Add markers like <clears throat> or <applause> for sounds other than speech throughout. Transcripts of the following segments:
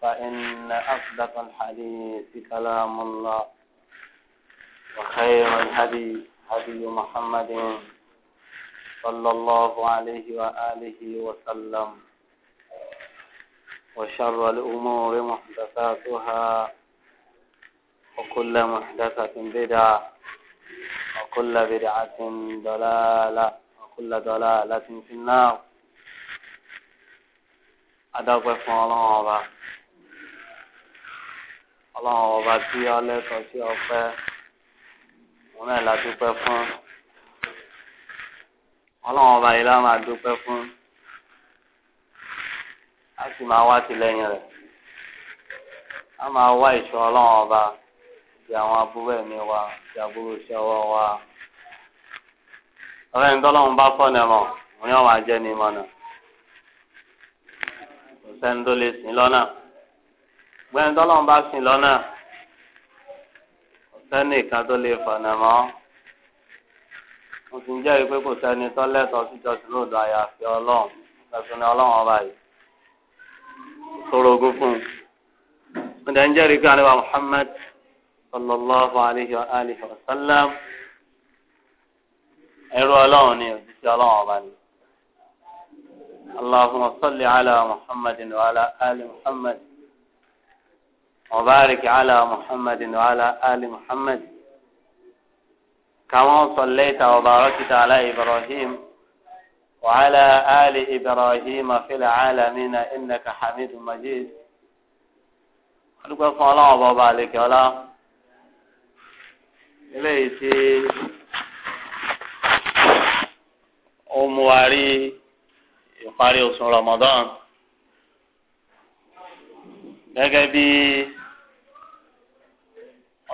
فإن أصدق الحديث كلام الله وخير الهدي هدي محمد صلى الله عليه وآله وسلم وشر الأمور محدثاتها وكل محدثة بدعة وكل بدعة ضلالة وكل ضلالة في النار أدعو فالله ọlọ́run ọba tí ọlẹ́tọ̀ sí ọpẹ́ òun náà la dúpẹ́ fún ọlọ́run ọba yìí la máa dúpẹ́ fún a sì máa wá tìlẹ́yìn rẹ̀ a máa wá ìṣọ́ ọlọ́run ọba ti àwọn abúlé mi wa ti àbúrò iṣẹ́ ọwọ́ wa ọ̀rẹ́ ní tọ́lọ́run bá fọ́ nẹ̀mọ̀ òun yóò máa jẹ́ ní náà kò sẹ́ni tó lọ́nà gbẹ̀yìn tọ́lọ́run bá sìn lọ́nà sẹ́ni kan tó lè fọ̀nà mọ́ mo ti ń jẹ́rìí pé kò sẹ́ni tó lẹ́tọ̀ọ́ síjọsìn lòdù àyàfi ọlọ́run lọ́sùn ọlọ́run ọba yìí sorogún fún un. mo dẹ̀ ń jẹ́rìí pé àlebà Muhammad sallallahu alayhi wa alihi wa sallam ẹrú ọlọ́run ni òjíṣẹ́ ọlọ́run ọba ni. اللهم صل على محمد وعلى آل محمد وبارك على محمد وعلى آل محمد كما صليت وباركت على إبراهيم وعلى آل إبراهيم في العالمين إنك حميد مجيد أدوك فعلا وبارك على إليتي أمواري يقاري رمضان gẹ́gẹ́ bíi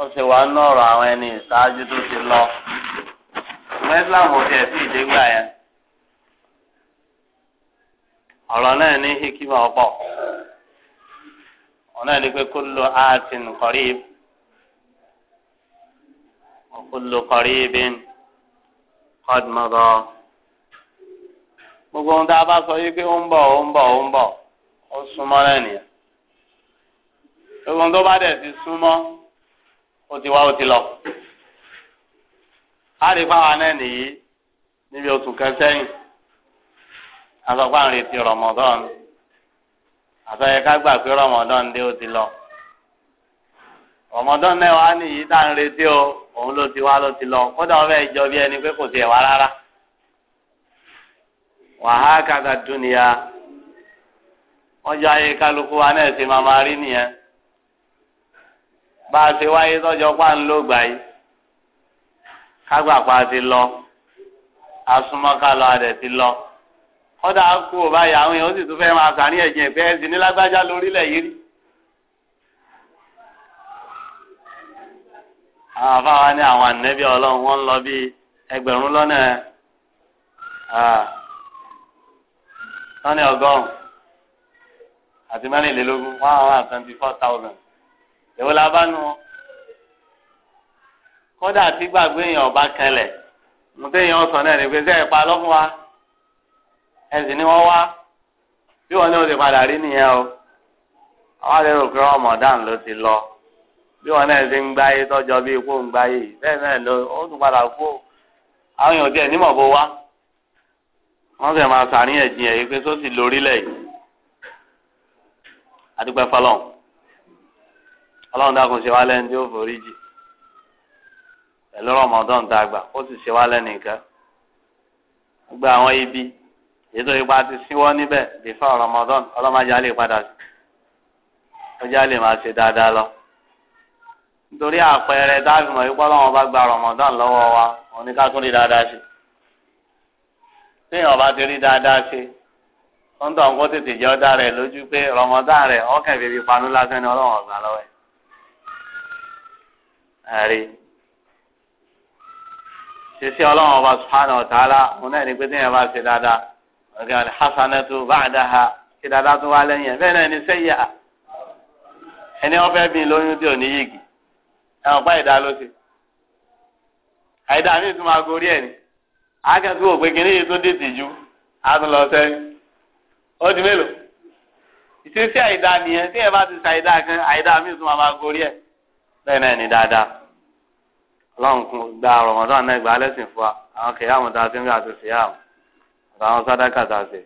ó sì wá ń ọ̀rọ̀ àwọn ẹni ìṣáájú tó ti lọ mẹ́sàlám ò tiẹ̀ sí ìdégbà yẹn ọ̀rọ̀ náà ní hikima ọ̀pọ̀ ọ̀nà ẹni pé kullu aatin qarib wa kullu qaribin qad mada gbogbo ohun tá a bá sọ yìí pé ó ń bọ̀ ó ń bọ̀ ó ń bọ̀ ó súnmọ́ náà gbogbo ohun tó bá dẹ̀ ti súnmọ́. ó ti lọ. a rí fáwọn náà nìyí níbi oṣù kan sẹ́yìn asọ́pá ń àtọ́yẹ ká gbà pé lọ. rọmọdán náà wá nìyí tá à ń retí o òun ló ti wá ló ti lọ kódà wọn fẹ́ẹ́ bí ẹni pé kò tiẹ̀ wá rárá. wàhálà kàkà dúnìyà wọ́n jọ ayé kálukú wa náà bá a ṣe wáyé tọ́jọ́ pa ń lò gbà yìí kágbà pa ti lọ asúmọ́ká lọ adẹ̀ ti lọ kọ́dà kú ò báyìí àwọn èèyàn ó sì tún fẹ́ máa sàní ẹ̀jẹ̀ ìfẹ́ ẹ̀sìn ní lágbájá lórílẹ̀ yìí rí. àwọn afáwa ní àwọn ànẹ́bí ọlọ́run wọ́n ń lọ bíi ẹgbẹ̀rún lọ́nà lọ́nà ọgọ́rùn-ún àti mẹ́rìnlélógún one hundred and twenty four thousand èwo la bá nu kódà tí gbàgbé èèyàn ọba kẹlẹ̀ mo téèyàn sọ náà ní pé sẹ́ẹ̀ pa wa ẹ̀sìn ni wọ́n wá bí wọ́n ní o ti padà rí nìyẹn o àwọn àlejò pé ọmọdán ló ti lọ bí wọ́n náà ti ń gbáyé tọ́jọ́ bí ikú ń gbáyé bẹ́ẹ̀ náà ló ó tún padà kú àwọn èèyàn tiẹ̀ nímọ̀ bó wá wọ́n sì máa sàríyànjiyàn yìí pé sósì lórílẹ̀ yìí adúpẹ́ fọlọ́n. ọlọ́run dákun ṣe wá lẹ́nu tí ó forí jì pẹ̀lú rọmọdán tá a gbà ó sì ṣe wá nǹkan gba àwọn ibi èyí ipa ti síwọ́ níbẹ̀ bífọ́ rọmọdán ọlọ́mọdé lè padà sí ọjà lè máa ṣe dáadáa lọ nítorí àpẹẹrẹ dáàbì mọ̀ wípé ọlọ́run bá gba rọmọdán lọ́wọ́ wa òní rí dáadáa ṣe téèyàn bá ti rí dáadáa ṣe ń tọ̀ ń kó tètè jẹ́ rẹ̀ lójú ẹ̀rí ṣíṣe ọlọ́run ọba subhanahu wa ta'ala òun bá ọ̀gá ni hasanatu ba'daha ṣe dada tó wá lẹ́yìn ẹ̀ bẹ́ẹ̀ náà ní sẹ́yà ẹni wọ́n fẹ́ bí lóyún tí ò ní yìgì ẹ̀wọ̀n pa ìdá ló ni di di kan bẹ́ẹ̀ náà dáadáa ọlọ́run kún gba rọmọdán náà gba alẹ́sìn fún wa àwọn tá a ti ń gbà tó fìyàmù àtàwọn sádàkà tá a ṣe.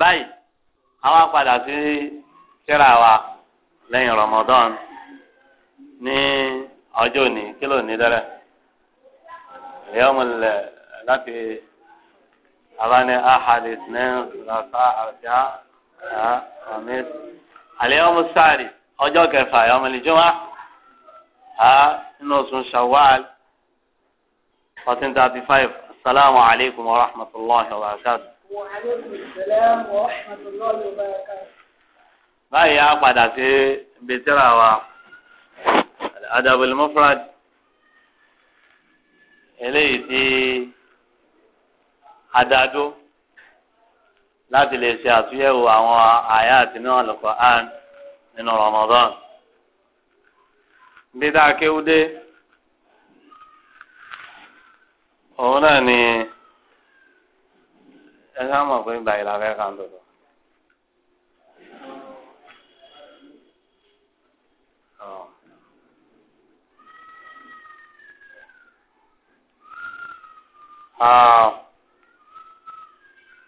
báyìí àwọn padà sí wa lẹ́yìn rọmọdán ní ọjọ́ òní kí ló ní dẹ́rẹ́ láti abáni ahadis ní àti ọjọ́ kẹfà yọmọlẹ́jọ́wá a nínú oṣù Shawwal fourteen thirty five asalaamu alaykum wa rahmatulahi wa barakatu. wa aleykum salaam wa rahmatulahi wa barakatu. báyìí a padà sí bìtìrà wa adabul mufrad eléyìí tí adadó láti lè ṣe àtúnyẹ̀wò àwọn àyà àti náà lọ́kọ̀ọ́ àná nínú Ramadan dídá akéwúdé òun náà ni ẹ ká mọ̀ pé ìgbà ìlà fẹ́ kàn tó lọ.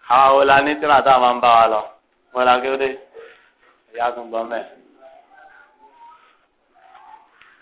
àwọn wo la ní tíra tá máa ń bá wa lọ wọn la ìyá tó ń bọ́ mẹ́ẹ̀.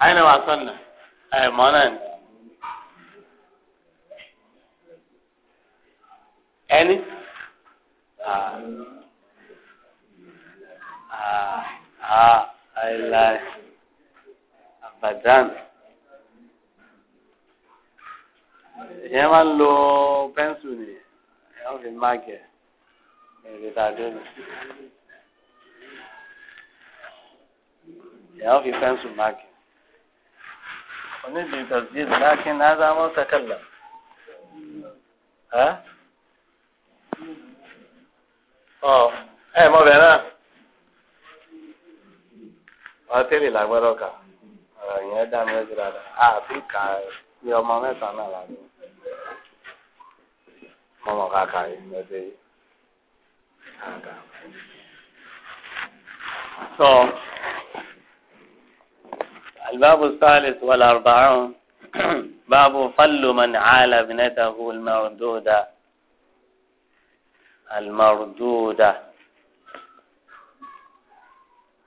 àyìn náà wà sọ̀nà ẹ̀ mọ́ náà ni. ẹni àìláì àbàdàn ìyẹn máa ń lo pẹ́ńsù ni ẹ̀ ń fi máàkì ẹ̀ ẹ̀ lè ta dé ni. lèyàn fi fẹ́ǹsù máàkì. onídìí tọ̀sídìí láàkì náírà wọ́n tẹ̀kẹ̀lẹ̀. ọ ẹ mọ bẹ náà wọ́n tẹ̀lé lágbọ́dọ̀ kà ọ̀rọ̀ yẹn dá mi lójú dáadáa àfi kà ní ọmọ mẹ́ta náà lágbó mọ́mọ́ kàkà yìí lọ́dẹ yìí. So. الباب الثالث والأربعون <clears throat> باب فل من عال ابنته المردودة المردودة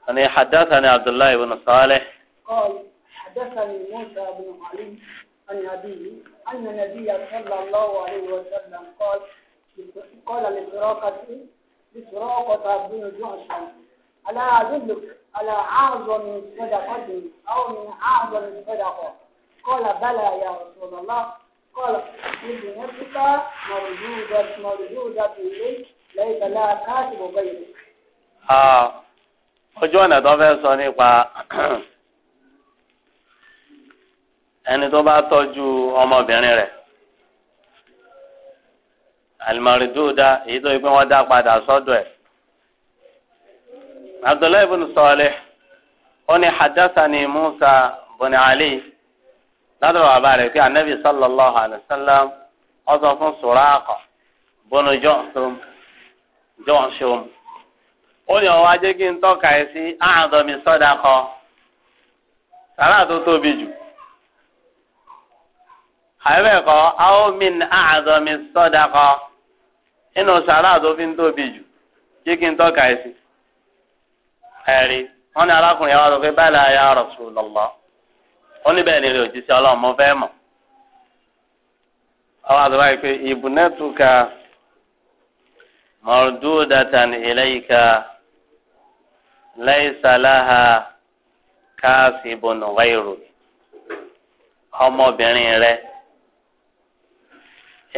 أنا حدثني عبد الله بن صالح قال حدثني موسى بن علي عن نبيه أن النبي صلى الله عليه وسلم قال قال لسراقة لسراقة بن جعشم على أدلك على أعظم صدقة أو من أعظم الصدقة قال بلى يا رسول الله قال لابنتك مردودة مردودة إليك ليس لها كاتب غيرك. آه ojú ọ̀nà tó fẹ́ sọ nípa ẹni tó bá tọ́jú ọmọbìnrin rẹ̀ alimariduda èyí tó yẹ pé wọ́n dá padà sọ́dọ̀ ẹ̀ abdullahi ibn sọọlẹ onye ní musa bin ali ládùúgbò bàbá rẹ̀ pé sallallahu alayhi wa sallam ó sọ fún sùràkọ bin jọ́sùm jọ́sùm ó ní ọwọ́ ajé kí n tọ́ka ẹ sí àádọ́mi sọ́dà fi ẹ̀rí wọn ni arákùnrin wa sọ pé báyìí la ya Rasulullah ó ní bẹ́ẹ̀ ni rẹ̀ òjíṣẹ́ ọlọ́run mo fẹ́ mọ̀ àwọn àdúrà yìí pé ibnatuka mardudatan ilayka laysa ọmọbìnrin rẹ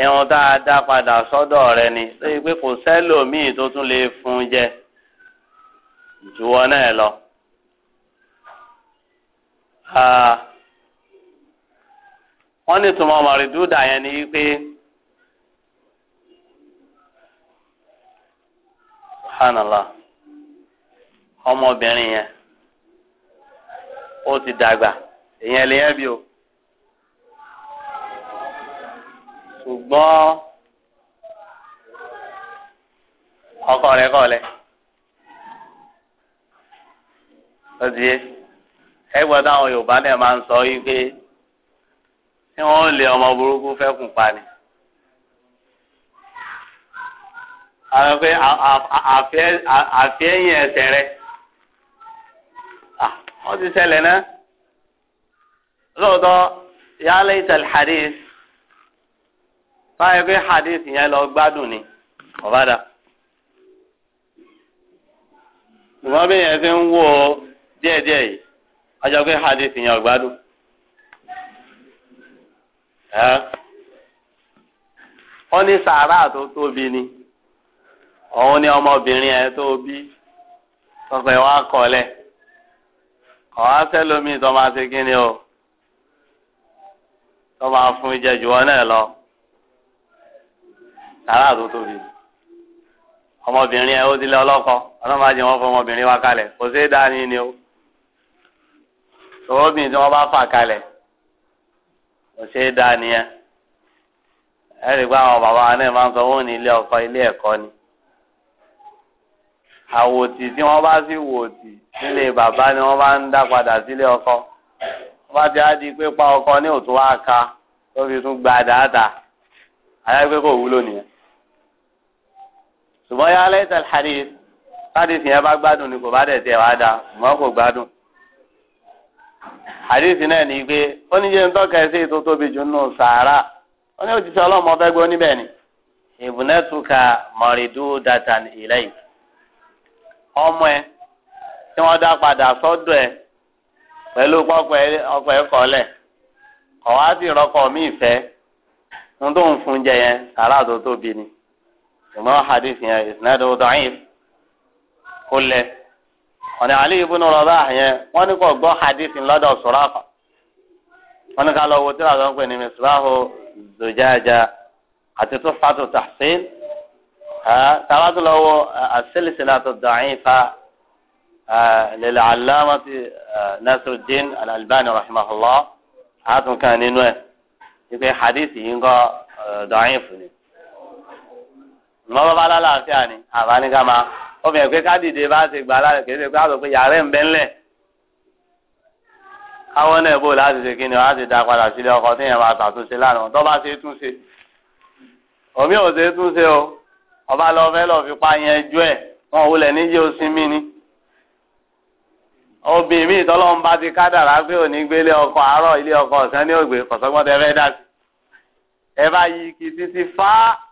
ẹ̀wọ̀n padà sọ́dọ̀ rẹ ni lóye pé kò tó tún lè fún jẹ. ju wọn náà lọ. wọ́n ní ìtumọ̀ mọ̀rìndúdà yẹn ni pé subhanallah ọmọbìnrin yẹn ó ti dàgbà èèyàn lè yẹn bí o ṣùgbọ́n ọkọ rẹ̀ kọ̀ lẹ́. ọtí ẹgbẹ́ táwọn Yorùbá náà máa ń sọ yìí pé tí wọ́n lé ọmọ burúkú fẹ́kùn pa ni. àwọn pé àfẹ́yìn ẹsẹ̀ rẹ wọ́n ah, ti ṣẹlẹ̀ náà lóòótọ́ yálé ìtẹ̀lẹ̀ hadith báyìí pé hadith yẹn lọ gbádùn ni ọ̀bádà ṣùgbọ́n bí yẹn ti ń wò ó. díẹ̀díẹ̀ yìí ọjọ́ pé hadith yẹn ọ̀gbádùn. wọ́n ní sàárà tó tóbi ni òun ni ọmọbìnrin ẹ tó bí tọ́pẹ́ wa kọ́lẹ̀ ọ̀há sẹ́lómi tó máa ṣe kí ni o tó máa fún wọn náà lọ sàárà tó tóbi ọmọbìnrin ẹ ó ti lé fún ọmọbìnrin wa kò sí dání ni tọwọ́bìnrin tí wọ́n bá fà kalẹ̀ kò ṣe é dáa nìyẹn ẹ̀rí pé àwọn bàbá náà máa ń sọ wọ́n ní ilé ọkọ ilé ẹ̀kọ́ ni àwòtì tí wọ́n bá sì wòtì nílé bàbá ni wọ́n bá ń dá padà sílé ọkọ wọ́n bá ti á di pé pa ọkọ ní òtún wá ka tó fi tún gba dáadáa àyà pé kò wúlò nìyẹn ṣùgbọ́n yálẹ́ ìtàlẹ́ hadith láti fi bá gbádùn ni kò bá dẹ̀ tẹ̀ wá dáa ṣùgbọ́n kò gbádùn. àdéhùn náà ní pé onye ní ẹsẹ̀ ètò tóbi jù nù sàárà ó òjijì ọlọ́mọ ọbẹ̀ gbé oníbẹ̀ ni ìbùnẹ́tùkà mọ̀rìndú dàtàn ìlẹ́yìn ọmọ ẹ tí wọ́n dá padà sọ́dọ̀ ẹ pẹ̀lú ọkọ̀ ẹ kọ́lẹ̀ ọ̀wá sì rọ́kọ̀ mí ìfẹ́ ń tó ń fún jẹ ọ̀nà Ali ibn Rabah yẹn wọ́n ní kò gbọ́ hadith lọ́dọ̀ Suraqa wọ́n ní ká lọ wo tíra lọ́n pè ní Misbahu Zujaja àti Tuhfatu Tahsin tàbá tó lọ wo as-silsilatu ad-da'ifa lil-allamati Nasiruddin al-Albani rahimahullah àtúnkàn nínú ẹ̀ wípé hadith yìí ń kọ́ da'if ni. mọ́ bá lálàáfíà ni àbáníkà máa ọmọ ẹ̀kẹ́ ká dìde bá ti gbà lára kìí ṣe pé àlọ́ pé yàrá ẹ̀ ń bẹ́ ńlẹ̀ káwọn náà bò láti ṣe kíni láti da padà sílé ọkọ tí yẹn máa ṣàtúnṣe láàrin wọn tó bá ṣe tún ṣe òmí ò ṣe tún ṣe o ọba lọ fẹ́ lọ fi pa yẹn jú ẹ̀ wọn ò wulẹ̀ níjẹ́ o sinmi ni obìnrin mi ìtọ́lọ́run bá ti kádàrá pé òní gbélé ọkọ àárọ̀ ilé ọkọ ọ̀sán ní ògbé kọ̀sọ́gbọ́n tẹ fẹ́ dá sí ẹ bá yí kí títí fáá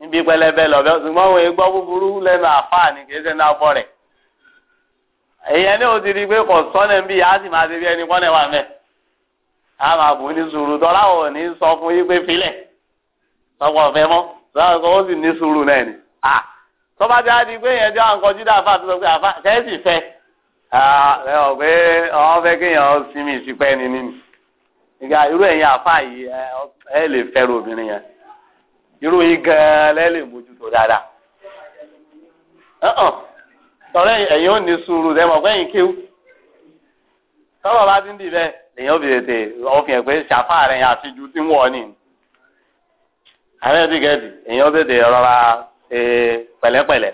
níbi pẹlẹbẹ lọbẹ ṣùgbọ́n òun gbọ́ búburú lẹ́nu àfáàní kì í ṣe ńlá bọ́ rẹ̀ èyàn ní o ti di pé kò sọ́nà ń bí a máa ṣe bí ẹni kọ́nà wà mẹ́ a máa bù ní sùúrù tọ́lá ò ní sọ fún yí pé filẹ̀ sọ́kọ̀ ọ̀fẹ́ mọ́ sọ́kọ̀ ọ̀fẹ́ ó sì ní sùúrù náà ni à tọ́ba ti á di pé yẹn tí wọ́n kọjú dá àfa àti sọ pé àfa kẹ́sì fẹ́ ẹ ọ pé ọ̀hún fẹ́ kéèyàn sinmi ìsìpẹ́ ni nínú ìgbà irú ẹ̀yin àfa yìí ẹ lè fẹ́ràn obìnrin yẹn irú yìí gan-an lẹ́lẹ̀ mójútó dáadáa. sọ̀rọ̀ ẹ̀yin ò ní sùúrù rẹ̀ mọ̀ pẹ́yìn kéwù. sọ́wọ́ bá ti ń dì bẹ́ẹ̀ lèyìn òbí tètè ọ̀fìn ẹ̀ pé ṣàfà rẹ̀ yẹn àti ju tí ń wọ̀ ni. ààrẹ ti gẹ̀ẹ́dì èyàn tètè rọra ṣe pẹ̀lẹ́pẹ̀lẹ́.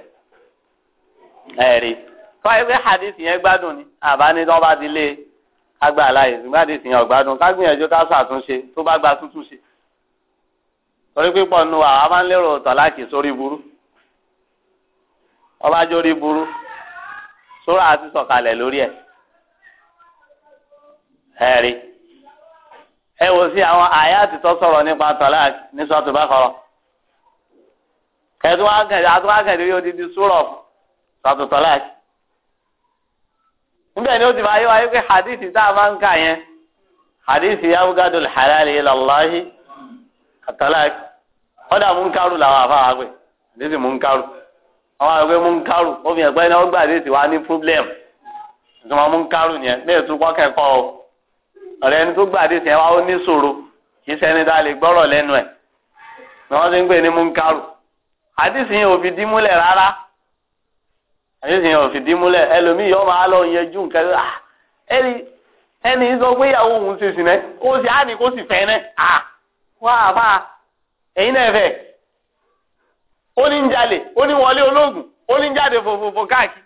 ẹ̀rí sọ ẹgbẹ́ hadith yẹn gbádùn ni àbá ní tọ́ bá ti lé agbára láyè ṣùgbọ́n hadith yẹn ò gbádùn ká gbìyànjú ká ṣàtúnṣe tó bá gba tútù ṣe. torí pípọ̀ nu àwa máa ń lérò tọ́láàkì sórí burú ọba jórí burú sórí àti sọ̀kalẹ̀ lórí ẹ̀ ẹ̀rí ẹ wò sí àwọn àyà àtìtọ́ sọ̀rọ̀ nípa tọ́láàkì ní sọ́ọ̀tù bá kọ́rọ̀ kẹtù àtúwákẹ̀dé yóò odidi di sọ́ọ̀tù tọ́láàkì níbẹ̀ ni ó ti máa yé wa pé hadith tá a máa ń kà yẹn halali ilallahi ọ̀dà múnkárù làwọn àfa àgbẹ̀ àdéhùn múnkárù àwọn àgbẹ̀ múnkárù omi ẹ̀gbẹ́ náà gbà dé tiwa ní problem ìtumọ̀ múnkárù yẹn bẹ́ẹ̀ tún kọ́kẹ́kọ́ o ọ̀rẹ́ ẹni tó gbà dé tiẹ̀ ó ní ṣòro kì í ṣẹni tá a lè gbọ́rọ̀ lẹ́nu ẹ̀ ni wọ́n ti ń pè ní múnkárù àdéhùn yẹn ò fi dí rárá àdéhùn yẹn ò fi dí ẹlòmíì yọ máa lọ yẹjú nǹkan ẹni ẹni sọ pé ìyàwó òun ti sìn náà kó sì á ní kó sì fẹ́ náà wá àbá ẹ̀yin náà fẹ́ oníjàlè oníwọlé ológun oníjàde fòfòfò káàkiri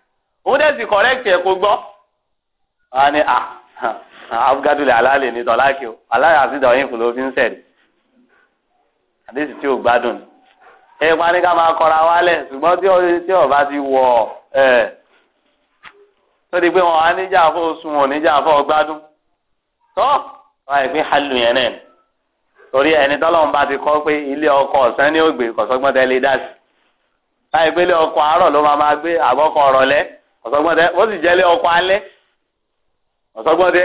òun dẹ̀ sì kọ̀rẹ́kì ẹ̀ kó gbọ́. wọ́n á ní à ní o aláàlẹ̀ àti ìdọ̀yìn fún ló fi ń sẹ̀rí àdéhùn tí ò gbádùn ẹ pa ní ká máa kọra wálẹ̀ ṣùgbọ́n tí ọba ti wọ̀ ẹ̀ di pé wọn á níjà fún oṣù wọn níjà fún ọgbádùn. tọ́ wọ́n á yẹ pé yẹn náà torí ẹni tọ́lọ́run ti kọ́ pé ilé ọkọ ọ̀sán ní ó kọ̀sọ́gbọ́n tẹ́ lè dá ọkọ àárọ̀ ló máa máa gbé àbọ̀kọ ọ̀rọ̀ lẹ́ kọ̀sọ́gbọ́n tẹ́ ó ọkọ alẹ́ kọ̀sọ́gbọ́n tẹ́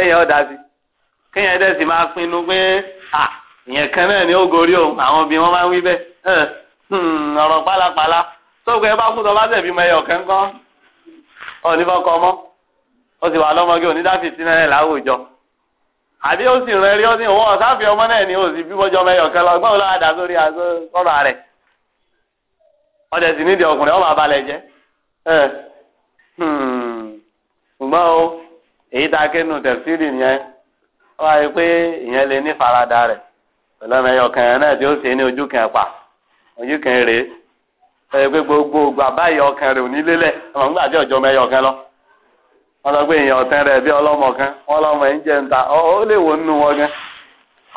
tẹ́ sì máa pinnu pé à ìyẹn kan náà òun àwọn máa wí bẹ́ẹ̀ hmm, ọ̀rọ̀ pálapàla tó àbí ó sì rẹ rí ó ní òun ọ̀sáfì ọmọ náà ni òsì bímọjọ mẹyọ kan lọ gbọ́n lọ́wọ́ àdá sórí àgọ́ sọ́rọ̀ rẹ̀ ọ̀dẹ̀ sì nídìí ọkùnrin ọmọ abalẹ̀ jẹ́ hmm, o èyí tá a ké nu tẹ̀síìrì yẹn ó wáyé pé ìyẹn lè ní farada rẹ̀ pẹ̀lú ọmọ kan náà tí ó ṣe ní ojú kan pa ojú kan rèé wọ́n sọ èèyàn ọ̀tẹ́ rẹ̀ bí ọlọmọ kan wọ́n ń jẹ́ ńta ó lè nínú wọn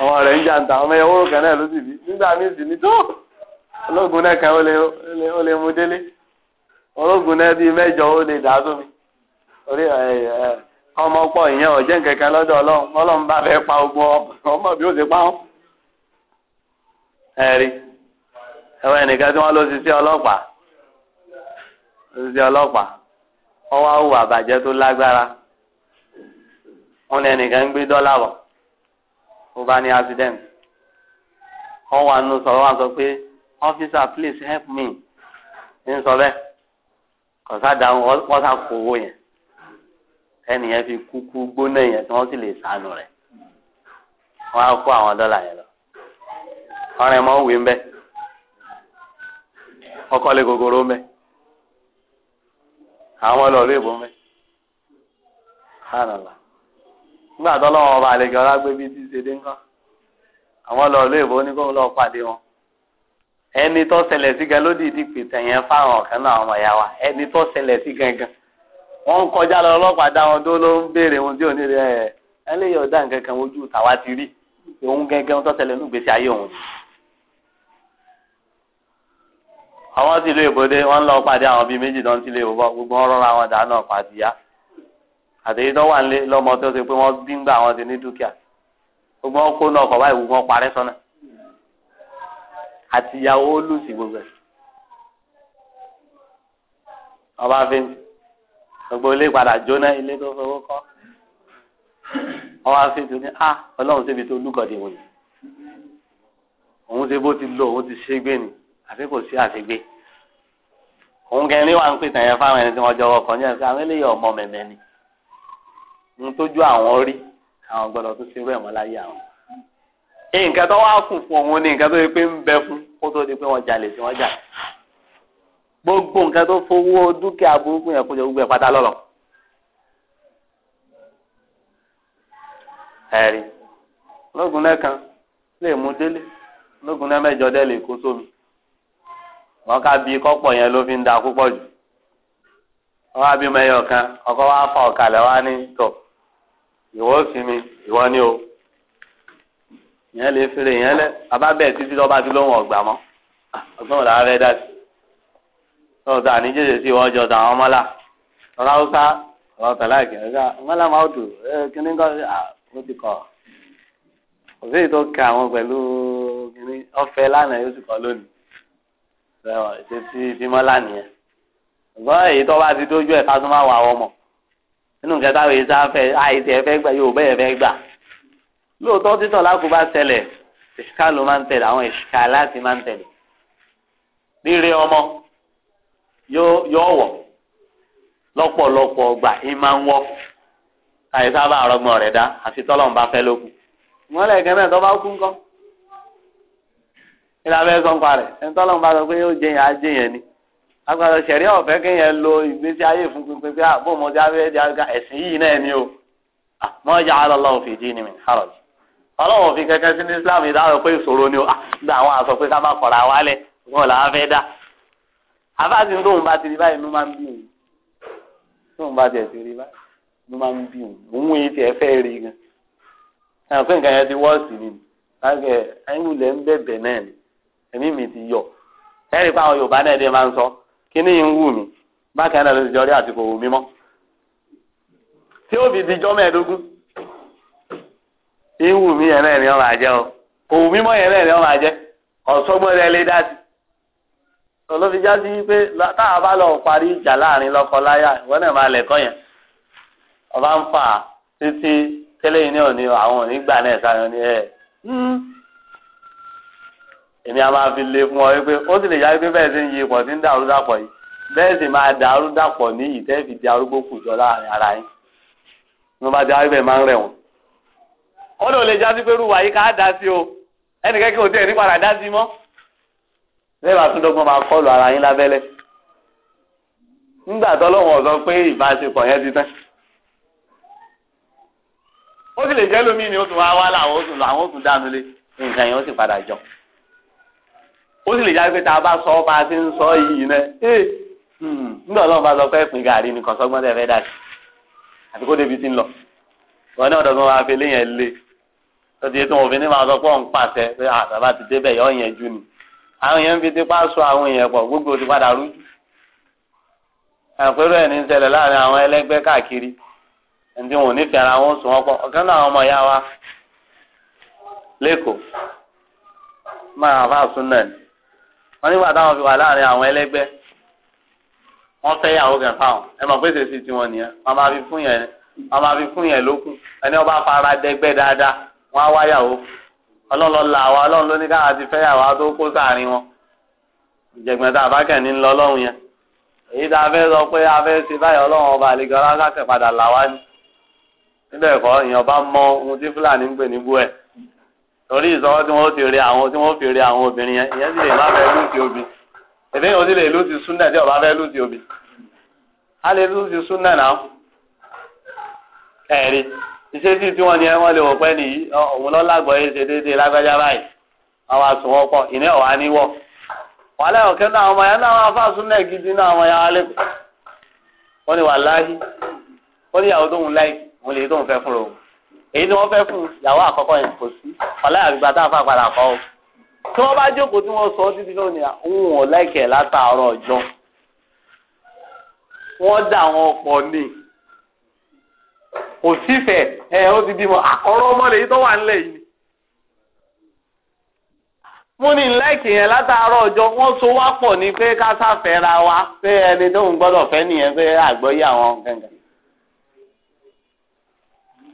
ọmọ ń jà ọmọ kan náà ló sì bí nígbà mí sì ní tó ológun náà kan ó lè mú délé ológun náà bíi ó lè dá sómi orí ọmọ ìyẹn ọwọ́ àwọ̀ àbàjẹ́ tó lágbára wọn lẹ́nìkan ń gbé dọ́là bọ̀ ó bá ní accident wọn wà nù sọ̀rọ̀ wọn sọ pé officer please help me ní sọ bẹ́ẹ̀ kọ̀sádà wọ́n sá kó owó yẹn ẹnìyẹn fi kúkú gbóná yẹn tí wọ́n sì lè sànù rẹ̀ wọ́n á kó àwọn dọ́là yẹn lọ ọ̀rẹ́ mọ́ wí ń bẹ́ ọkọ̀ lè gogoro ń bẹ́ẹ̀. àwọn ọlọ́ọ̀rẹ́ ìbò mẹ́ hànàlà nígbà tó lọ́wọ́ ọba àlejò ọlágbé bíi ti ṣe dé àwọn ọlọ́ọ̀rẹ́ ìbò ní kó lọ́ọ́ pàdé wọn ẹni tó ṣẹlẹ̀ sí gan ló dìídì pètè yẹn fáwọn ọ̀kan náà àwọn ọmọ wa ẹni tó ṣẹlẹ̀ sí gangan wọ́n ń kọjá lọ ọlọ́pàá dá wọn tó ló ń béèrè ohun tí ò ní rẹ̀ ẹ́ lè yọ̀ dá nǹkan kan ojú tàwa ti rí òun àwọn sì lé ìbòdé wọn lọ pàdé àwọn bíi méjì tó ń tilé ìwọ gbogbo wọn rọra àwọn dáná pàdé yá àtẹ̀yí tó wà nílé lọ́mọ tó ṣe pé wọ́n bí ń gbà wọn ti ní dúkìá gbogbo wọn kó náà kọ̀ báyìí parẹ́ sọ́nà àti ìyàwó olùsì gbogbo ẹ̀ ọba fi gbogbo ilé padà jóná ilé tó fowó kọ́ ọba fi tó ní a ah, ọlọ́run ṣe ibi tó lúgọ̀dì wọ̀nyí òun ṣe bó ti lọ òun ti ṣe gbé ni àbí kò sí àfigbé òun kẹrin wà ń pè tàn yẹn ẹni tí wọn jọwọ kàn yẹn sí àwọn eléyìí ọmọ mẹmẹ ni ń tójú àwọn rí àwọn gbọ́dọ̀ tó ṣe rẹ wọn láyé àwọn. nǹkan tó wá kù fún òun ni nǹkan tó yẹ pé ń bẹ fún kó tó di pé wọn jalè sí wọn jà gbogbo nǹkan tó fowó dúkìá burúkú yẹn kó jẹ gbogbo ẹ pátá lọlọ. ẹ̀rí lógun lẹ́kan lè mú délé lógun lẹ́mẹ́jọ délé kó sómi wọn ká bí kọ́pọ̀ yẹn ló fi ń da púpọ̀ jù wọn á bí mẹyọ kan ọkọ wa fa ọ̀kàlẹ̀ wa ní tọ̀ ìwọ sí mi ìwọ ni o yẹn lè fèrè yẹn lẹ bàbá bẹ́ẹ̀ títí lọ́ba tí lóhùn ọ̀gbà mọ́ ọgbọ́n ò lára rẹ dá sí lọ́wọ́ tá a sí ìwọ́n jọ tàwọn ọmọlá ọ̀rọ̀ haúsá ọ̀rọ̀ tàláàkì ọ̀gá ọmọlá máa dùn kíní kan ó ti kọ̀ òfin tó ka àwọn pẹ̀lú kíní ọ̀fẹ́ lánàá yóò sì kọ́ lónìí ṣe ti bímọ́lá nìyẹn ṣùgbọ́n èyí tó bá ti dójú ẹ̀ ká tún máa wà ọmọ nínú nǹkan táwọn èyí sáà fẹ́ àìsí ẹ̀ fẹ́ gbà yóò bẹ́ẹ̀ fẹ́ gbà lóòótọ́ títọ̀ lákòó bá ṣẹlẹ̀ ìṣìkà ló máa ń tẹ̀lé àwọn ìṣìkà láti máa ń tẹ̀lé rírẹ ọmọ yóò wọ̀ lọ́pọ̀lọpọ̀ ọgbà ẹ̀ máa ń wọ́ àìsá bá àrọ́gbọ̀n rẹ̀ dá àfi tọ́lọ́run fẹ́ lókun ìmọ̀lẹ̀ gẹ́gẹ́ tó bá kú ńkọ́ ìlà abẹ́ parẹ̀ ẹni tọ́lọ́ bá sọ pé yóò jẹ yẹn á jẹ yẹn ni agbára sẹ̀rí ọ̀fẹ́ kí yẹn lo ìgbésí ayé fún pínpín pé àbó ah, mo jáwé di àga ẹ̀sìn yìí náà ni o ah, mọ ìjà àlọ́ lọ́wọ́ fi dín ní mi kárọ̀ jù ọlọ́wọ́ fi kẹ́kẹ́ sí ní Islam ìdáhùn pé ìṣòro ni o ah, gba àwọn àṣọ pé ká má kọ̀ra wálẹ̀ wọn là á fẹ́ dá àfáàsì tó ń bá ti rí báyìí ló máa ń bí òun tó ń bá tiẹ̀ ti rí báyìí ló máa ń bí òun òun yìí tiẹ̀ fẹ́ rí gan ẹ̀ pé nǹkan yẹn ti wọ́ọ̀sì ni lágbẹ̀ẹ́ ẹ̀yìn wulẹ̀ ń bẹ̀bẹ̀ náà ni. ẹ̀mí mi ti yọ ẹ̀rí pé àwọn Yorùbá náà ẹ̀dẹ̀ máa ń sọ kíní yìí ń wù mí bákan náà ló ti jọ rí àsìkò tí di jọ́ mẹ́ẹ̀ẹ́dógún wù mí yẹn náà ọ ma àjẹ́ o kò wù mí yẹn náà lé dá sí olófin pé táwa bá lọ parí ìjà láàrin láyà ìwọ náà máa yẹn ọba ń fà títí yìí òní àwọn òní gbà èmi a máa fi lé fún ọ wípé ó sì lè yá wípé bẹ́ẹ̀ sì ń yí ipò tí ń dàrú dàpọ̀ yìí bẹ́ẹ̀ sì máa dàrú dàpọ̀ ní ìtẹ́ẹ̀fì di arúgbó kù jọ láàrin ara yín ní wọ́n bá di arúgbó ẹ̀ máa ń rẹ̀ wọ́n. ó lè lè jásí pé rúwa yìí ká dá sí o ẹnìkan kí o tiẹ̀ ní padà dá sí mọ́ lẹ́ẹ̀bà tún dọ́gbọ́n máa kọlù ara yín lábẹ́lẹ̀ nígbà tọ́lọ́wọ́n sọ pé ìbáṣepọ̀ yẹn ti tán ó sì lè jẹ́ lómi ni ó tún wá wá láwọn ó ó sì lè jáde pé tá a bá sọ ọ́ bá a ti ń sọ yìí náà ee hmm, nígbà ọlọ́run bá sọ pé ẹ̀pìn gàrí nìkan sọ́gbọ́n tẹ̀ fẹ́ dàsí àti kó débi ti ń lọ wọn náà dọ̀gbọ́n máa fi léyìn ẹ̀ lé lọ́dún yìí tó ní máa sọ pé òun pàṣẹ pé àtàbà ah, ti débẹ̀ yọ ọ̀yẹn jù ni àwọn èèyàn fi tipa sọ àwọn èèyàn pọ̀ gbogbo ti padà rújú àpérò ẹ̀ ní ń ṣẹlẹ̀ láàrin àwọn ẹlẹ́gbẹ́ káàkiri ẹni tí wọn ò nífẹ̀ẹ́ ara wọn sùn wọn ọ̀kan náà ọmọ ìyá wa lẹ́kọ̀ọ́ máa bá sún náà ni wọ́n nígbà táwọn fi wà láàrin àwọn ẹlẹ́gbẹ́ wọ́n fẹ́ yàwó kan fáwọn ẹ mọ̀ pé sèṣì tiwọn nìyẹn wọ́n máa fi fún yẹn wọ́n máa fi fún yẹn lókun ẹni wọ́n bá fara dẹgbẹ́ dáadáa wọ́n á wá yàwó ọlọ́run la wa ọlọ́run ló ní káwa ti fẹ́ yàwó tó kó sáàrin wọn ìjẹ̀gbọ́n tá a bá kẹ̀ ní lọ ọlọ́run yẹn èyí tá a fẹ́ sọ pé a fẹ́ ṣe báyìí ọlọ́run ọba àlejò alákàkẹ́ padà là ní níbẹ̀ kọ́ ìyẹn ọba mọ ohun tí fúlàní ń pè níbú ẹ̀ torí ìsọwọ́ tí wọ́n ti rí àwọn tí wọ́n fi rí àwọn obìnrin yẹn ìyẹn sì lè má fẹ́ ti obì èdè yìí sì lè ti súnà tí ọba fẹ́ lù obì á lè lù súnà náà ẹ̀rí ìṣesí tí wọ́n ní wọ́n lè wò pẹ́ nìyí òun lágbọ́ yìí ṣe déédéé lágbájá báyìí pọ̀ ọmọ yẹn náà èyí ni wọ́n fẹ́ fún ìyàwó àkọ́kọ́ yẹn kò sí ọ̀lẹ́ àgbà tá a fà padà kọ́ o tí wọ́n bá jókòó tí wọ́n sọ títí lónìí òun ò lẹ́kẹ̀ẹ́ látàárọ̀ ọjọ́ wọ́n dà wọn pọ̀ ní kò sífẹ̀ẹ́ ẹ ó ti bímọ ọ̀rọ̀ ọmọ lèyí tó wà nílẹ̀ yìí mo ní lẹ́kẹ̀ẹ́ yẹn látàárọ̀ ọjọ́ wọ́n so wá pọ̀ ní pé ká sáfẹ́ ra wa pé ẹni tó ń gbọ́dọ̀ fẹ́ nìyẹn pé àgbọ́yé àwọn kẹ̀kẹ́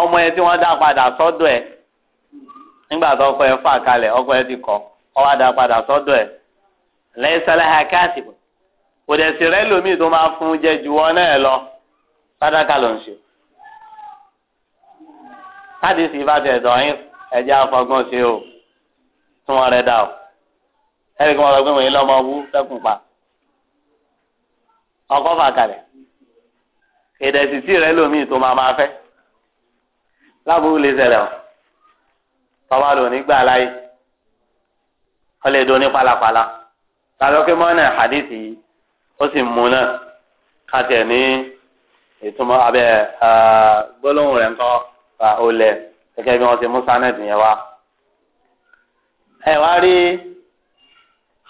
ọmọ ẹ tí wọ́n dá padà sọ́dọ̀ ẹ̀ nígbà tó ọkọ ẹ fà kalẹ̀ ọkọ ẹ ti kọ. ọ wá dá padà sọ́dọ̀ ẹ̀ lẹ́yìn sálẹ́hà kò dẹ̀ sí rẹ́ tó máa fún jẹ ju wọn náà lọ sádàkà ló ń ṣe. káàdì sì bá tẹ̀ dọ̀yìn ẹ̀jẹ̀ afọgbọ́n ṣe o tún wọn rẹ̀ dà o ẹ̀rí kí wọ́n lọ gbé wọ̀nyí lọ́mọ wú fẹ́kùn pa ọkọ fà kalẹ̀ kò dẹ̀ tó máa máa láburú lè ṣẹlẹ̀ o tọ́ba lò nígbà láyé wọ́n lè do ní palapala tàbí pé mọ́nà hadithi yìí ó sì mú náà kàtẹ́ ní ìtumọ̀ abẹ́ gbólóhùn rẹ̀ ńkọ́ olè gẹ́gẹ́ bí wọ́n ti mú sánẹ́ẹ̀tì yẹn wá. ẹ wá rí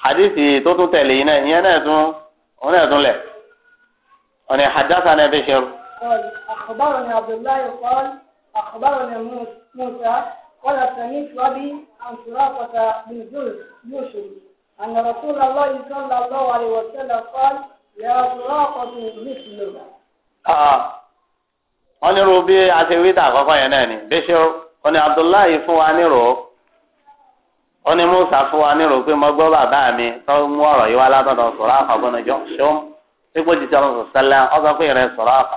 hadithi tó tún tẹ̀lé yìí náà ìyẹn náà tún òun náà tún lẹ̀ ọ̀nà hadathana Bishr. قال أخبرني عبد الله قال أخبرنا موسى قال سمعت أبي عن سراقة بن يوسف أن رسول الله صلى الله عليه وسلم قال يا سراقة مثلنا. آه. wọ́n nírú bí a ti wí tà àkọ́kọ́ yẹn náà ni bẹ́sẹ̀ ó ní Abdullahi fún wa nírò ó ní Musa fún wa nírò pé mo gbọ́ bàbá mi tó mú ọ̀rọ̀ yìí wá látọ̀dọ̀ Suraqa bun Juhshum pípọ̀ jíjẹ́ ọ̀rọ̀ sọ̀sẹ́lẹ̀ ọ̀sán pé ìrẹ́ Suraqa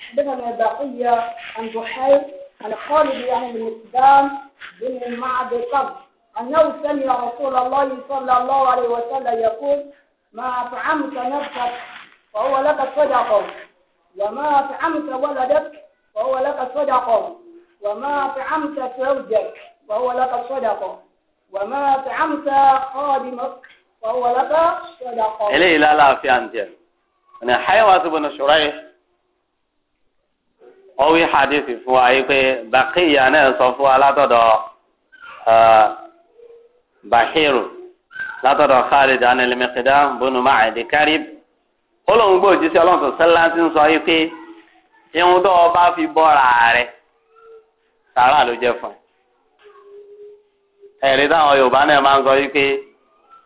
حدثنا بقية عن زحير عن خالد يعني من سدام بن المعد قبل أنه سمع رسول الله صلى الله عليه وسلم يقول ما أطعمت نفسك فهو لك صدقه وما أطعمت ولدك فهو لك صدقه وما أطعمت زوجك فهو لك صدقه وما أطعمت خادمك فهو لك صدقه إليه لا لا في عندي أنا حيوات بن شريح ọwí hadithi fún wa yìí pé ọ sọ fún wa látọ̀dọ̀ bàhírù khalid anilmikidam bunu maadi karib olóhùn gbòòjì ọ ọlọ́run sọ́lá ti ń sọ fi bọ́ra rẹ̀ sàrà ló jẹ́ fún ẹ̀rí yorùbá náà máa ń sọ yìí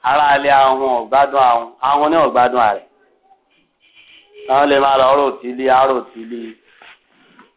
ara aráalé ahun ọ̀gbádùn ahun ahun ní ààrẹ lè máa lọ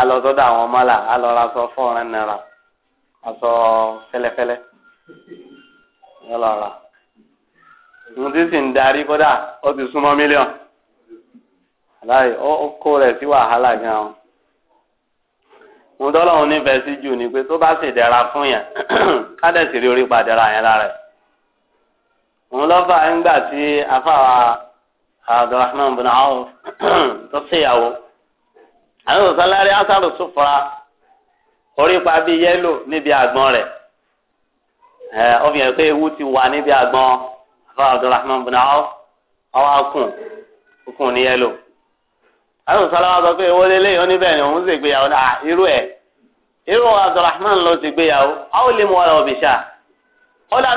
a lọ sọ́dọ̀ àwọn mọ́là a lọ ra aṣọ fún ọ̀rẹ́ náírà aṣọ ń darí kódà ó ti ó kó sí wàhálà gan-an mo dọ́lọ́run nífẹ̀ẹ́ sí jù ni pé tó bá <clears throat> sì fún yẹn rí orí yẹn lára ẹ̀ <clears throat> àwọn sọsọlárí asaro sọfọra orípa bíi yẹlò níbi àgbọn rẹ̀ ẹ ọfìyàn pé ewu ti wà níbi àgbọn afọ abdulrahman bin awf ọwọ akùn okùn ní yẹlò àwọn sọsọlárí sọ pé ewúrẹ́ lẹ́yìn oníbẹ̀ ni òun sì gbéyàwó náà irú irú abdulrahman ló ti gbéyàwó àwọn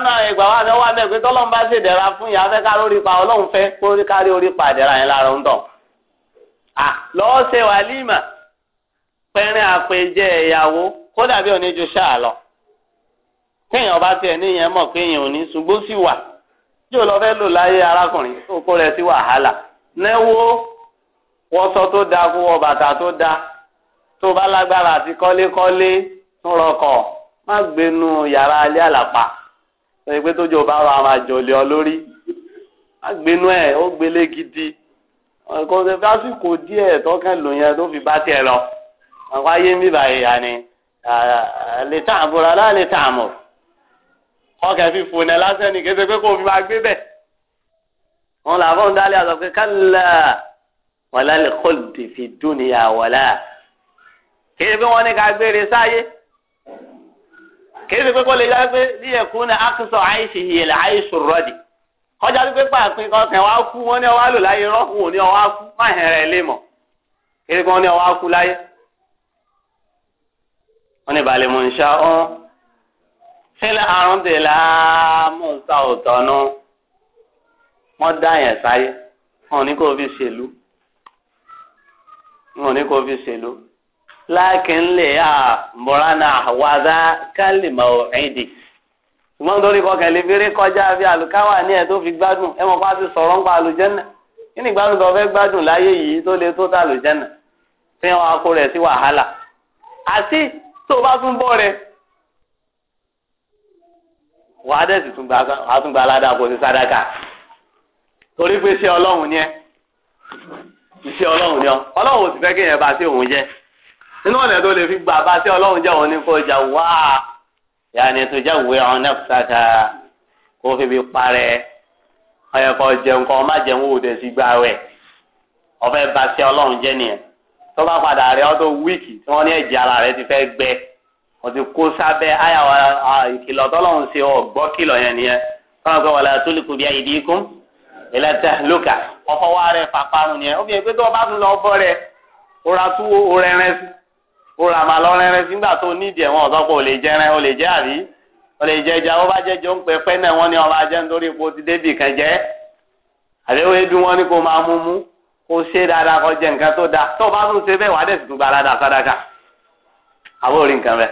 náà ìgbà fún ìyá ká lórí pa kó kárí orí pa yẹn ń Ah, lọ́wọ́ ṣe wàlímà pẹ́rín àpèjẹ ìyàwó kódà bí òní ju ṣáà lọ kéèyàn bá tiẹ̀ níyẹn mọ̀ kéèyàn ò ní ṣùgbọ́n sì wà yóò lọ fẹ́ lò láyé arákùnrin oko rẹ̀ sí wàhálà náwó wọṣọ tó da kó wọ bàtà tó da tó bá lágbára àti kọ́lékọ́lé ń rọkọ̀ má gbénu yàrá alẹ́ àlàpà ṣe pé tójú ò bá rọ àwọn àjòlè ọ lórí má gbénu ẹ̀ ó gbélé gidi kò ṣe fásitì díẹ̀ tọ́kàn lò yẹn tó fi bá tiẹ̀ lọ àwọn ayé ń bíbà ìyá ni lè tàn àbúrò aláàlè tàn àmọ̀ ọkẹ́ fi fònà lásán ni kéde pé kò fi máa gbé bẹ̀ wọn làbọ̀ ń dálé àtọ̀ pé kálá wàlá lè kọ́ lè fi dùn níyà wàlá kéde pé wọ́n ní ká gbére sáyé kéde pé kò lè yá pé ní ẹ̀kú ní akísọ̀ àìsí yìí lè àìsùn rọ́dì kọjá wípé pàápín kọkàn wá kú wọn ní ọwá lò láyé rọ́ọ̀kùn òní ọwá kú má hẹn rẹ̀ lé mọ̀ eré kan ní ọwá kú láyé. wọ́n ní balẹ̀ mọ̀ ń ṣá ọ́n sílẹ̀ àrùn dè láàmú nǹka òtọ́nú wọ́n dá yẹn sáyé wọn ní kó fi ṣèlú wọn ní kó fi ṣèlú láàkín lè yá àmúránà wàdá kálímà ọ̀ẹ́dì ṣùgbọ́n torí kọkàn lè fèrè kọjá bí àlùkáwà ní ẹ̀ tó fi gbádùn ẹ mọ̀ pa ti sọ̀rọ̀ ń pa àlùjẹ́nà kí ni ìgbádùn tó fẹ́ gbádùn láyé yìí tó le tó tà àlùjẹ́nà fi hàn akó rẹ̀ sí wàhálà àti tó o bá tún bọ́ rẹ̀ wàá dẹ̀sì tún gba aládàá kò sí sádàkà torí pé iṣẹ́ ọlọ́run ni ẹ ọlọ́run ni ọ ọlọ́run ò sì fẹ́ kéèyàn bá sí òun jẹ nínú ọ̀nà tó lè fi gbà bá sí ọlọ́run jẹ́ òun ní kó wáá yàní tó jẹ́ ìwé ọ̀hún náà fúláṣà kó fi bí parẹ́ ọyọ kọ jẹun kọ má jẹun wò dé sí gbà wẹ̀ ọfẹ́ bá sí ọlọ́run jẹ́ nìyẹn tó bá padà rẹ ọdún wíìkì tí wọ́n ní ẹ̀jẹ̀ ara rẹ ti fẹ́ gbẹ wọ́n ti kó sábẹ́ àyàwó ìkìlọ̀ tọ́lọ́run ṣe ọ̀gbọ́ kìlọ̀ yẹn nìyẹn tọ́lọ́run pé wàlá tó lè kú bí aydikum ila tahluka ọfọwọ́ rẹ fàparun nìyẹn ó fi hàn tó o bá tún lọ bọ́ rẹ òrà tó o rẹrẹ sí ó ra màá lọ rẹ́rẹ́ sígbà tó nídìí ẹ̀wọ̀n ọ̀sọ́ pé ò lè jẹ rẹ́ ò lè jẹ àrí ò lè jẹ ẹja ó bá jẹ jọ ń pẹ pẹ́ náà wọ́n ní ọba jẹ́ nítorí epo ti débì kan jẹ́ àdéhùn dùn wọ́n ní kó máa mú mú kó ṣe dáadáa kó jẹ nǹkan tó dáa tó o bá tún ṣe bẹ́ẹ̀ wàá dẹ̀ sì tún gba aládàá sádàkà àbó orí nǹkan rẹ̀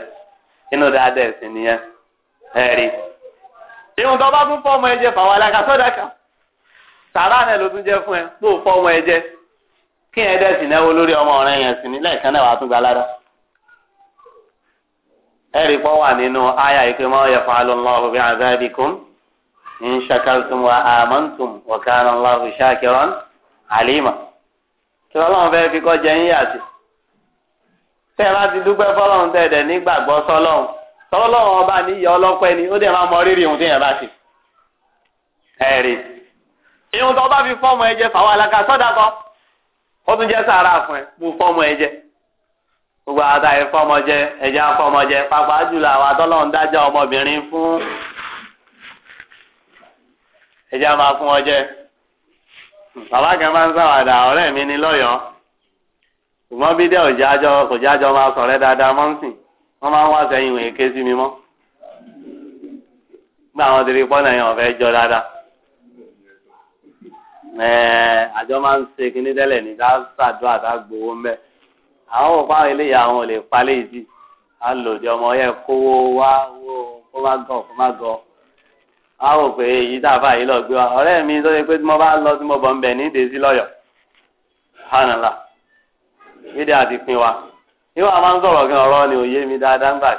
inú dáadáa ẹ̀sìn nìyẹn ẹ̀rí. ìhùn tó bá tún fọ́ ọmọ ẹ̀jẹ̀ fàwọn alága sádàkà sàrà náà ló tún jẹ́ fún ẹ kó o fọ́ ọmọ ẹ̀jẹ̀ kí ẹ dẹ̀ sì náwó lórí ọmọ ọ̀rẹ́ yẹn sì nílẹ̀ kan náà wàá tún gba aládàá. ẹ̀rí pọ̀ wà nínú àyà ìpè ma yaf'alu Allahu bi'adhabikum in shakartum wa amantum wa alima. kí ọlọ́run fẹ́ fi kọ́ jẹ yín yàtì. tẹ́ ẹ bá ti dúpẹ́ fọlọ́run tẹ́ nígbàgbọ́ sọlọ́run sọlọ́run ọba níyà ọlọ́pẹ́ ni ó dẹ̀ máa mọ rírì ohun bá ti. ẹ̀rí ìhun tó bá gbogbo ata ìfọmọjẹ ẹjẹ afọmọjẹ pàápàá jùlọ àwọn atọ́lọ́hún dájà ọmọbìnrin fún ẹjẹ máa fún ọ jẹ bàbá kan máa ń ṣàwàdà ọ̀rẹ́ mi ní lọ́yọ̀ọ́ ṣùgbọ́n bí dẹ́ òjájọ́ kò jájọ́ máa sọ̀rẹ́ dáadáa mọ́ǹsìn wọ́n máa ń wá sẹ́yìn ìwé ké sí mi mọ́ gbà àwọn tèrè pọ́nà yẹn ọ̀fẹ́ jọ dáadáa ẹ̀ẹ́ àjọ máa ń ṣe kinní tẹ́lẹ̀ ní dáṣàdúrà tá gbowó ń bẹ́ẹ̀. àwọn òpá eléyà àwọn ò lè palẹ̀ ìdí a lò dé ọmọ yẹ kówó wá wó kó má gàn kó má gàn a rò pé èyí dàbà yìí lọ gbé wa ọ̀rẹ́ mi tó ṣe pé tí mo bá lọ tí mo bọ̀ ń bẹ̀ ní ìdèzí lọ́yọ̀ hànàlà gbédè àti pin wa yóò máa ń sọ̀rọ̀ gan ọ̀rọ̀ ni òye mi dáadáa ń gbà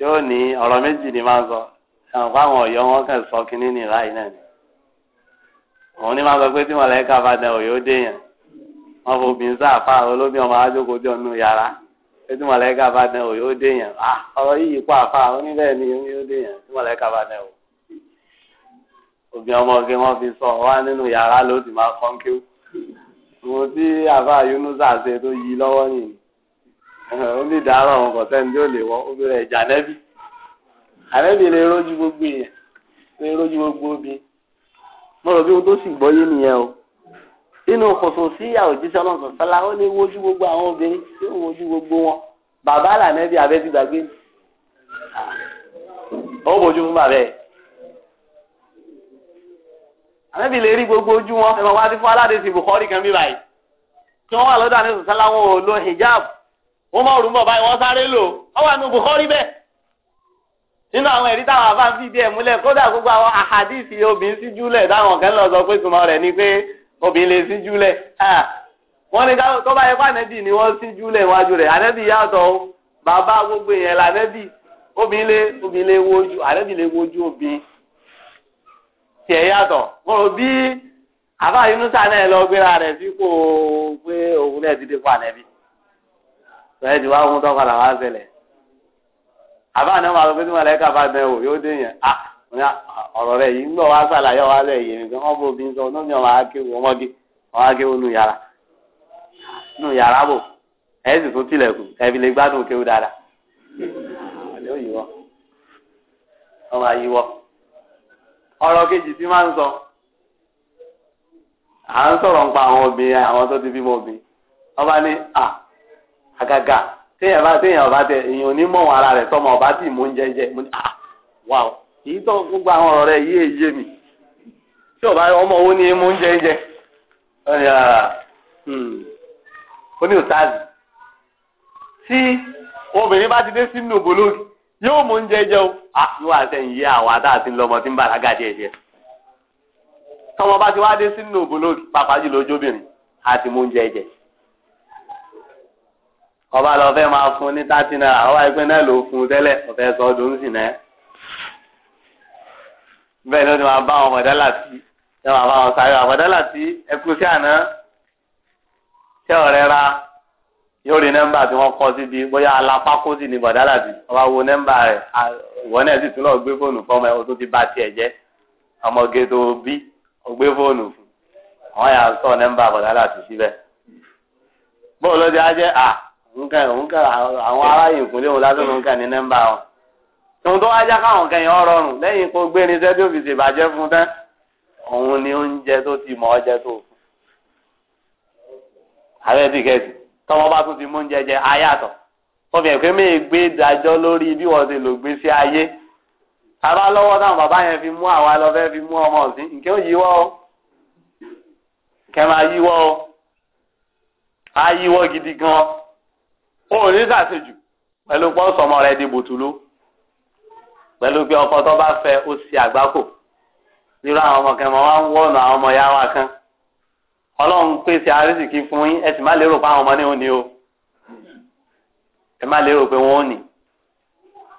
yóò ní ọ̀rọ̀ méjì ni máa ń sọ àwọn fáwọn ọ̀yọ́ wọn kàn sọ kínní ní ìráyìí náà ni òun ní máa sọ pé tí mọ̀lẹ́ka bá dán òye ó dé yẹn wọn fò bí nsá olómi ọmọ ajókòó jọ nù yàrá ètò mọlẹka bá dẹ o yóò dé yẹn ah ọ̀rọ̀ yìí kó àfa oníbẹ ni yóò dé yẹn ètò mọlẹka bá dẹ o òbí ọmọge wọn fi sọ wá nínú yàrá ló ti máa kọ́ kí mo ti àfa yunusa ṣe tó yí lọ́wọ́ yìí ó ní ìdárọ̀ ọ̀hún kò tí ó lè wọ́ obìnrin ẹ̀jẹ̀ ànẹ́bí ànẹ́bí lè rójú gbogbo yẹn lè rójú gbogbo bí mo rò bí ohun tó sì gbọ́ yé nìyẹn o nínú kòtò sí ìyàwó jíṣẹ́ ọlọ́sàn sọ́lá ó ní wojú gbogbo àwọn obìnrin tí ó wojú gbogbo wọn bàbá lànàbí abẹ́tí gbàgbé ó bójú fún bàbá ẹ̀. ànábì lè rí gbogbo ojú wọn ẹ̀mọ̀ wá sí fún aládé sí Bukhari kan bí báyìí tí wọ́n wà lọ́dọ̀ àná sọ́lá wọn ò lo hijab wọ́n mọ̀ rúmọ̀ báyìí wọ́n sáré lò ó wà nínú Bukhari bẹ́ẹ̀ nínú àwọn ẹ̀rí táwọn afáfíì díẹ̀ múlẹ̀ kódà gbogbo àwọn àhàdíìsì obìnrin síjú lẹ̀ táwọn kan lọ sọ pé tùmọ̀ rẹ̀ ni pé obìnrin lè síjú lẹ̀ wọ́n ní tó bá yẹ ànẹ́bì ni wọ́n síjú lẹ̀ wájú rẹ̀ ànẹ́bì yàtọ̀ o bàbá gbogbo èèyàn lànẹ́bì obìnrin lè obìnrin lè wojú ànẹ́bì lè wojú obìnrin tiẹ̀ yàtọ̀ mo bí àbá yunusa náà lọ gbéra rẹ̀ sí kò pé òun náà ti fún ànẹ́bì bẹ́ẹ̀ ti wá ohun tó padà wá àbá náà máa lọ pé tí màlẹ́kà bá bẹ̀ yóò dé yẹn ah. ọ̀rọ̀ rẹ̀ yìí ńgbọ́ wá sàlàyé wa lẹ̀ yé mi pé wọ́n bó sọ ọdún mi ọmọ akéwò ọmọge ọmọ akéwò nù yàrá nù yàrá bò ẹ̀ sì tún tilẹ̀kùn ẹ̀bi lè gbádùn kéwò dáadáa àlẹ́ òyìnbó ọmọ àyíwọ́ ọ̀rọ̀ kejì tí máa ń sọ à ń ń pa àwọn obìnrin àwọn tó ti bímọ obìnrin ọba ní à àgàgà téèyàn bá téèyàn tẹ èèyàn onímọ̀ èyí tó gbogbo àwọn ọ̀rọ̀ rẹ̀ yí èyí mi tí ò ọmọ owó ní mú oúnjẹ jẹ ó ní òtáàzì ah, hmm. tí obìnrin bá ti dé sínú ògbólógì yóò mú oúnjẹ jẹ o àfiwọ́ àtẹ̀yìn yé àwọn adáàtì lọ́mọ tí ń bàlágà díẹ̀ díẹ̀ tọmọ bá ti wá dé sínú ògbólógì pàápàá jùlọ ojóbìnrin àti mú oúnjẹ jẹ ọba lọ fẹ́ máa fún ní tátínà ọba ìpínlẹ̀ ló fún tẹ́lẹ̀ ọ̀fẹ́ sọ́dún sí náà bẹ́ẹ̀ ni wọ́n ti máa bá àwọn ọmọdé láti ẹ máa bá àwọn sáré ọmọdé láti ẹkú sí àná tẹ ọ̀rẹ́ ra yóò rí nọ́mbà tí wọ́n kọ́ síbi bóyá alápákó sì ní bọ̀dá láti ọba wo nọ́mbà rẹ̀ ìwọ náà sì tún lọ gbé fóònù fún ọmọ ẹ̀ o tún ti bá tiẹ̀ jẹ́ ọmọge tó bí o fóònù fún àwọn yà sọ nọ́mbà bọ̀dá láti síbẹ̀ bóòlù ọjà jẹ́ à nǹkan nǹkan àwọn aráyè ìkúnlẹ̀ òun lásán nǹkan ní nọ́mbà wọn tòun tó wájá káwọn kẹyìn ọrọrùn lẹ́yìn kó gbé ní sẹdí òfìsè bàjẹ́ fún tán òun ni oúnjẹ tó ti mọ ọjẹ tó fún ààrẹ tíkẹ́ẹ̀tì tọmọ bá tún ti mú oúnjẹ jẹ ayàtọ̀ wọn fi ẹ̀pẹ́ mẹ́ẹ̀ gbé dájọ́ lórí bí wọ́n ti lò gbé sí ayé tàbá lọ́wọ́ táwọn bàbá yẹn fi mú àwa lọ fẹ́ fi mú ọmọ sí nǹkan ò yíwọ́ o kẹ́ máa yíwọ́ o á yíwọ́ gidi gan o ní sàṣejù pẹ̀lú pọ́sọ̀mọ́ rẹ di bòtúló. pẹ̀lú pé ọkọ tó bá fẹ́ ó sì àgbákò nírú àwọn ọmọ kẹmọ wọn ń wọnà àwọn ọmọ yàrá kan ọlọ́run fún yín ẹ sì má lérò ni o ẹ má lérò pé wọn ò ní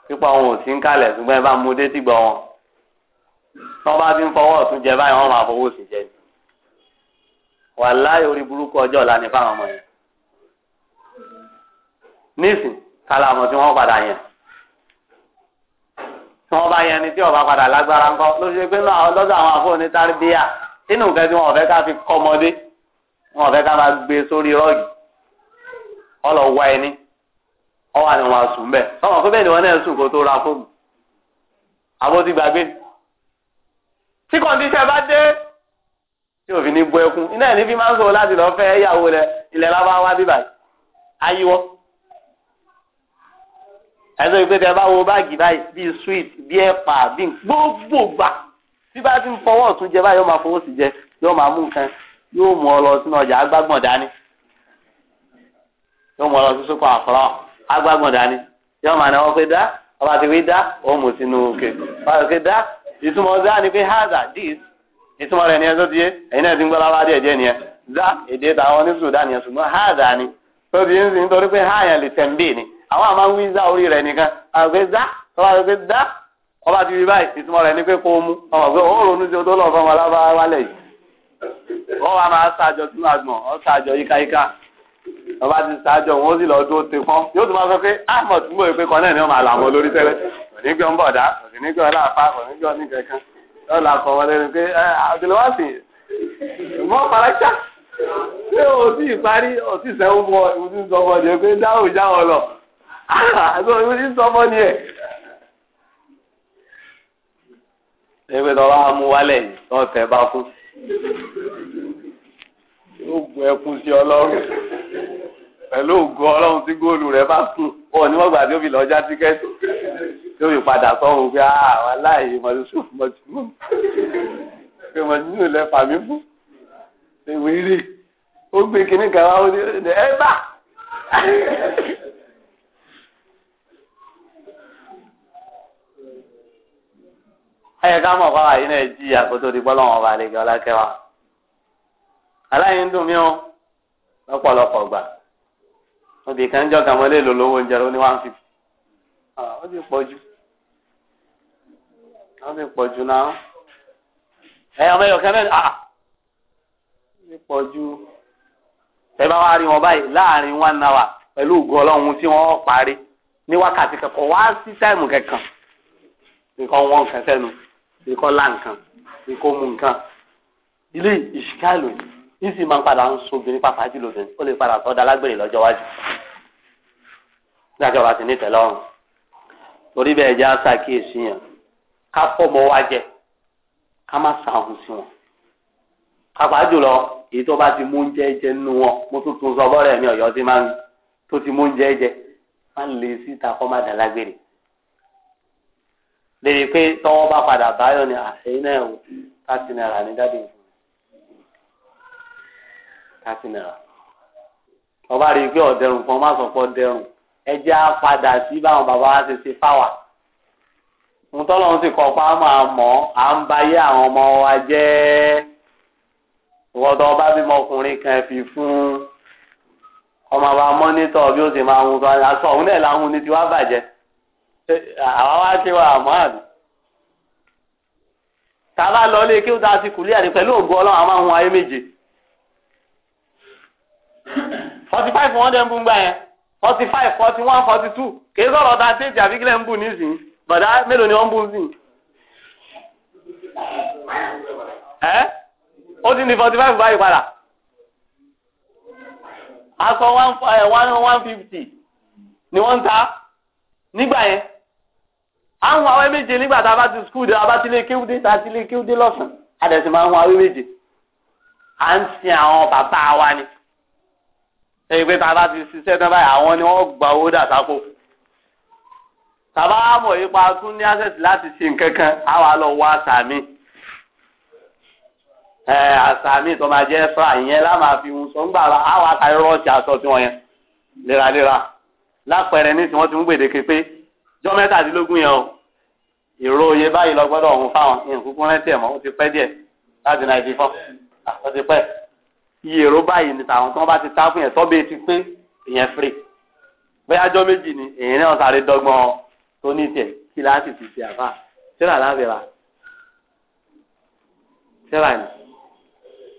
pípa òun ò sí ń kalẹ̀ ṣùgbọ́n ẹ bá mú fi ń fọwọ́ ọ̀tún jẹ báyìí wọ́n máa jẹ orí burúkú ọjọ́ ọ̀la fáwọn tí wọ́n bá yẹn ni tí ọba padà lágbára ńkọ ló ṣe pé lọ́dọ̀ àwọn afọ́ni tárbíyà inú nǹkan tí wọn ò fẹ́ ká fi kọ́ ọmọdé wọn ò fẹ́ ká máa gbé sórí rọ́ọ̀gì ọlọ wá ẹni ọwọ́ àti wọn sùn bẹ́ẹ̀ sọmọ pé bẹ́ẹ̀ ni wọn náà sùn kó tó ra fóònù àbótí gbàgbé tí kọ̀ǹdíṣẹ́ bá dé tí òfin ní bọ ẹkún iná ẹ̀ ní fi máa ń sọ̀rọ̀ láti lọ́ọ́ fẹ́ yàwó rẹ ilẹ̀ lábáwá bíbáyìí ayíwọ́ ẹsẹ wípé tẹ bá wo báàgì báyìí bíi sweet bíi ẹ̀pà bíi gbogbo gbà tí bá ti ń fọwọ́ ọ̀tún jẹ báyìí yóò máa fọwọ́ sí jẹ yóò máa mú nǹkan yóò mú ọ lọ sínú ọjà agbágbọ̀n dání yóò mú ọ lọ sí sókò àkọ́rọ́ agbágbọ̀n dání yóò máa náwó pé dá ọba ti wí dá ó mú sínú òkè ọba ti dá ìtumọ̀ dá ni pé haza dis ìtumọ̀ rẹ̀ ni ẹ tó ti yé ẹ̀yin náà ti ń gbọ́ lára díẹ̀ díẹ̀ nìyẹn dá èdè tàwọn oníṣòwò dá nìyẹn ṣùgbọ́n haza ni tó ti ń sìn nítorí pé háyàn lè tẹ̀ ń bè ni àwọn àmà ń wí zá orí rẹ̀ nìkan àgbẹ̀ zá tọ́ba àgbẹ̀ dá ọba ti rí báyìí ìtumọ̀ rẹ̀ ní pé kó o mú ọmọ pé ó ronú sí o tó lọ́ọ̀ fọmọ alábára wálẹ̀ yìí wọ́n wá máa ṣàjọ sínú àgbọ̀n ọ́ ṣàjọ yíkáyíká ọba ti ṣàjọ wọn ó sì lọ́ọ́ dúró ti fọ́n yóò tún máa sọ pé ahmed mú èpè kan náà ni wọ́n máa là wọn lórí tẹ́lẹ̀ onígbẹ́ ń bọ̀dá onígbẹ́ ọláàpá onígbẹ́ oníkẹ̀kẹ́ lọ́la kọ̀ wọlé ni pé àdìlọ́wọ́sì mọ́ farakíà pé òsì ìparí òsì ìṣẹ́wó bọ̀ ìwúdí ń sọ bọ̀ jẹ́ pé àti òun ní sọmọ ni ẹ. ẹgbẹ́ tó bá mú wálẹ̀ yìí tó tẹ̀ bá kú. yóò bu ẹkún sí ọlọ́run pẹ̀lú ògo ọlọ́run tí góòlù rẹ̀ bá kún ọ ní wọ́n gbà tí ó fi lọ́ọ́ já tíkẹ́ẹ̀tì tí ó fi padà sọ́run pé ah, àwọn aláìyé mọ̀tò sófin mọ̀tò mọ̀ pé mọ̀tò nínú ilẹ̀ fàmí fún ewé rè ó gbé kinní kan wá ó ní ẹ bá. ayẹ ká mọ̀ fáwọn àyè náà jí àkótó di bọ́lọ́ wọn bá ọlákẹ́wà aláyé dùn mí o lọ́pọ̀lọpọ̀ gbà obì kan jọ kàn wọlé lò lówó oúnjẹ ló one fifty ó ti pọ̀ jù ó ti pọ̀ jù náà ẹ̀yà ọmọ ẹ̀yọ̀kẹ́ náà ó ti pọ̀ jù ẹ bá wá rí wọn báyìí láàrin one hour pẹ̀lú ògo ọlọ́run tí wọ́n parí ní wákàtí kankan wá sí táìmù kankan nǹkan wọn kàn sẹ́nu bí kò la nǹkan bí kò mu nǹkan ilé ìṣìkàlù yìí sì máa ń padà ń so obìnrin pàápàá jùlọ obìnrin ó lè padà sọ́dọ̀ alágbèrè lọ́jọ́ wájú nígbàjọ́ bá ti ní ìtẹ́lọ́rùn torí bẹ́ẹ̀ jẹ́ àṣàkíyèsí yẹn ká fọmọ wa jẹ ká má sàhùn sí wọn pàápàá jùlọ èyí tó bá ti mú oúnjẹ jẹ nínú wọn mo tún tún sọ bọ́ọ̀rẹ̀ mi ọ̀yọ́ ti máa ń tó ti mú oúnjẹ jẹ má lè síta kọ́ má dà lèyí pé tọ́wọ́ bá padà báyọ̀ ni àṣeyìn náà wò káàtì náírà ní dáàbì fún mi káàtì náírà ọba rí i pé ọ̀dẹ̀rùn fún ọ má sọ pé ọ̀dẹ̀rùn ẹ á padà sí báwọn bàbá wa ṣe ṣe fáwà ń tọ́lọ́ ń sì kọ́pá máa mọ̀ à ń bayé àwọn ọmọ wa jẹ́ ìwọ́dọ̀ ọba bímọ ọkùnrin kan fi fún ọmọ bá mọ́nítọ̀ bí ó sì máa ń sọ aṣọ òun náà làwọn ní tiwa bàjẹ́ àwa wá ṣe wa àmọ́ àbí tàbá lọ lé kí ó dá sí kùlé àdé pẹ̀lú ògùn ọlọ́run àwọn ohun ayé méje forty five wọ́n dẹ̀ ń gbà yẹn forty five forty one forty two kì í sọ̀rọ̀ dáa téèjì àbí kílẹ̀ ń bù nísìnyí bàdá mélòó ni wọ́n ń bù nísìnyí. ẹ́ ó ti ní forty five báyìí padà aṣọ eh, one one fifty ni wọ́n ń ta nígbà yẹn àwọn àwọn méje nígbà tá a bá ti skul dé a bá ti lé kéwúdé tá a ti lé kéwúdé lọ́sàn-án a dẹ̀ sì máa ń hun àwọn méje à ń sin àwọn bàbá wa ni ẹ̀yìn pé tá a bá ti ṣiṣẹ́ tán báyìí àwọn ni wọ́n gba owó dà sápò tàbá mọ̀ ipa tún ní access láti ṣe nǹkan kan á wà lọ wá àṣàmì àṣàmì tó máa jẹ́ sọ àyẹn lámà fi hun sọ ńgbà á wà ká rọ́ọ̀ṣì aṣọ tiwọn yẹn léraléra lápẹẹrẹ ní jọ́ mẹ́tàdínlógún yẹn o ìró oyè báyìí lọ gbọ́dọ̀ ọ̀hún fáwọn ìhùn kúkú rántí ẹ̀ mọ́ ó ti pẹ́ díẹ̀ láti náìtì fọ́ ó ti pẹ́ iye ìró báyìí ni tàwọn tí wọ́n bá ti ta fún yẹn tọ́ bẹ́ẹ̀ ti pé ìyẹn firi bóyá jọ́ méjì ni èyí náà sáré dọ́gbọ́n tó ní tiẹ̀ kí láti ti ti àfà síra lábẹ́ra síra ni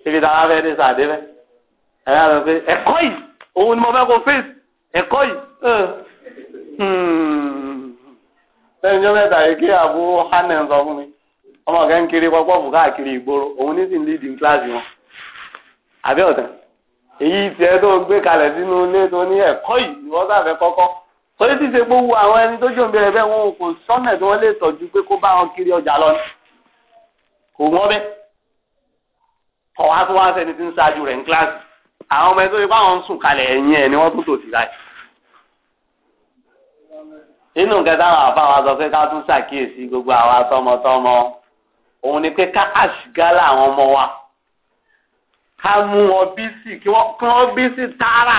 síbi táwa fẹ́ dé sàdé fẹ́ ẹ̀rọ àgbẹ̀ pé ẹ̀kọ́ yìí òun ni mo fẹ́ kó fèsì ẹ̀kọ́ yìí hmm lẹ́yìn jọ́ mẹ́ta yìí kí àbú hanen sọ fún mi ọmọ ọ̀gá ń kiri pọ́pọ́ fún káàkiri ìgboro òun ní sì ń leading class wọn àbí ọ̀tẹ̀ èyí tiẹ̀ tó gbé kalẹ̀ sínú ilé tó ní ẹ̀kọ́ yìí ni wọ́n sáfẹ́ kọ́kọ́ torí ti ṣe gbówó àwọn ẹni tó jò ń bẹ̀rẹ̀ bẹ́ẹ̀ wọn kò sọ́nà tí wọ́n lè tọ́jú pé kó bá wọn kiri ọjà lọ ni kò wọ́n bẹ́ẹ̀ ọ̀wá tó wá sẹ́ni tí ń ṣáájú rẹ̀ ń kíláàsì àwọn ọmọ ẹgbẹ́ inú nǹkan táwọn àfa wa sọ pé ká tún ṣàkíyèsí gbogbo àwa tọmọtọmọ òun ni pé ká àṣìgálà àwọn ọmọ wa ká mú wọn bí sí kí wọn bí sí tààrà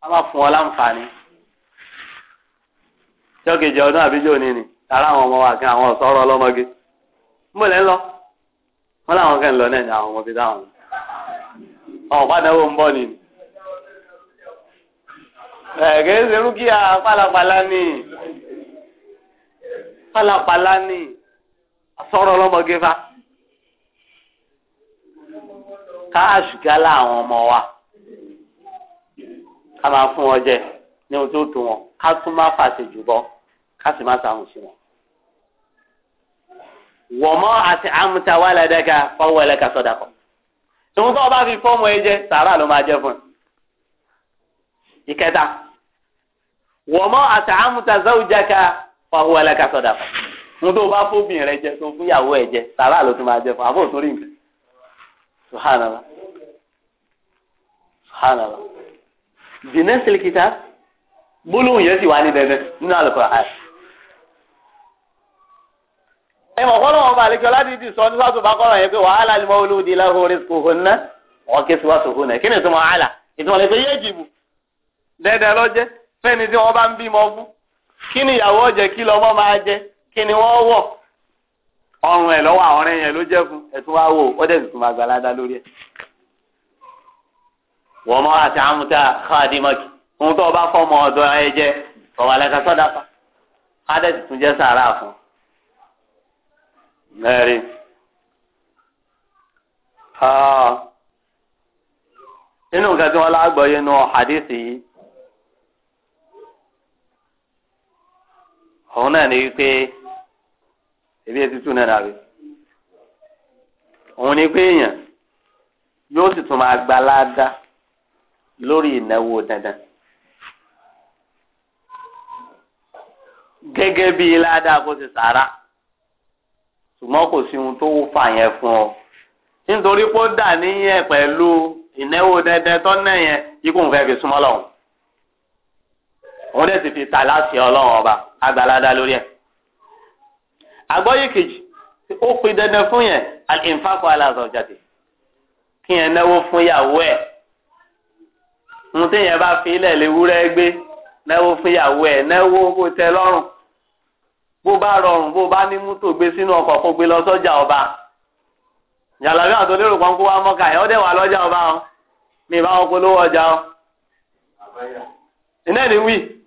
ká má fún wọn láǹfààní jọ́kejì ọdún àbíjọ́ ni ni tààrà àwọn ọmọ wa kí àwọn ọ̀sọ́rọ̀ ọlọ́mọge ń lẹ́ ń lọ wọn làwọn kẹ́ ń lọ náà ní àwọn ọmọ bíi táwọn ọ̀pá náà ń bọ̀ nìyí. Eh, kìí ṣe rúkìá pálapàla ni pálapàla ni sọ̀rọ̀ ọlọ́mọge fa káàṣù gálà àwọn ọmọ wa ká máa fún wọn jẹ ní ohun tó tó wọn ká tún má fàṣẹ jù bọ ká sì má sàhùn sí wọn. wọ̀mọ́ àti àmúta wà lẹ́dẹ́ka fọwọ́ ẹlẹ́ka sọ̀dà kan. tòun tó o bá fi fọ́ọ̀mù ẹ jẹ sàárà ló máa jẹ fún ẹ. ìkẹta. wọ́mọ́ àtàmúta záwùjáka fàwọn ẹlẹ́ka sọ̀dà fún tó bá rẹ jẹ tó fúnyàwó ẹ jẹ ló máa jẹ fún nǹkan gbólóhùn yẹn sì ní nínú àlùkò wọn balẹ̀ jọ láti di sọ ní sọ́tò bá kọ́lọ́ yẹn pé wàhálà ni wọ́n olùdí lọ́hùn rìsíkò hùn ná wọ́n ké síwáṣọ hùn náà kí ni ìtumọ̀ wàhálà ìtumọ̀ lè yé jìbù dẹ́dẹ́ lọ́jẹ́ fẹ́ni tí wọ́n bá ń bímọ fún kí ni ìyàwó ọ̀jẹ̀ kí lọ́mọ máa jẹ kí ni wọ́n wọ̀ ọrùn ẹ̀ lọ́wọ́ àwọn ẹ̀yẹn ló jẹ́ fún ẹ̀tún wá wò ó máa lórí ẹ̀. wọ́n mọ́ àti àmúta káàdìmọ́kì fún tó o bá fọ́ ọmọ ọ̀dọ́ jẹ́ ọ̀wà lẹ́ka sọ́dà pa jẹ́ sàárà fún. òun náà ni wípé ebi ètùtù náà nàbí òun ni pé èèyàn yóò sì tún bí ṣùgbọ́n kò sí ohun tó fà yẹn fún ọ nítorí pé ó dà níyẹn pẹ̀lú ìnáwó dandan tó náà yẹn fẹ́ òun dẹ̀ sì fi tà láti ọlọ́run ọba agbálada lórí ẹ̀. àgbọ́yé kejì ó fi dandan fún yẹn àìfàkọ́ aláàzọ̀jáde kí yẹn náwó fún yàwó ẹ̀ ń tẹ̀yẹ̀ bá fi ilẹ̀ léwúrẹ́ gbé náwó fún yàwó ẹ̀ náwó kó tẹ́ lọ́rùn bó bá rọrùn bó bá ní mútò gbé sínú ọkọ̀ kó gbé lọ sọ́jà ọba jàlábí àti olérò kan kó wá mọ́ka ẹ̀ ọ́ dẹ̀ wà lọ́jà ọba ọ mi ìbá wọn polówó ọjà ọ. ìnáà ni wí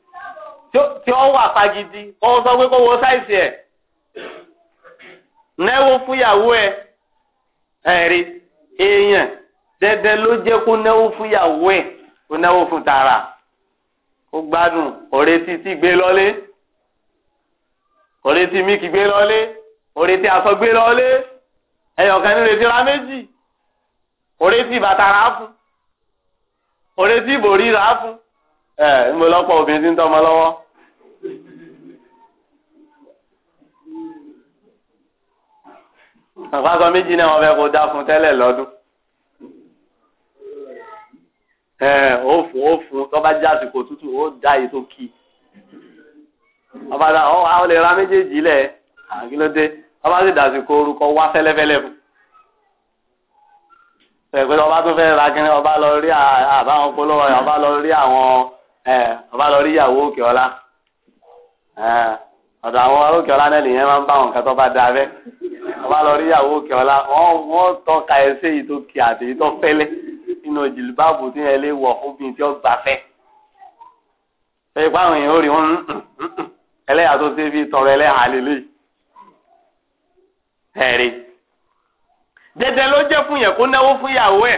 tí ó wà fagidi kó sọ pé kó wo sáìsì ẹ̀ náwó fúyàwó ẹ̀ ẹ̀rí èèyàn dẹ́dẹ́ ló jẹ́ kó náwó fúyàwó ẹ̀ kó náwó fún tara kó gbádùn ọ̀rẹ́ títí gbé lọ́lé ọ̀rẹ́ tí mí kì gbé lọ́lé ọ̀rẹ́ tí aṣọ gbé lọ́lé ẹ̀yọ̀kan ní retí ra méjì ọ̀rẹ́ bàtà rà fún ọ̀rẹ́ tí bòrí fún. ẹ ńbọ lọ́pọ̀ obìnrin tí ń tọ́mọ lọ́wọ́. méjì náà wọ́n fẹ́ kó dá fún tẹ́lẹ̀ lọ́dún. ó fún ó fún tó bá jẹ́ àsìkò tútù ó dá kì ọ lè ra méjèèjì lẹ̀ ọba sì dàsìkò orúkọ wá fẹ́lẹ́fẹ́lẹ́ fún ọba tó fẹ́ ra kí ọba lọ rí àbáwọn polówó ọba lọ rí ẹ ọba lọ rí ìyàwó òkè ọlá ẹ àwọn òkè ọlá náà nìyẹn máa ń bá àwọn nǹkan bá da abẹ́ ọba lọ rí ìyàwó òkè ọlá wọ́n wọ́n tọ́ka yìí tó kì àti èyí tó fẹ́lẹ́ nínú jìlìbáàbù tí yẹn lè wọ̀ fúnbin tí ó gbà fẹ́ ṣe ipá àwọn èèyàn ó rí wọn ẹlẹ́yà tó ṣe fi tọrọ ẹlẹ́yà lélẹ̀ ẹ̀rí dẹdẹ ló jẹ́ fún yẹn kó náwó fún ìyàwó ẹ̀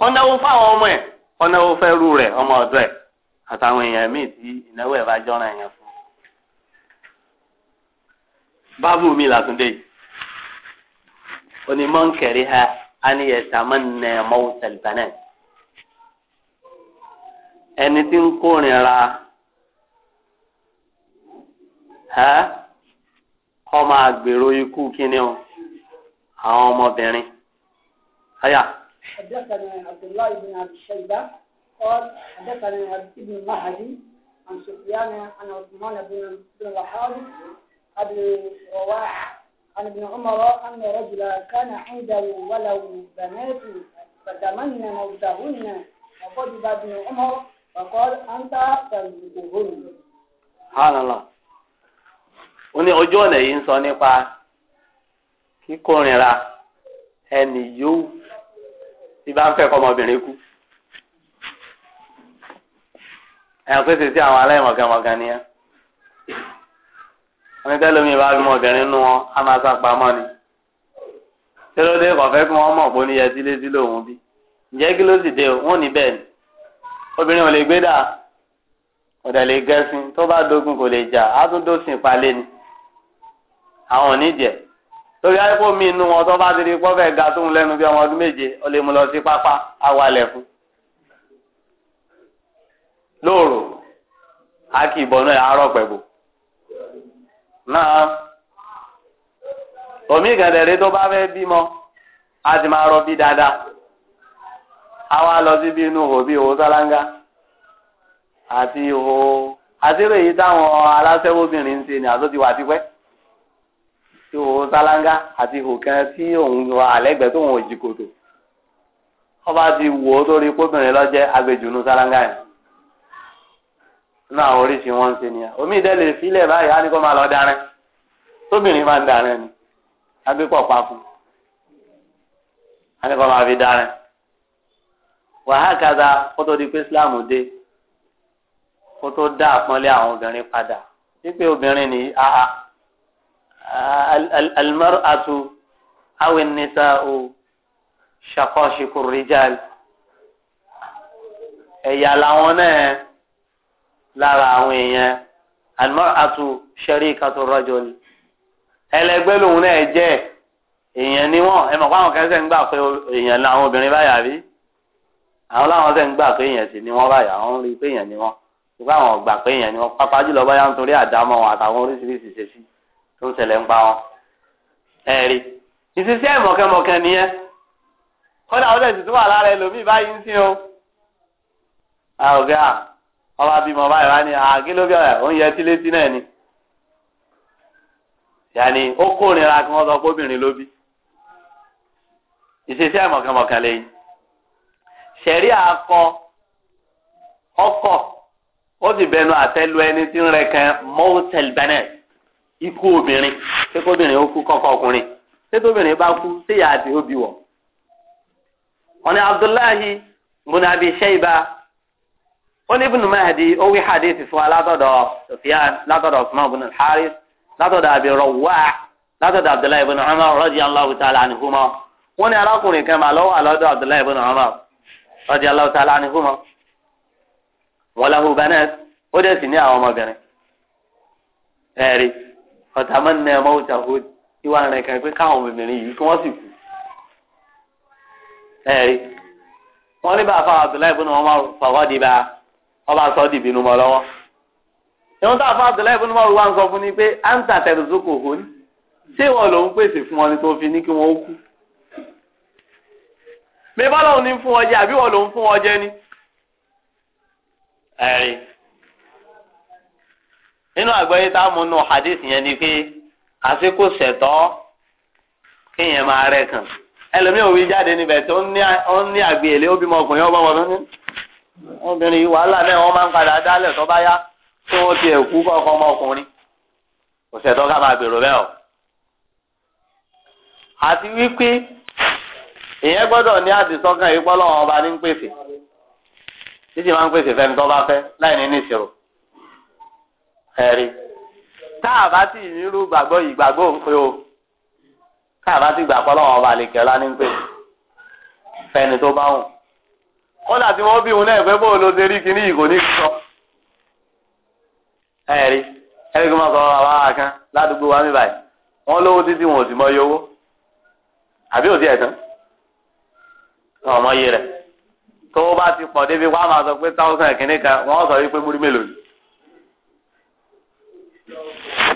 kó náwó fún àwọn ọmọ ẹ̀ kó náwó fẹ́rù rẹ̀ ọmọ ọ̀dọ́ ẹ̀ àtàwọn èèyàn míì tí ìnáwó ẹ̀ bá jọ́ra èèyàn fún. báàbù mi làtúndé yìí onímọ̀ ń kẹ̀rí ha á ní ẹ̀sà máa ń nà ẹ̀mọ́ tẹ̀lifánẹ̀. ẹni tí ń kórìn ra kọ́ máa gbèrò ikú kíní o àwọn ọmọbìnrin. Aya. حدثنا عبد الله بن عبد قال حدثني ابن المهدي عن سفيان عن عثمان بن بن الحارث ابي رواح عن ابن عمر ان رجلا كان عنده ولو بنات فتمنى موتهن وغضب ابن عمر فقال انت تزوجهن. سبحان الله. ó ní ojú ọ̀nà yìí ń sọ nípa kíkórìnra ẹnì yóò tí bá ń fẹ́ kọ́ kú. ẹ̀ pé tètè àwọn aláìmọ̀gàmọ̀gà nìyẹn wọ́n tẹ́ lómi ìbá bímọ obìnrin nú wọn á máa sápamọ́ ni kí ló dé kọ̀fẹ́ kí wọ́n mọ̀ pé oníyẹ sílé sí lòun bí ǹjẹ́ kí ló sì dé wọn ò ní bẹ́ẹ̀ ni obìnrin ò lè gbé dà ọ̀dà lè gẹ́sìn tó bá dogun kò lè jà á tún dósìn palẹ̀ ni àwọn ò ní jẹ́ torí ayé kó mi inú wọn tó bá ti di pọ́fẹ́ ga tóun lẹ́nu bí ọmọ ọdún méje ó lè mú lọ sí pápá á wà lẹ̀ fún lóòrò a kì í náà àárọ̀ pẹ̀bù náà omi ìgànnẹ̀rẹ́ tó bá fẹ́ bímọ a ti máa rọ bí dáadáa a wá lọ bí inú ihò bí ihò sálángá àti ihò àtìrò èyí táwọn ń ṣe ni wà tipẹ́ ihò sálángá àti ihò kan tí òun àlẹ́gbẹ̀ẹ́ tóun ò kòtò wọ́n bá ti wò ó tó rí kóbìnrin lọ́jẹ́ sálángá yẹn. nínú àwọn oríṣi wọn ń ṣe nìyẹn omi ìdẹ́lẹ̀ ìfilẹ̀ báyìí á ní kó máa lọ darẹ́ tóbìnrin máa ń darẹ́ ni agbẹ́pọ̀ pa fún á ní kó máa fi darẹ́ wàhákàdá kótó di pé Islam dé kótó dá àpọ́nlé àwọn obìnrin padà wípé obìnrin ni àhà almar'atu awin nisa'u shaqashikur rijal ẹ̀yà làwọn náà lára àwọn èèyàn almar'atu sharikatu rajul ẹlẹgbẹ́ lòun náà jẹ́ èèyàn ni wọ́n ẹ mọ̀ pé àwọn kẹsẹ̀ ń gbà pé èèyàn ni àwọn obìnrin báyà rí àwọn láwọn sẹ́ ń gbà pé èèyàn sì ni wọ́n báyà wọ́n rí pé èèyàn ni wọ́n ṣùgbọ́n àwọn ọ̀gbà pé èèyàn ni wọ́n pápá jùlọ báyà ń torí àdámọ́ wọn àtàwọn oríṣiríṣi ṣe sí tó ń ṣẹlẹ̀ ń pa wọn. ẹ rí ìṣiṣẹ́ ìmọ̀kẹ́mọ̀kẹ́ nìyẹn kọ́dà ó dẹ̀ sì wà lára ẹlòmíì báyìí ń sìn o. àwògá ọba bímọ báyìí wá ní àgélóbí ọ̀yà òun yẹ tí létí náà ni yàní ó kórìíra kí wọ́n sọ pé obìnrin ló bí ìṣesí àmọ̀kànmọ̀kàn lẹ́yìn ṣẹ̀rí akọ ọkọ̀ ó sì bẹnu àtẹ́lu ẹni tí ń rẹ kan mọ́tẹ́l bennett ikú obìnrin pé kóbìnrin ó kú kọ́kọ́ ọkùnrin pé tóbìnrin bá kú síyà àti òbí wọ̀ wọ́n ní Abdullahi munabi Sheiba ó ní ibùdó mahdi ó wí hadithi fún wa látọ̀dọ̀ Sufyan látọ̀dọ̀ Usman ibn al-Harith látọ̀dọ̀ Abi Rawah látọ̀dọ̀ Abdullahi ibn Umar radiyallahu ta'ala anhuma wọ́n ní arákùnrin kan máa lọ́wọ́ àlọ́dọ̀ Abdullahi ibn Umar radiyallahu ta'ala anhuma wa lahu banat ó dẹ̀ sì ní àwọn ọmọbìnrin ẹ̀rí ọ̀tàmọ́nà mọ́wútàhó ìwà rẹ̀ kan pé káwọn obìnrin yìí kí wọ́n sì kú ẹ̀rí wọ́n ní bá a fa ọba sọ di ìbínú mọ́ lọ́wọ́ ìwọ́n tá a fọ́ àtẹlẹ́yìn fún mọ́ wá ń sọ fún ni pé à ń tà tẹ̀síkò hó ní ṣé ìwọ ló pèsè fún ọ ni tó fi ní kí wọ́n ó kú mi bá lòun ní fún ọ jẹ àbí ìwọ ló fún ọ jẹ ni ẹ̀rí nínú àgbáyé tá a mú nù hadith yẹn ni pé àsìkò ṣẹ̀tọ́ kéèyàn máa rẹ̀ kàn ẹlòmíì òwe jáde níbẹ̀ tó ń ní àgbéyẹlé ó bímọ ọkùnrin ọgbọ́n wọn ní obìnrin wàhálà náà wọ́n máa ń padà dálẹ̀ tó bá yá tí wọ́n ti ẹ̀kú kọ̀ọ̀kan ọmọkùnrin kò sẹ̀tọ́ ká máa gbèrò bẹ́ẹ̀ o. àti wípé èèyàn gbọ́dọ̀ ní àdìsọ́kàn yìí pọ́ lọ́wọ́ ọba ní ń pèsè títí máa ń pèsè fẹ́ni tó bá fẹ́ láì ní níṣirò ẹ̀rí tá a bá sì nírú gbàgbọ́ yìí gbàgbọ́ òǹpe o tá a bá sì gbà pọ́ lọ́wọ́ ọba àlèkè ọlá ní ń pèsè fẹ́ni tó bá wù kódà tí wọ́n bí òun náà fẹ́ bóun ló ṣe rí kíní yìí kò ní sọ. ẹ rí ẹni tó máa sọ bàbá kan ládùúgbò wa mi báyìí wọ́n lówó títí wọn ò sì mọ iye owó àbí òsì ẹ̀ tán wọn ò mọ iye rẹ̀ tó bá ti pọ̀ débi wọ́n á máa sọ pé táwùsàn kìíní kan wọ́n sọ wípé múrí mélòó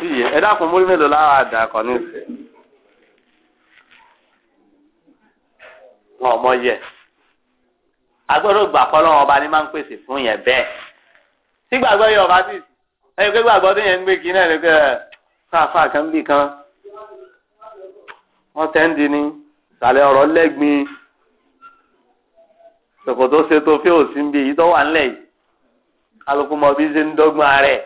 ni. ẹ dákun múrí mélòó lára àdá kan ní ìsìn. wọn ò mọ ẹ̀ agbọ́dọ̀ gbà kọ́ lọ́wọ́ ọba ni máa ń pèsè fún yẹn bẹ́ẹ̀ tí gbàgbọ́ yẹn ọba sì ẹni pé gbàgbọ́ tó yẹn ń gbé kí náà lè kẹ́ káfá kan bì kan wọ́n tẹ́ ń di ni ìsàlẹ̀ ọ̀rọ̀ lẹ́gbin ṣòkòtò ṣètò fí òsì ń bi èyí tó wà ńlẹ̀ yìí kálukú mọ bí ṣe ń dọ́gbọ́n rẹ̀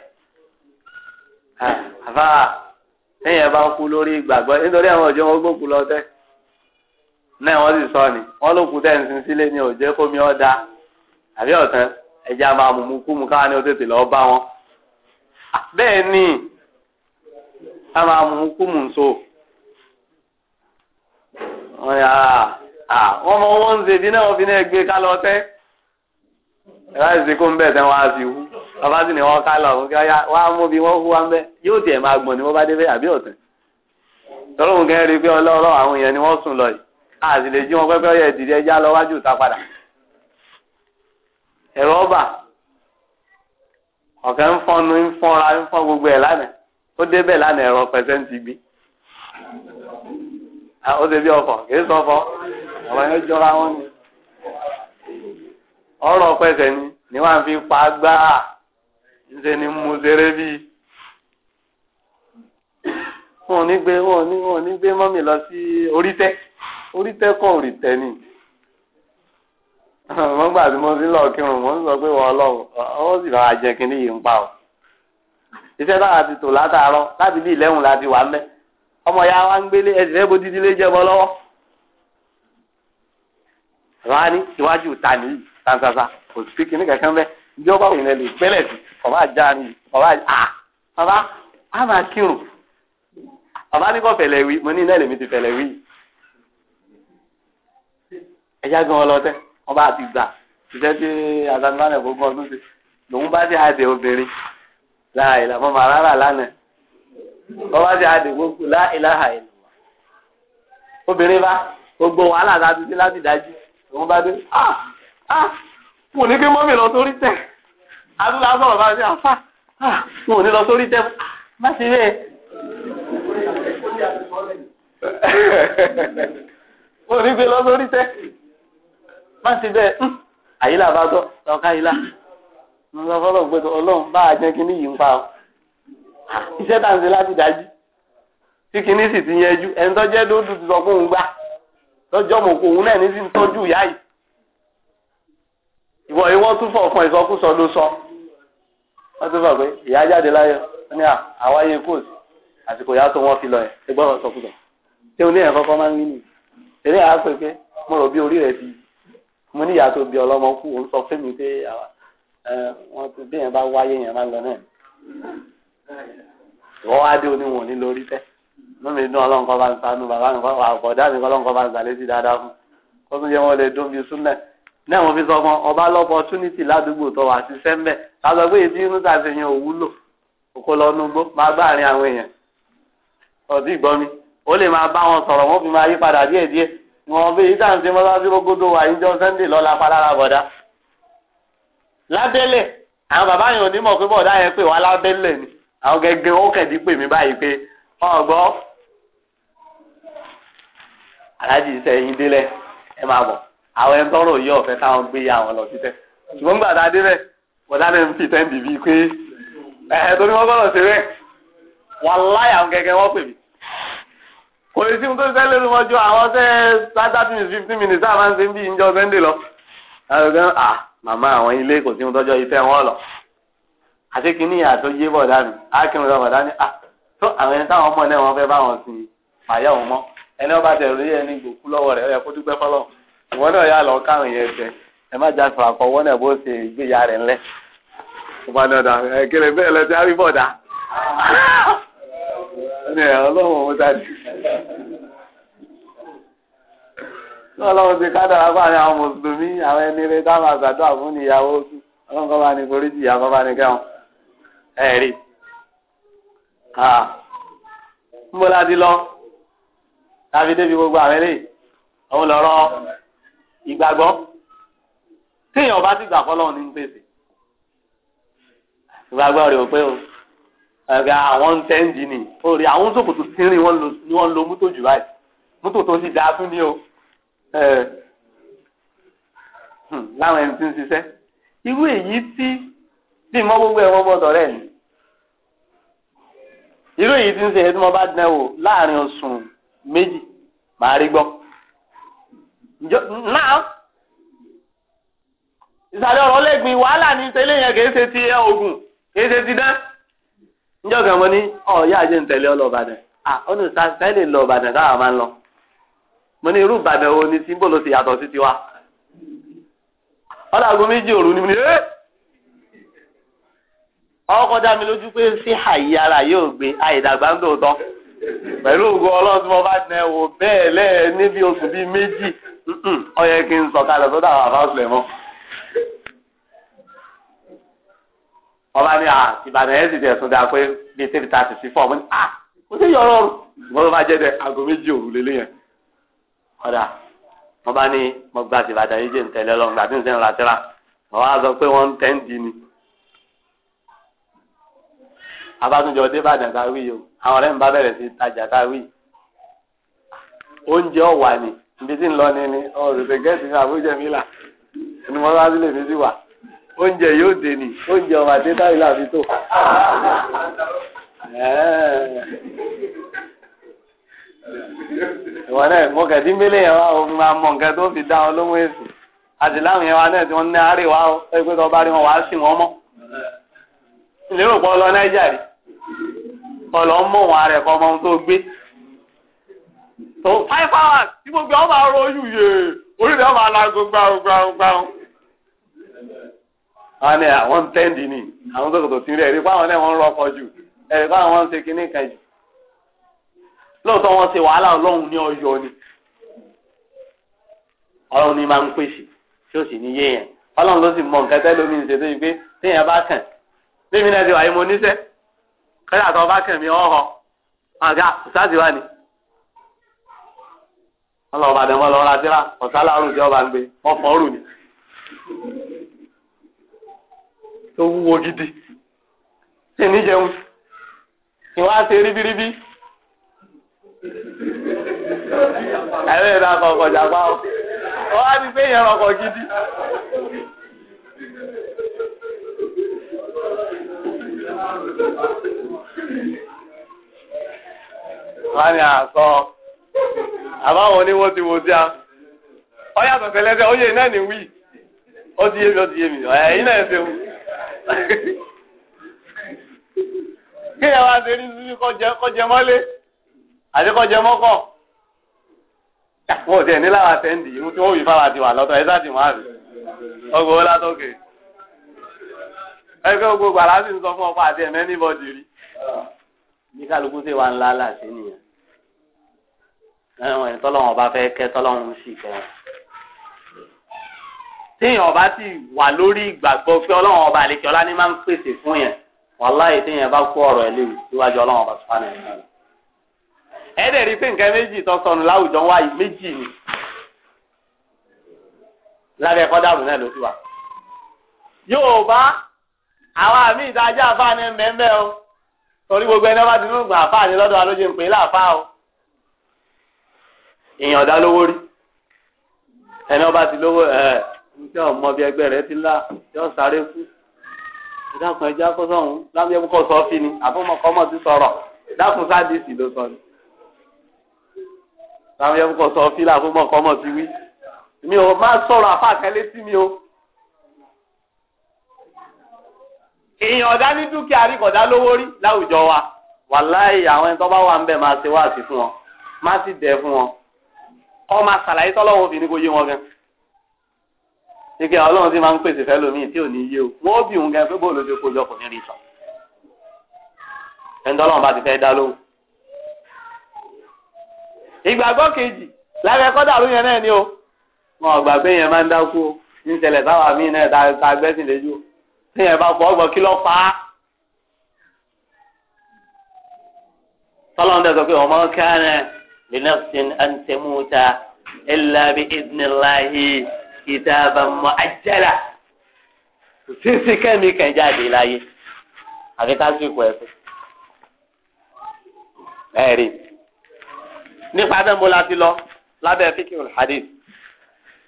eh, àfà ẹ̀yìn ẹ̀ bá kú lórí ìgbàgbọ́ nítorí àwọn ọ̀jọ́ wọn gbókù lọ tẹ́. náà wọ́n sì sọ ni wọ́n ló kú tẹ́ǹsì sílé ni ò jẹ́ àbí ọ̀tán ẹja máa mú kú mu ní o tètè lọ́ọ́ bá wọn. bẹ́ẹ̀ ni nso. wọ́n yà á wọ́n mọ wọ́n ń náà wọ́n fi náà gbé kó ń bẹ̀ tẹ́ wọ́n á ni wọ́n kálọ̀ wọ́n á mú àti lè jí wọn pẹ́pẹ́ yẹ dìde ẹja lọ wájú ìta padà ẹ̀rọ ọba ọ̀kẹ́ ń fọnu ń fọnra ń fọn gbogbo ẹ̀ lánàá ó débẹ̀ lánàá ẹ̀rọ pẹ̀sẹ́ǹtì gbé ó ṣe bí ọkọ̀ kìí sọfọ ọ̀rọ̀ yẹn jọra wọn ni ọ̀rọ̀ pẹ̀sẹ̀ ni ni wọ́n fi pa gbáà ńṣe ni mo ṣeré bíi wọn ò ní gbé wọn ò ní gbé mọ́mì lọ sí orí tẹ́ orí tẹ́kọ̀ orí tẹ́ ni <laughs> wọ́n gbà tí mo ti lọ kírun wọ́n sọ pé wọ́n lọ́wọ́ ọwọ́ sì lọ́wọ́ ajẹ́ kínní yìí ń pa o iṣẹ́ táwa ti tò látàárọ̀ láti bí ìlẹ́hùn láti wà mẹ́ ọmọ ya wa ń gbélé ẹsẹ̀ fẹ́ bo dídílé jẹ́ lọ́wọ́ wọ́n á ní iwájú ta nìyí tàǹtàǹtà kò sí kínní kankan bẹ́ẹ̀ ìjọba òyìn lè pẹ́lẹ̀ sí ọba àjà ni ọba àà ah, bàbá a máa kírun bàbá ní kò fẹ̀lẹ̀ wí mo ní iná lèmi ti fẹ̀lẹ̀ wí yìí ẹja gan ọlọtẹ wọn bá ti gbà ṣiṣẹ́ tí àtàkùnrin ẹ̀fọ́gbọ́n ọdún ṣe lòun bá ti àdè obìnrin láàyè làwọn màrá rà lánàá wọn bá ti àdè gbogbo láìláha ìlú obìnrin bá gbogbo wàhálà láti dé láti dájú lòun bá dé ah ah mo ní kí mọ́mì lọ sórí tẹ̀ adúlá sọ̀rọ̀ bá ṣe àfà ah, ah mo ní lọ sórí tẹ̀ ah! má ṣe bẹ́ẹ̀ <laughs> mo ní lọ sórí tẹ̀ má sì bẹ́ẹ̀ àyílà bá gbọ́ lọ́ka àyílà mo sọ fọlọ́ gbé tó ọlọ́run bá a jẹ́ kínní yìí ń pa o iṣẹ́ tá à ń ṣe láti dájú tí kínní sì ti yẹjú ẹni tó jẹ́ dódù ti sọ fún òun gbà lọ́jọ́ mọ̀ kó òun náà ní sì ń tọ́jú ìyá yìí ìwọ ìwọ tún fọ̀ fún ìsọkúsọ ló sọ wọ́n tún fọ̀ pé ìyá jáde láyọ̀ ní àwáyé kóòsì àsìkò ìyá tó wọ́n fi lọ yẹn ẹgbọ́n sọkúsọ ṣé o ní ẹ̀ kọ́kọ́ máa ń rí nìyí eré àá pè pé mo rò bí orí rẹ̀ ti yí mo ní ìyá tó bí ọlọ́mọ kú òun sọ fún mi pé wọ́n ti bí yẹn bá wáyé yẹn bá lọ náà wọ́n wá dé oníwọ̀n ní lórí tẹ́ lómi dún ọlọ́run kọ́ bá ń sanú bàbá mi kọ́ àbọ̀dá mi kọ́ ọlọ́run kọ́ bá ń sàlẹ̀ sí dáadáa fún kó tún yẹ wọ́n lè dún bí súnlẹ̀ náà mo fi sọ fún ọba lọ́pọ̀túnìtì ládùúgbò tó wà sí sẹ́ńbẹ̀ lásán pé èyí tí inú tà sí yẹn ò wúlò kò lọ nugbó máa gbá àwọn èèyàn ọ̀dí ìgbọ́n ó lè máa bá wọn sọ̀rọ̀ wọn fi máa yí padà díẹ̀díẹ̀ wọn bí ìta ń ṣe mọ́sáàsì gbogbo wà ìjọ sunday lọ́la palára bọ̀dá lábẹ́lẹ̀ àwọn bàbá yẹn ò ní mọ̀ pé bọ̀dá yẹn pè wá lábẹ́lẹ̀ ni àwọn gẹ́gẹ́ ó kẹ̀dí pè mí báyìí pé ọ̀gbọ́ bọ̀ àwọn ẹni yìí ọ̀fẹ́ táwọn gbé ya lọ sí tẹ́ ṣùgbọ́n gbà tá a bọ̀dá fi tẹ́ǹdì bíi pé wọ́n gbọ́dọ̀ ṣe kò sí ohun tó ṣe lórí ju àwọn ṣe thirty minutes fifteen minutes tá a máa ń ṣe bí ìjọ sunday lọ. àgbẹ̀ ah màmá àwọn ilé kò sí ohun tọ́jọ́ ìfẹ́ wọn lọ. àti kìíní àtó yé bọ̀dá mi ákìrun lọ bọ̀dá ni tó àwọn ẹni táwọn ọmọ náà wọn fẹ́ bá wọn sin fàyà òun mọ́ ẹni wọn bá tẹ̀ lórí ẹni gbòkú lọ́wọ́ rẹ̀ ó yẹ kó dúpẹ́ fọlọ́ ìwọ náà yà lọ káwọn yẹn tẹ ẹ má já sọ wọn náà bó ṣe gbéyà rẹ̀ ńlẹ̀. ọba náà dà ẹ kéré bẹ́ẹ̀ lọ sí àríbọ̀dá ní ọlọ́run ọmọ dájú. ní ọlọ́run ti ká dára fún àwọn mùsùlùmí àwọn ẹni rẹ dáhùn àgbàdo àfún ìyàwó ọlọ́run kọ́ bá ní foríjì ìyàwó bá ní kẹ́hún ẹ̀rí. ń bọ́ láti lọ tàbí débi gbogbo àwọn eléyìí òun lọ́rọ̀ ìgbàgbọ́ téèyàn bá ti gbà fọ́lọ́run ní ń pèsè ìgbàgbọ́ rẹ̀ ò pé o ẹ̀ka àwọn ń tẹ́ǹdì ni orí àwọn sòkòtò sínrin ni wọ́n lo mọ́tò jù báyìí mọ́tò tó ti dáa tún ní o hmm, láwọn ẹni tí ń ṣiṣẹ́ irú èyí tí bí mọ́ gbogbo ẹ̀wọ̀n gbọ́dọ̀ rẹ̀ ni irú èyí tí ń ṣe tí mo bá dán wò láàrin oṣù méjì màá rí gbọ́ náà ìsàlẹ̀ ọ̀rọ̀ lẹ́gbìn wàhálà ní tẹ́lẹ̀ yẹn kì í ṣe ti ẹ̀ ogun kì í ṣe ti dán. njọ́ kan mo ní ọ̀ ya àjẹ́ ń tẹ̀lé ọ lọ Ìbàdàn ah ó ní sẹ́lẹ̀ lọ Ìbàdàn táwa máa ń lọ mo ní irú Ìbàdàn wo ni símbò ló ti yàtọ̀ sí tiwa ọ̀làgùn méjì òru ni mo ní ẹ́ ọkọ̀ dá mi lójú pé sí àyè ara yóò gbé àìdàgbà ń dòótọ́ pẹ̀lú ògo ọlọ́run tí mo bá tẹ wò bẹ́ẹ̀ lẹ́ẹ̀ níbi oṣù bíi méjì ọ yẹ kí n sọ̀kalẹ̀ sọ́dọ̀ àwọn àfáàsùlẹ̀ mọ́. ọba ni ìbàdàn ẹ̀ sì tẹ̀ sọ́dọ̀ àpé bíi three thirty sí four mo ní ah mo ti yọ̀ ọ́rọ́ mo ló bá jẹ́ dẹ aago méjì òru lélẹ̀ yẹn ọ̀dà mo bá ní mo gba ti ìbàdàn yìí jẹ́ ntẹ̀lẹ́ lọ nígbà tí n sẹ́yìn látẹ́ra mo wá sọ pé wọ́n ń tẹ́ ń di ni. abátúnjọ dé ìbàdàn ká wí o àwọn ọ̀rẹ́ mi bá bẹ̀rẹ̀ sí tajà ká oúnjẹ ọ̀wà ni ibi tí ń lọ ni ni ọ̀rùn oúnjẹ yóò dé ni oúnjẹ ọmọ àti táyì láàbí tó. ìwọ náà mo kẹ̀sí mélé yẹn wá o máa mọ nǹkan tó fi dá ọ lóhùn èsì àti láwọn yẹn wá náà tí wọ́n ní àárẹ̀ wá o pé tó bá rí wọn wàá sì wọ́n mọ́. ìlérò pọ̀ lọ náíjà rí kọ lọ mọ̀ wọn rẹ̀ kọ́ ọmọ ohun tó gbé. tó five hours tí gbogbo ọmọ àrò oyún yè orí rẹ̀ máa la gbogbo àwọn ni àwọn tẹ́ǹdì ni àwọn tó kò tó sí rẹ̀ rí wọ́n rọ́pọ̀ jù ẹ̀rí fáwọn wọn ṣe kinní kan jù lóòótọ́ ṣe wàhálà ọlọ́run ní ni ọlọ́run ni máa ń pèsè tí ó sì ní yé yẹn ọlọ́run ló sì mọ nǹkan tẹ́ lómi ṣe tó yìí pé téèyàn bá kàn níbi náà ti wà yìí mo níṣẹ́ kọ́lá tó bá kàn mí ọ̀họ̀ àga ọ̀sáàtì wà ní. bàdàn Owu wúwo gidi ṣe níjẹun ìwọ́n á ṣe ríbíríbí ẹ̀rẹ́ ìdá ọkọ gidi. wọ́n asọ àṣọ àbáwọn oníwó ti a ọ yàtọ̀ tẹ́lẹ́sẹ̀ ó yẹ iná ní wí ó ti yé mi ó ti yé mi kí ẹ wá ṣe ní sísí kọjẹ mọ́lé àti kọjẹ mọ́kọ̀ wọ́n ò tẹ̀ ní láwọn tí wọ́n wí fáwọn àti wà lọ́tọ̀ ẹ̀ sáà ti àbí ọgbọ̀n ó látọ̀kè ẹgbẹ́ gbogbo àlá sọ fún ọkọ àti ẹ̀mẹ́ níbọ̀dì rí bí kálukú ṣe wà ńlá láti nìyẹn ẹ̀wọ̀n ìtọ́lọ́wọ̀n ọba fẹ́ kẹ́ tọ́lọ́wọ̀n sì kẹ́ wọn téèyàn ọba ti wà lórí ìgbàgbọ́ fi ọlọ́run ọba àlekí ọlá ní máa ń pèsè fún yẹn wàláyé téèyàn bá kó ọ̀rọ̀ ẹ̀ léwu síwájú ọlọ́run ọba sùpánà ẹ̀ náà. ẹ dẹ̀ rí pé nǹkan méjì tó sọnù láwùjọ ń wáyé méjì ni lábẹ́ kọ́dàmù náà ló ti wà. yóò bá àwọn àmì ìtajà àfáàní mẹ́mẹ́ o torí gbogbo ẹni ọba ti ń gbà àfáàní lọ́dọ̀ alóje ń pè é láàfáà o. èèyàn ọ̀dà lówó rí ẹni ọba ti lówó ẹ̀ẹ́ tí ọmọ bíi ẹgbẹ́ rẹ ti lá tí ó sáré kú ìdáhùn ẹja kó sọ̀hún láwọn ẹbí kọ́ sọ fí ni àbọ̀mọkọ́mọ ti sọ̀rọ̀ ìdáhùn sádìsì ló sọ ni láwọn ẹbí kọ́ sọ fí làbọ̀mọkọ́mọ ti wí mi ò má sọ̀rọ̀ àfàkẹ́lẹ́ sí mi o. èèyàn ọ̀dá ní dúkìá rí kọ̀dá lówó rí láwùjọ wa wàláì àwọn ẹni tó bá wà ń bẹ̀ máa ṣe wáàsí fún wọn má sì dẹ̀ fún wọn kọ́ máa ṣàlàyé tọ́lọ́wọ́n obìnrin kò yé wọn gan-an ike ọlọ́run ti máa ń pèsè fẹ́ lómi tí ò ní yé o wọ́n bí òun gan pé bóòlù ti kójọ kò ní rí sọ ẹni tọ́lọ́run bá ti fẹ́ dá lóhùn. ìgbàgbọ́ kejì lábẹ́ kọ́dàrú yẹn náà ni o wọn ò gbà pé yẹn máa ń dákú o ní ìṣẹ̀lẹ̀ táwa míì náà ta gbẹ́sìn lójú o tí yẹn bá fọ ọgbọ́n kí ló fà á. tọ́lọ́run dẹ̀ sọ pé ọmọ kánẹ̀ lè náà kìtàbà mu'ajjala sísí kẹ́mi kan jáde láyé àfi kásìkò ẹ̀fọ́ ẹ̀rí nípa bẹ́ẹ̀ mo la ti lọ lábẹ́ fíkìrì hadith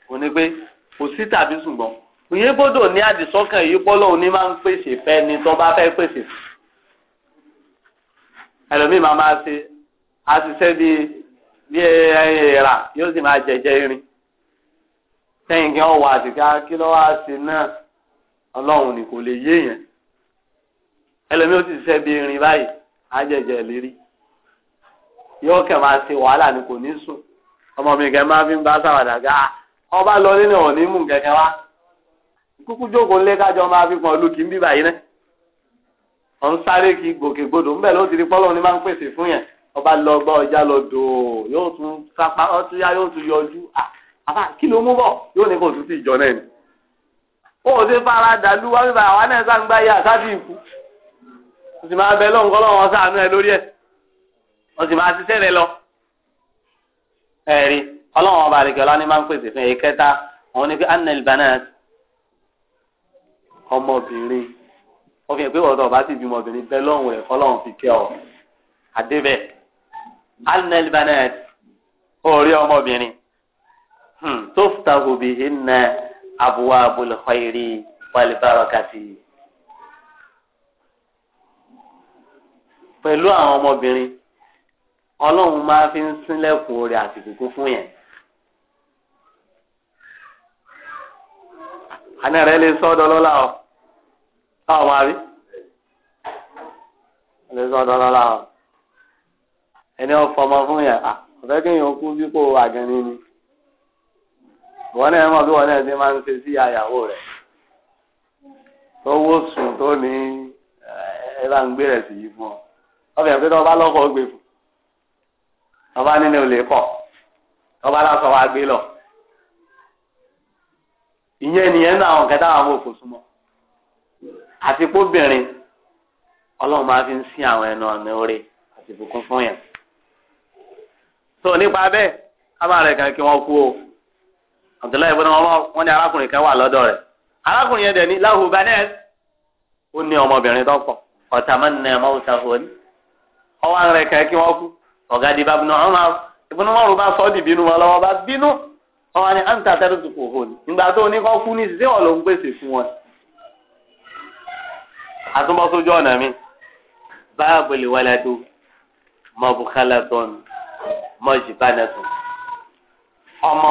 kò ní pé kò sí tàbí ṣùgbọ́n òye gbọ́dọ̀ ní àdìsọ́kàn yìí pọ́lọ́ òní máa ń pèsè fẹ́ ni tó bá fẹ́ pèsè ẹlòmíì máa máa ṣe àṣìṣe bíi bíi ẹyin ìrà yóò sì máa jẹjẹ irin sẹ́yìn kí wọ́n wà àtìká kí lọ́wọ́ àṣẹ náà ọlọ́run ni kò lè yé yẹn ẹlòmíì ó ti ṣiṣẹ́ bí irin báyìí ajẹjẹ lérí yóò kẹ́ máa ṣe wàhálà ni kò ní sùn ọmọ mi kẹ́ máa fi ń bá sàwàdà gá ọba lọ nínú òní mú kẹ̀kẹ́ wá kúkú jókòó ńlẹ́ kájọ máa fi pọn olùkí ń bí báyìí náà ọ̀n sáré kí gbòkègbodò ńbẹ̀ ló ti di pọ́lọ́ ni máa ń pèsè fún yẹn ọba lọ gbọ́ ọjà lọ dòó yóò tún sápá ọtí yá yóò tún yọjú à àbá ah, kí ló mú bọ̀ yóò ní kó tún sí ìjọ náà ni. ó ṣe fara dàlú wá wípé àwa náà sá ń gbá yá sábì ikú ó sì máa bẹ lọ́nkọ́ lọ́wọ́ sáànú ẹ lórí ẹ̀ ó sì máa ṣiṣẹ́ rẹ lọ. ẹ̀rí ọlọ́wọ́n ọba àlejò ọlá ní máa ń pèsè fún ẹ̀yẹ kẹta òun ni pé annel banat ọmọbìnrin ó fi hàn pé ọ̀dọ̀ ọba sì bímọ obìnrin bẹ lọ́hùn ẹ̀ fọlọ́hùn fi kẹ́ ọ adébẹ̀ annel banat ó ọmọbìnrin Hmm, tuftahu bihinna abwaabul khayri wal barakati. pẹ̀lú àwọn ọmọbìnrin ọlọ́run máa fi ń ṣílẹ̀kùn oore àti ìbùkún fún yẹn. àná rẹ̀ lè sọ́dọ̀ lọ́la ọ̀ táwọn máa rí lè sọ́dọ̀ lọ́la ọ̀ ẹni ọ̀fọ̀mọ fún yẹn ọ̀fẹ́ kéèyàn kú bí kò àgẹ̀rin ni wọn náà mọ̀ bí wọn náà ti máa ń ṣe sí àyàwó rẹ̀ tó wó sùn tó ní ẹ bá ń gbé rẹ̀ sí yìí fún ọ ọbẹ̀ pé tọ́ba lọ́kọ̀ ó gbé fún ọba nínú ò lè ọba lásán wa gbé lọ ìyẹn nìyẹn náà àwọn kẹta àwọn òkú súnmọ́ àti kóbìnrin ọlọ́run máa fi ń sin àwọn ẹnu ọ̀nà orí àti ìbùkún fún yẹn tó nípa bẹ́ẹ̀ á máa rẹ̀ kàn kí wọ́n kú o. Abdullahi ibn Umar wọ́n ní arákùnrin kan wà lọ́dọ̀ rẹ̀ arákùnrin yẹn dẹ̀ ní lahu banet ó ní ọmọbìnrin tó pọ̀ ọ̀tàmánà mọ́wútàfọ́ ni ọwọ́ àwọn rẹ̀ kẹ́ kí wọ́n kú ọ̀gá di bá ibùnú ọmọ ibùnú ọmọ bá sọ́ di bínú wọn lọ́wọ́ bá bínú ọwọ́ ni à ń ta tẹ́lẹ̀ tó kò hòn nígbà tó ní kọ́ kú ní ṣé ọ̀lọ́ ń pèsè fún wọn. àtúbọ̀sójú ọ̀nà mi báàbò lè wálé tó mọ̀bùkálà tó ń mọ̀jì bá tó ọmọ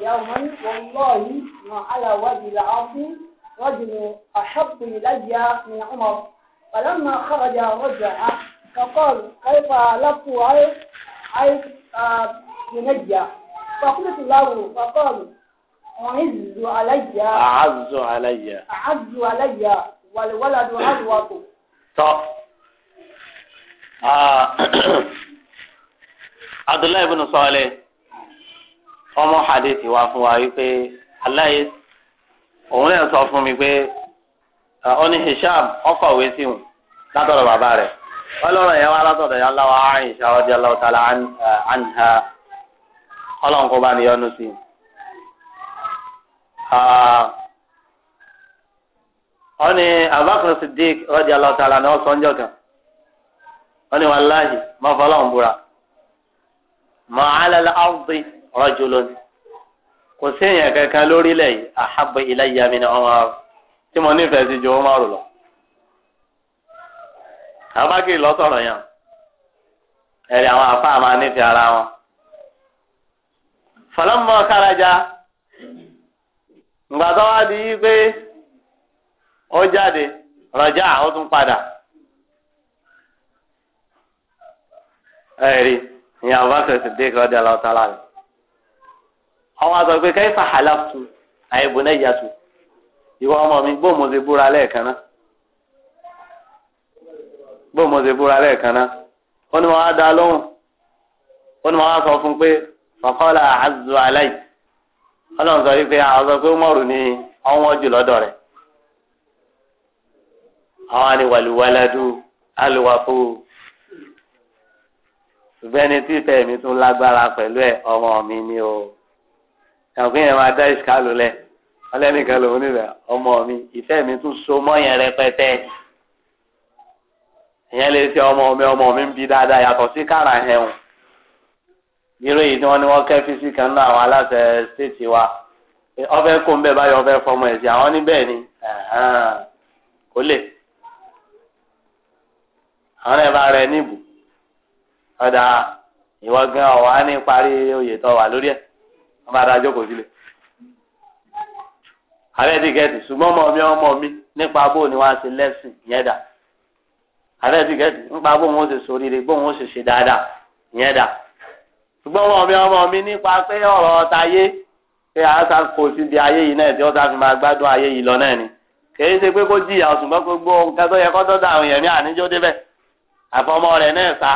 يوم والله ما على وجه العرض رجل أحب إلي من عمر فلما خرج رجع فقال كيف لبت عيش بنجى فقلت له فقال أعز علي أعز علي أعز علي والولد أروط طب عبد الله بن صالح ọmọ hadithi wa fún wa wípé aláyé òun náà sọ fún mi pé ọní hisham ọkọ̀wé sí wọn látọ̀dọ̀ bàbá rẹ̀ ọlọ́run yẹn wá látọ̀dọ̀ yẹn aláwọ̀ aisha ọdí aláwọ̀ tala anha ọlọ́run kó bá ní yọnu sí. ọní abakar siddiq ọdí aláwọ̀ tala ní ọ̀sán ọjọ́ kan ọní wàláhì mọ́fọ́lọ́hùn búra mọ́ alẹ́ bíi. rajulun kò sí èèyàn kankan lórílẹ̀ yìí ahabba ilayya min Umar tí mo nífẹ̀ẹ́ sí ju Umar lọ. abákiri lọ́sọ̀rọ̀ yẹn ẹ̀rí àwọn afáà máa nífẹ̀ẹ́ ara wọn. falamma kharaja gbàtọ́ wá di pé ó jáde rọjá ó tún padà. ẹ̀rí ìyàwó bá dé kí wọ́n àwọn àtọ̀ pé kẹ́fà halaftu àìbò náà yàtọ̀ ìwọ ọmọ mi bó mo ṣe búra lẹ́ẹ̀kan náà bó mo ṣe búra lẹ́ẹ̀kan náà ó ní mo wá dá lóhùn ó ní mo wá sọ fún pé fàkọ́lá àzù aláì ọlọ́run sọ wípé àwọn sọ pé mọ̀rù ni ọwọ́n jù lọ́dọ̀ rẹ̀ àwọn àníwàlúwaládù alùwàfù ṣùgbọ́n tí ìfẹ́ mi tún lágbára pẹ̀lú ẹ̀ ọmọ mi ni o ẹ̀kọ́ yẹn máa dá ìsìkálù lẹ̀ ọlẹ́nìkan lòun níbẹ̀ ọmọ mi ìfẹ́ mi tún so mọ́ yẹn rẹpẹtẹ ìyẹn lè ṣe ọmọ mi ọmọ mi ń bi dáadáa yàtọ̀ sí kára ẹ̀hún irú èyí tí wọ́n ní wọ́n kẹ́ físí kan náà àwọn aláṣẹ stéètì wa ọfẹ́ kó ń bẹ̀ báyọ̀ ọfẹ́ fọmọ ẹ̀sìn àwọn níbẹ̀ ni kò lè àwọn ẹ̀ bá rẹ níbù ọ̀dà ìwọ gan ọ̀wá ní parí oyè tó wà lórí ẹ̀ wọn bá dájọ́ kò sílẹ̀ àbẹ́ ti gẹ̀ẹ́tì ṣùgbọ́n ọmọ mi ọmọ mi nípa bóun ni wọ́n á ṣe lẹ́sìn yẹn dà àbẹ́ ti gẹ̀ẹ́tì nípa bóun ó ṣe ṣoríire bóun ó ṣe ṣe dáadáa yẹn dà ṣùgbọ́n ọmọ mi ọmọ mi nípa pé ọ̀rọ̀ ọ̀tá ayé pé àáta kò sí ibi ayé yìí náà tí ọ̀tá fi máa gbádùn ayé yìí lọ náà ni kìí ṣe pé kó jìyà ṣùgbọ́n gbogbo nǹkan tó yẹ kó dọ́dọ̀ àwọn èèyàn ní àníjó débẹ̀ àfọmọ́ rẹ̀ náà sá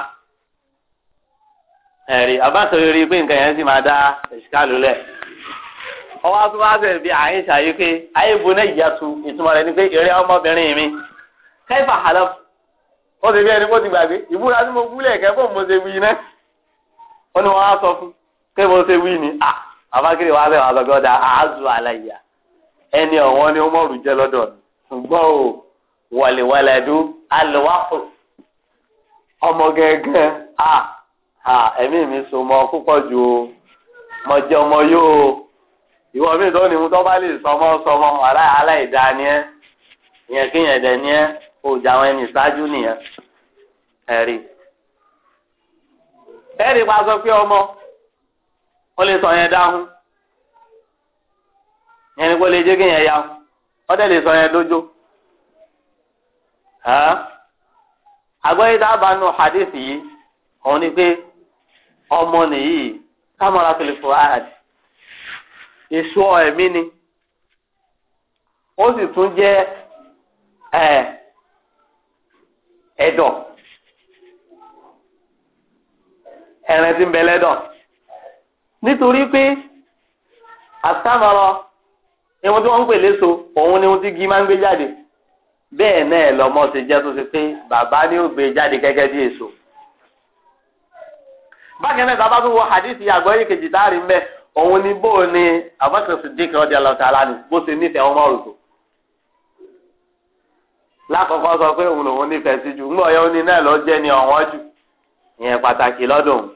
ẹ̀rí abáṣọ̀rọ̀ rí i pé nǹkan yẹn sì máa dá ìṣìkàlù lulẹ̀ ọwọ́ tó bá bẹ̀rẹ̀ bí àyín ṣàyí pé ayé boná ìtumọ̀ ni pé eré ọmọbìnrin mi kẹfà àlọ́ ó ti bí ẹni ti gbàgbé ìbúra tí mo gúlẹ̀ mo ṣe wí iná ó ní á sọ fún pé mo ṣe wí ni ah, wàá bẹ̀rẹ̀ wàá sọ pé ọ̀dà àlàyé ẹni ẹ̀mí mi so mọ́ púpọ̀ ju o mọ jẹ ọmọ yóò ìwọ mi tó ní mu tó bá lè sọmọ sọmọ aláìda ni ẹ ìyẹn kéèyàn dẹ ni ẹ òjà àwọn ẹni ìṣáájú nìyẹn ẹ̀rí ẹ̀rí pa sọ pé ọmọ ó lè sọ yẹn dáhùn yẹn ni kó lè jẹ́ kéèyàn yá ó dẹ̀ lè sọ yẹn dójó àgbẹ̀yìí dábàá nù hadith yìí òun ni pé. ọmọ nìyí kámọ́ra tó lè fọ àhàdì èso ẹ̀mí ni ó sì tún jẹ́ ẹ̀dọ̀ ẹ̀rẹ̀ ń bẹ lẹ́dọ̀ nítorí pé àtàmọ́rọ̀ tí wọ́n ń pè léso òun ni máa ń gbé jáde bẹ́ẹ̀ bákan náà sábà tún wọ hadith yìí àgbọ̀yé kejì dárí mbẹ́ òun ni bó ni Abubakar Siddiq radiyallahu ta'ala ni bó ṣe nífẹ̀ẹ́ ọmọ òrùkọ. lákọ̀ọ́kọ́ sọ pé òun lòun nífẹ̀ẹ́ sí jù ńgbọ̀ yẹn ó ní náà lọ jẹ́ ni ọ̀wọ́n jù ìyẹn pàtàkì lọ́dọ̀ òun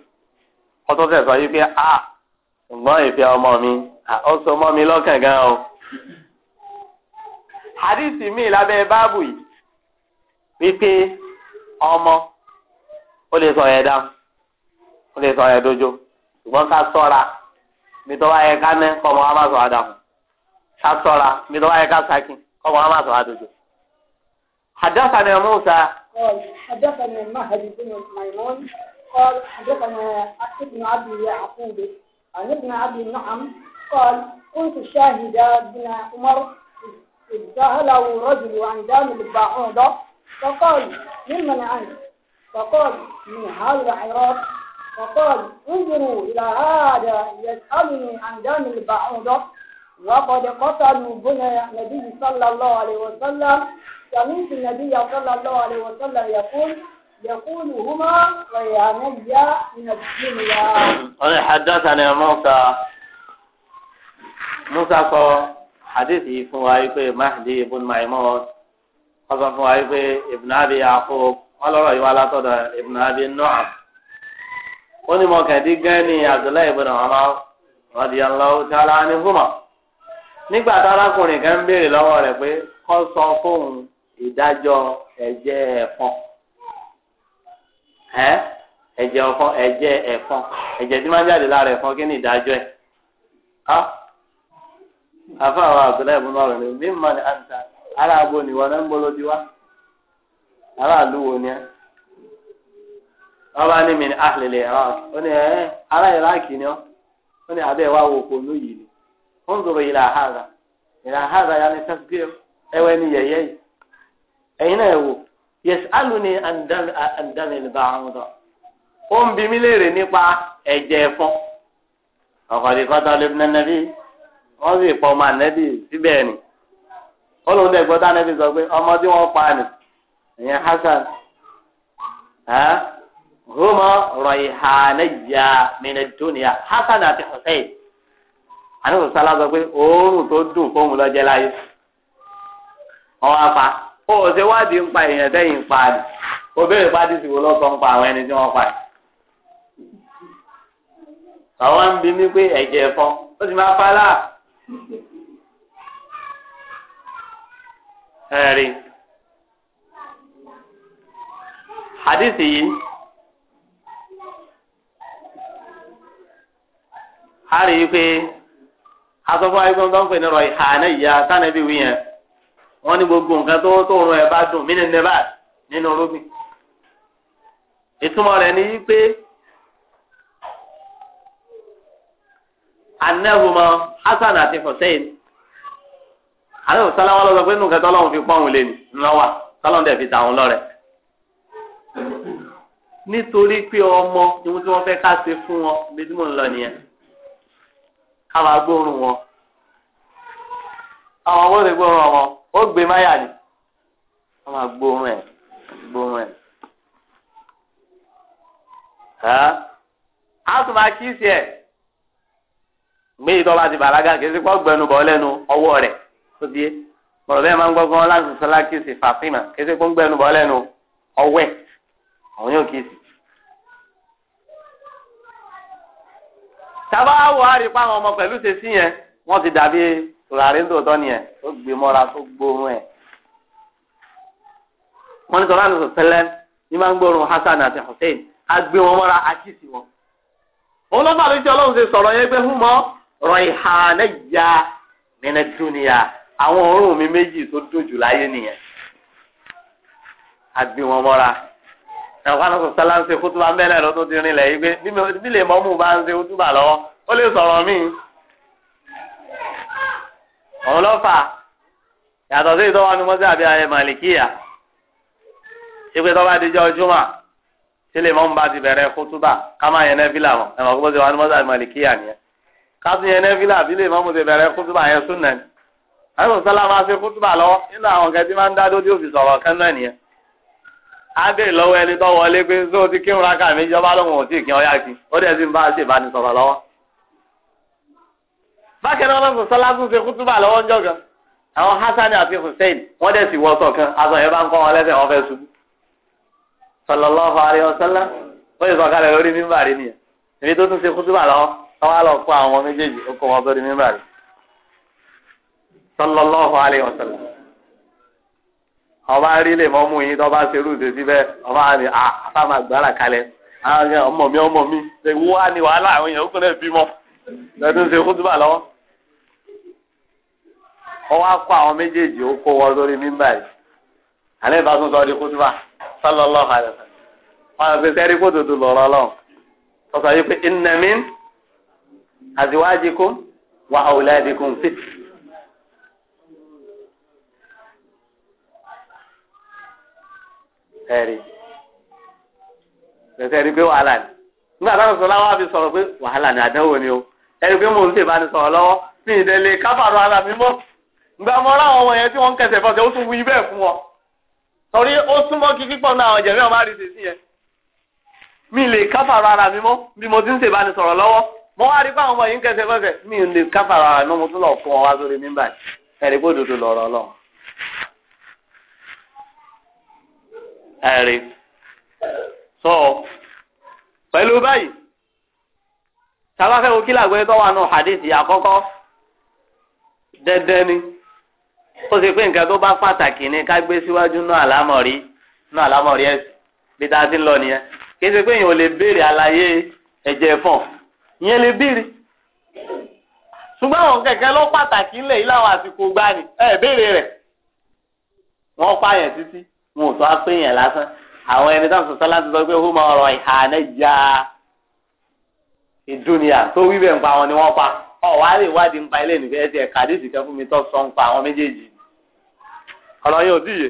kó tó fẹ́ sọ yìí pé a ṣùgbọ́n ìfẹ́ ọmọ mi ó so mọ́ mi lọ́kàn gan o. hadith mi lábẹ́ báàbù yìí wípé ọmọ ó lè sọ yẹn dáhùn ó lè sọ yẹn dojo ṣùgbọ́n ká sọ́ra mi tọ́ bá yẹ ká ná kọ́ ọmọ wa má sọ àdàmú ká sọ́ra mi tọ́ bá yẹ ká sakin kọ́ ọmọ wa má sọ àdojo. حدثنا موسى حدثنا مهدي بن ميمون قال حدثنا ابن عبد يعقوب عن ابن عبد النعم قال كنت شاهدا ابن عمر إذ سأله رجل عن دام البعوضة فقال ممن أنت؟ فقال من هذا العراق فقال انظروا إلى هذا يسألني عن دم البعوضة وقد قتلوا بنا النبي صلى الله عليه وسلم سمعت النبي صلى الله عليه وسلم يقول يقول هما ويعني من الدنيا أنا حدثنا موسى موسى قال حديثي فهو أيقى مهدي بن ميمون قال فهو ابن أبي يعقوب قال رأي ولا تدع ابن أبي النعم ó ní mọ̀kàndín gan ni Abdullahi ibn Umar radiyallahu ta'ala anhuma nígbà tárákùnrin kan béèrè lọ́wọ́ rẹ̀ pé kó sọ fóun ìdájọ́ ẹ̀jẹ̀ ẹ̀fọn ẹ́ ẹ̀jẹ̀ ọ̀fọn ẹ̀jẹ̀ ẹ̀fọn ẹ̀jẹ̀ tí máa ń jáde Abdullahi ibn Umar bolo ni wọ́n bá ní mi ní àlèlè iraq ó ní ẹ ará iraq ni ọ́ ó ní abẹ́ wa wo kò ní yìí ni ó ń sọ̀rọ̀ ìlà àhàrà ìlà àhàrà yà ni sẹ́kìrì ẹwẹ́ ni yẹ̀yẹ́ yìí ẹ̀yin náà wò yẹsì alu ni àǹdáni ní bá àwọn sọ ó ń bi léèrè nípa ẹ̀jẹ̀ ẹ̀fọn ọ̀kọ̀dì kọ́tà lè fún ẹnẹ́bí wọ́n sì pọ̀ ọmọ ànẹ́bí síbẹ̀ ni ó lóun dẹ̀ gbọ́dọ̀ sọ pé ọmọ tí pa ni ìyẹn Hasan. huma rayhanayya mina dunya hasan àti hussein àníwò sálá sọ pé òórùn tó dùn fóun lọ́jẹ́ láyé wọn wá pa ó ò ṣe wádìí ń pa èèyàn tẹ́yìn ń pa ni ẹni tí wọ́n pa ni. a yi i pé asọ́fún ayíkọ́ ha na ya ní rọ ìhànà ìyá sànẹ́bí gbogbo nǹkan tó tó rún ẹ bá dùn mí ní nẹ́bà nínú rúbìn. ìtumọ̀ rẹ̀ ni pé anẹ́hùmọ́ hasan àti hussein alẹ́ òsálà wọn lọ sọ pé fi pọ́n ńlọ́wà dẹ̀ fi lọ́rẹ̀ nítorí pé ọmọ ni wọ́n ti wọ́n fẹ́ ká se fún wọn bí ká máa gbóòórùn wọn àwọn ọmọ òde gbóòórùn ọmọ ó gbé máyà ni ká máa gbóòórùn ẹ gbóòórùn ẹ á tún máa kí sí ẹ gbé ìtọ́ bá ti bàlágà kì í sí pọ́ gbẹnu bọ́ lẹ́nu ọwọ́ rẹ̀ tó di é bọ̀rọ̀ bẹ́ẹ̀ máa ń gbọ́ gan láti sọ́lá kí sí Fàtímà kì sí pọ́ gbẹnu bọ́ lẹ́nu ọwẹ́ àwọn yóò kí sí. tábà wà á rí pa àwọn ọmọ pẹ̀lú ṣe sí yẹn wọ́n ti dàbí tùràrí ń tòótọ́ nìyẹn ó gbé mọ́ra tó gbóhùn ẹ̀. wọ́n ní sọ́lá nìṣó tẹ́lẹ̀ ní máa ń gbóòórùn Hasan àti Hussein á gbé wọn mọ́ra á kì sí wọn. òun ló bàbá ìṣẹ́ ọlọ́run ṣe sọ̀rọ̀ yẹn pé fún mọ́ rọ ìhànẹ́yà mẹ́nẹ́túnìyà àwọn òórùn mi méjì tó dùn jù láyé nìyẹn. á gbé wọn mọ́ra ẹ̀kọ́ àná sọ̀tà là ń ṣe kútùbà ń bẹ́lẹ̀ lọ́dún ti rinlẹ̀ yìí pé bí lè mọ́ mú bá ń ṣe kútùbà lọ́wọ́ ó lè sọ̀rọ̀ mí. òun ló fà yàtọ̀ sí ìtọ́wọ́ ni mọ́sí àbí ayé màlìkíyà ìpè tó bá dijọ́ júmọ̀ tí lè mọ́ mú bá ti bẹ̀rẹ̀ kútùbà ká má yẹn nẹ́fìlà mọ̀ ẹ̀mọ̀ kó bó ti wà ní mọ́sí àbí màlìkíyà nìyẹn ká tún yẹn nẹ́fìlà bí lè mọ́ ti bẹ̀rẹ̀ kútùbà yẹn sún nẹ́ni. àwọn sọ́lá máa ṣe kútùbà lọ́wọ́ nínú àwọn kẹ́tí máa ń dá dójú òfin sọ̀rọ̀ kẹ́ńdọ̀ nìyẹn á bèrè lọ́wọ́ ẹni tó wọlé pé ṣé o ti kí ń raka mi jọba lóhùn ò tí kí ọyá kí ó dẹ̀ sì ń bá a ṣe ìbánisọ̀rọ̀ lọ́wọ́. bákan náà lọ́sùn sọ́lá tún ṣe kútúbà lọ́wọ́ ń jọ̀gàn àwọn Hasan àti Hussein wọ́n dẹ̀ sì wọ́sọ̀ kan aṣọ yẹn bá ń kọ́ wọn lẹ́sẹ̀ wọn fẹ́ ṣubú. sallallahu alaihi wasallam wọ́n yóò sọ̀kalẹ̀ lórí mímbàrí nìyẹn èmi tó tún ṣe kútúbà lọ́wọ́ alaihi wasallam ọba rí lè mọ mú yín tó bá ṣe irú ìṣesí bẹ́ẹ̀ ọba rẹ àfa ah, máa gbára kalẹ̀ ọmọ mi ọmọ mi ṣe wá ní wàhálà àwọn èèyàn kúrò náà bímọ lọ́dún ṣe kú túbà lọ́wọ́. ọwọ́ akọ àwọn méjèèjì ó kó wọn lórí mímbà yìí àlẹ́ ìbásun sọ di kú túbà sallallahu alaihi wasallam ọ̀nà pé sẹ́rí kó dòdò lọ́rọ́ lọ́wọ́ sọ̀tọ̀ yìí pé inna min azwajikum wa auladikum fitna. ẹ̀rí ẹ̀rí pé wàhálà ni nígbà táwọn sọ láwọn àfi sọ̀rọ̀ pé wàhálà ni àdánwò ni o ẹ̀rí pé mò ń ṣe ìbánisọ̀rọ̀ lọ́wọ́ mi ì délé káfàrọ̀ ara mi mọ́ ìgbà mọ́ láwọn ọmọ yẹn tí wọ́n ń kẹsẹ̀ fọ́sẹ̀ ó tún wí bẹ́ẹ̀ fún wọn torí ó súnmọ́ kí pípọ̀ náà àwọn jẹ̀mí yẹn mi lè káfàrọ̀ ara mi mọ́ bí mo ti ń lọ́wọ́ mi lè káfàrọ̀ ara mi mo tún lọ fún ọ wá sórí ẹ̀rí sọ pẹ̀lú báyìí sábàfẹ́ kí làgbẹ́ tó wà nù hadith àkọ́kọ́ dẹ́dẹ́ ni ó sì pé nǹkan tó bá pàtàkì ni ká gbé síwájú náà àlámọ̀rí náà àlámọ̀rí bí ti ń lọ nìyẹn kí ṣe pé èèyàn ò lè béèrè àlàyé ẹ̀jẹ̀ fọ̀n ìyẹn lè béèrè ṣùgbọ́n àwọn kẹ̀kẹ́ wọn ò tó apéyàn lásán àwọn ẹni táwọn sọ̀tọ́ láti sọ pé húmọ̀ ọ̀rọ̀ ìhànà já ìdúnìyà tó wí bẹ́ẹ̀ ń pa wọn ni wọ́n pa ọ̀wá lè wádìí ń pa ilé nìkẹ́ ẹ̀sì ẹ̀ka àdéhùn fún mi tó sọ ń pa àwọn méjèèjì ọ̀rọ̀ yóò dìye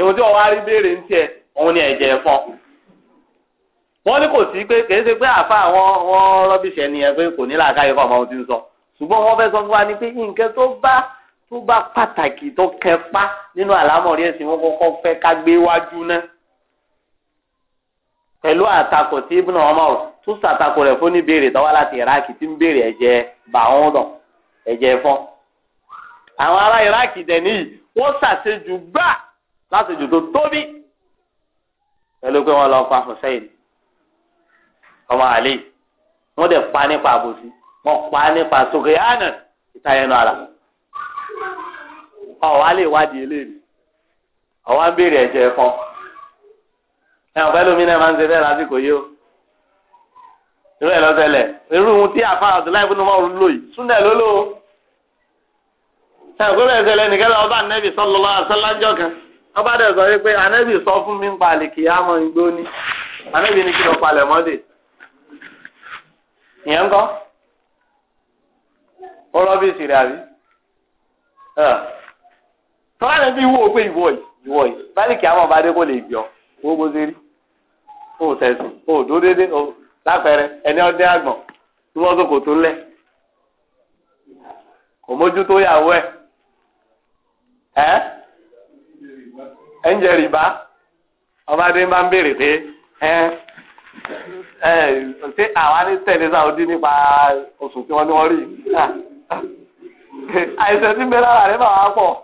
ìwọ̀n tí ọ̀wá rí béèrè ń tiẹ̀ òun ni ẹ̀jẹ̀ ẹ̀fọn wọ́n ní kò sí pé kì í ṣe pé àfa àwọn wọn rọ́bìṣẹ́ nìyẹn pé kò ní làákàyè kọ̀ ọmọ ohun tí ń sọ ṣùgbọ́n wọ́n fẹ́ sọ fún wa ni pé nǹkan tó bá tó bá pàtàkì tó kẹfà nínú àlámọ̀rí ẹ̀sìn wọn kọ́kọ́ fẹ́ ká gbé wájú náà pẹ̀lú àtakò tí Ibn Umar tó sàtakò rẹ̀ fún níbèrè tọ́wọ́ láti Iraq tí ń béèrè ẹ̀jẹ̀ bàwọ́dọ̀ ẹ̀jẹ̀ fọ́n àwọn ará Iraq dẹ̀ níyì wọ́n ṣàṣejù gbà láṣejù tó tóbi pẹ̀lú pé wọ́n lọ pa Hussein ọmọ Ali wọ́n dẹ̀ pa nípa àbòsí wọ́n pa nípa sọ̀kẹ́yánà ìtayẹnu àlàfo. ọ̀wá lè wádìí eléyìí ọ̀wá ń béèrè ẹ̀jẹ̀ ẹ̀fọn ẹ̀ ọ̀fẹ́ lómi máa ń ṣe bẹ́ẹ̀ lásìkò yìí o irú ẹ̀ lọ́sẹ̀lẹ̀ irú ohun tí àfa súnlẹ̀ ló lò ó ẹ̀ ọ̀gbẹ́ ọba ànẹ́bì kan ọba dẹ̀ sọ wípé sọ fún mi ń pa igbó kí lọ palẹ̀ ìyẹn ń kọ́ ó ọ lè bí ìwọ òpé ìwọ yìí ìwọ yìí báyìí ọba adé kò o sẹ̀sìn o o lápẹẹrẹ ẹni ọdẹ àgbọ̀n tí wọ́n tó kò tó lẹ̀ kò mójútó yàwó ẹ̀ ẹ́ ẹ̀ ń ọba adé máa ń béèrè pé ẹ́ ẹ́ <laughs>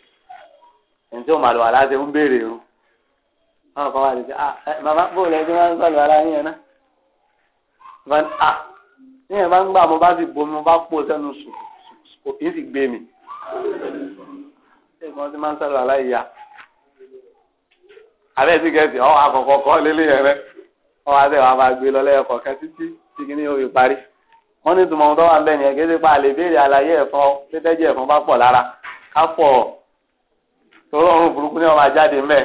ǹjẹ́ òun àlọ́ àlá ṣe ń béèrè o wọn kọ́ wá ṣe ah màmá bò lẹ́ ṣe máa ń sọ̀rọ̀ ara yẹn náà wọn ah yẹn bá ń gbà mo bá sì bomi mo bá pò sẹ́nu sùkò yìí sì gbé mi ṣé ìkan ti máa ń sọ̀rọ̀ ara ya abẹ́ ti gẹ̀ẹ́sì ọ̀ àkọ́kọ́ kọ́ lélẹ̀ yẹn rẹ ọ̀ wá sẹ́wọ̀n a máa gbé lọ lẹ́yọ̀kọ̀ kan títí tí kìíní yóò fi parí wọ́n ní tùmọ̀ ohun tó wà ń bẹ̀ yẹn kéde pa tọrọ ọrùn burúkú ni wọn máa jáde mẹ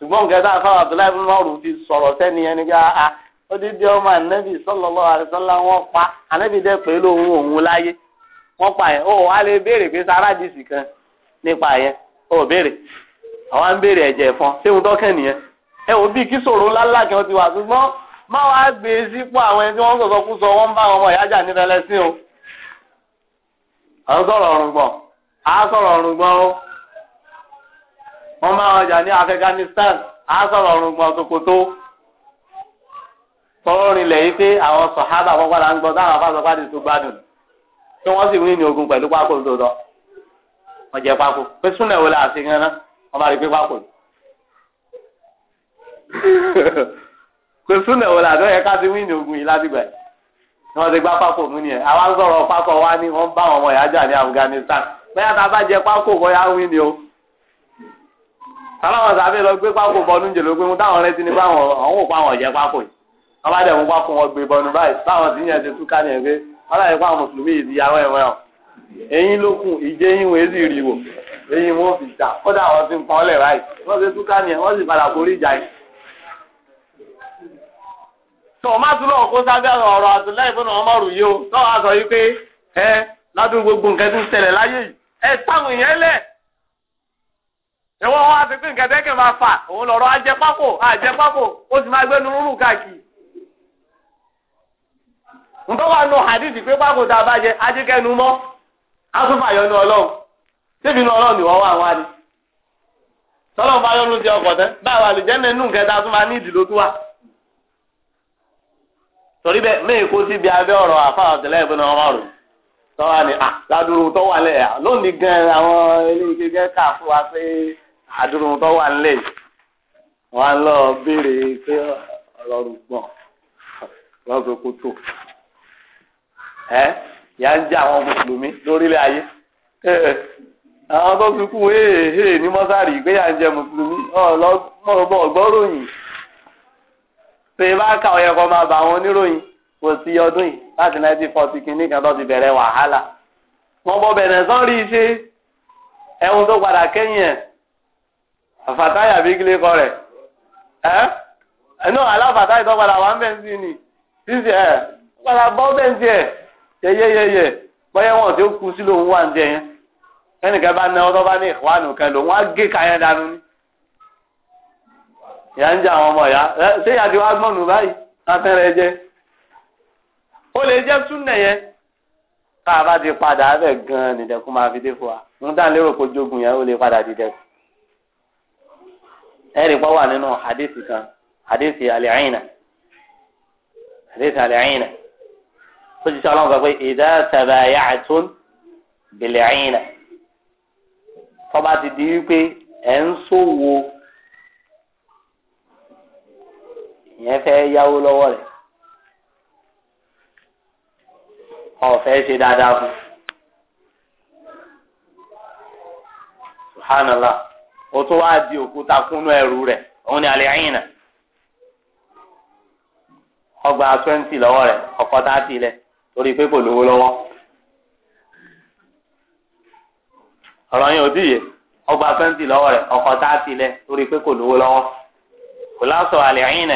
ṣùgbọ́n nǹkan tá a fáwọn abdullahi bin maru fi sọ̀rọ̀ sẹ́ni ẹni pé a ah, ah, ó di di ọmọ anabi sallallahu alaihi wasallam wọn pa anabi dẹ pé lóhun òun láyé wọn pa yẹn ó wà lè béèrè pé sáradìsì kan nípa yẹn ó béèrè àwa ń béèrè ẹ̀jẹ̀ fún ṣéun tọ́kẹ́ nìyẹn ẹ ò bí kí sòro ńláńlá kí wọ́n ti wà ṣùgbọ́n má wàá gbé e sípò àwọn ẹni tí wọ́n sọ̀sọ́ kú sọ wọ́n ń bá àwọn ọmọ ìyájà nífẹ̀ẹ́ lẹ́sìn o. à ń sọ̀rọ̀ ọ̀rùngbọ̀n à ń sọ̀rọ̀ ọ̀rùngbọ̀n o wọ́n máa ọjà ní Afghanistan á sọ̀rọ̀ ọ̀run gbọ́n sokoto tọ́rọ̀rin lẹ̀ yìí pé àwọn sọ̀hábà wọ́n padà ń gbọ́ táwọn afáàsọ padà tó gbádùn tí wọ́n sì wí ní ogun pẹ̀lú pákó tó tọ́ wọ́n jẹ pákó pé súnà ìwé làá sí ganan wọ́n máa rí pé pákó pé súnà ìwé làá tó yẹ ká ti wí ní ogun yìí látìgbà yìí wọ́n ti gbá pákó mú nìyẹn àwa sọ̀rọ̀ pákó wa ní wọ́n bá àwọn ọmọ ìyájà Afghanistan bẹ́ẹ̀ tá a bá jẹ pákó bọ́yá táwọn sábẹ́ lọ gbé pákó bọ́nú gbe jèlò pé mo táwọn rẹ́ sí ni báwọn àwọn òpá àwọn ọ̀jẹ́ pákó yìí wọ́n bá dẹ̀ mú wọn gbé bọ́nú báyìí táwọn sì yẹn ti túká ní ẹgbẹ́ wọ́n láyé pé àwọn mùsùlùmí yìí ti ya ló kù ìwọ́n wá sí pé nǹkan máa fà òun lọ̀rọ̀ ajẹpákò ajẹpákò ó sì máa gbénu rúrù káàkiri. nǹkan wà nù hadithi pé pákó tá a bá jẹ ajẹkẹ́nu mọ́ á tún ọlọ́run síbi nu ọlọ́run ìwọ́ wà wá ni. bá nǹkan ní ọ̀rọ̀ àfa tọ́wá ni à ládùúrú tọ́wá lẹ̀ lónìí gan àdúró tó wà nílẹ̀ yìí wọ́n á lọ béèrè pé ọ̀rọ̀ rúgbọ̀n lọ́sọ̀ kó tó ẹ́ yà ń jẹ́ àwọn mùsùlùmí lórílẹ̀ ayé àwọn tó fi kú hèèhè ní mọ́sárì pé yà ń jẹ́ mùsùlùmí ọ̀lọ́mọ̀ọ́bọ̀ ọ̀gbọ́ròyìn pé bá kà ọ̀yẹ́ kan máa bà àwọn oníròyìn kò sí ọdún yìí láti 1940 kìíní kan tó ti bẹ̀rẹ̀ wàhálà wọ́n bọ̀ bẹ̀rẹ̀ sọ́rí ṣe ẹ̀hún tó padà kẹ́yìn ẹ̀ àfàtáyà bí kílé kọ rẹ̀ ẹ́ ẹ̀nà aláfàtáyà tó padà wà ń bẹ̀ ń sí ni sísè ẹ̀ padà bọ́ bẹ̀ ń tiẹ̀ yẹyẹyẹyẹ bọ́yẹ wọn tí ó kú sí lòun wà ń jẹ yẹn ẹnìkan bá ná ọtọ́ bá ní ìwánu kan lòun á gé kayan dànù ni ìyá ń jẹ àwọn ọmọ ìyá ṣé ìyá ti wá gbọ́nù báyìí látẹ̀rẹ̀ jẹ ó lè jẹ́ súnà yẹn tá a bá ti padà bẹ̀ gan-an nìdẹ̀kùn máa fi dé fún wa ń dá lérò kó jogun yẹn ó lè padà dìdẹ̀kùn. ẹ̀rí pọ́ wà nínú hadithi kan hadithi hadithi alẹ́yìnà tó ọlọ́run sọ pé ìdá tabaya'tum bil'ayna tọ́ba ti di wípé ẹ̀ ń ṣòwò ìyẹn fẹ́ yáwó lọ́wọ́ rẹ̀ ọ̀fẹ́ ṣe o tún wáá di òkúta kúnú ẹrù rẹ. òun ni àlẹ ẹ̀yìn ọgbà twenty lọ́wọ́ rẹ ọkọ thirty lẹ torí pé kò lówó lọ́wọ́ ọ̀rọ̀ yẹn ò dìye ọgbà twenty lọ́wọ́ ọkọ thirty lẹ torí pé kò lówó lọ́wọ́ kò lásọ nìyẹn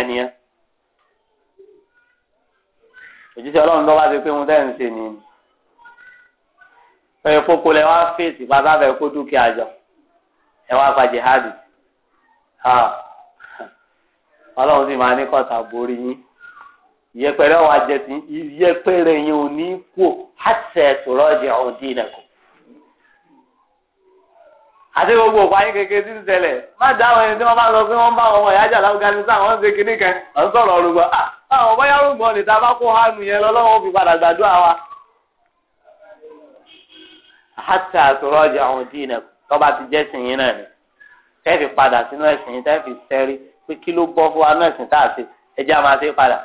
òjíṣẹ́ Ọlọ́run pé mo ṣe nìyẹn ẹ wá pa jihadi ọlọ́run sì máa ní kọ́ta borí yín yẹpẹrẹ wa jẹ ti yẹpẹrẹ yín ò ní kú àtẹ A ọ̀dín àti gbogbo òpáyín kékeré tí ń ṣẹlẹ̀ má dáwọn ẹni tí ọ bá sọ pé bá ọmọ ń ṣe kinní kan àwọn ọmọ yàrá ní bá kó hánu yẹn fi padà gbàdúrà wa. tọ́ba ti jẹ́ sìn yín náà ni tẹ́ẹ̀fì padà sínú ẹ̀sìn yín tẹ́ẹ̀fì sẹ́rí pé kí ló bọ́ fún wa náà padà.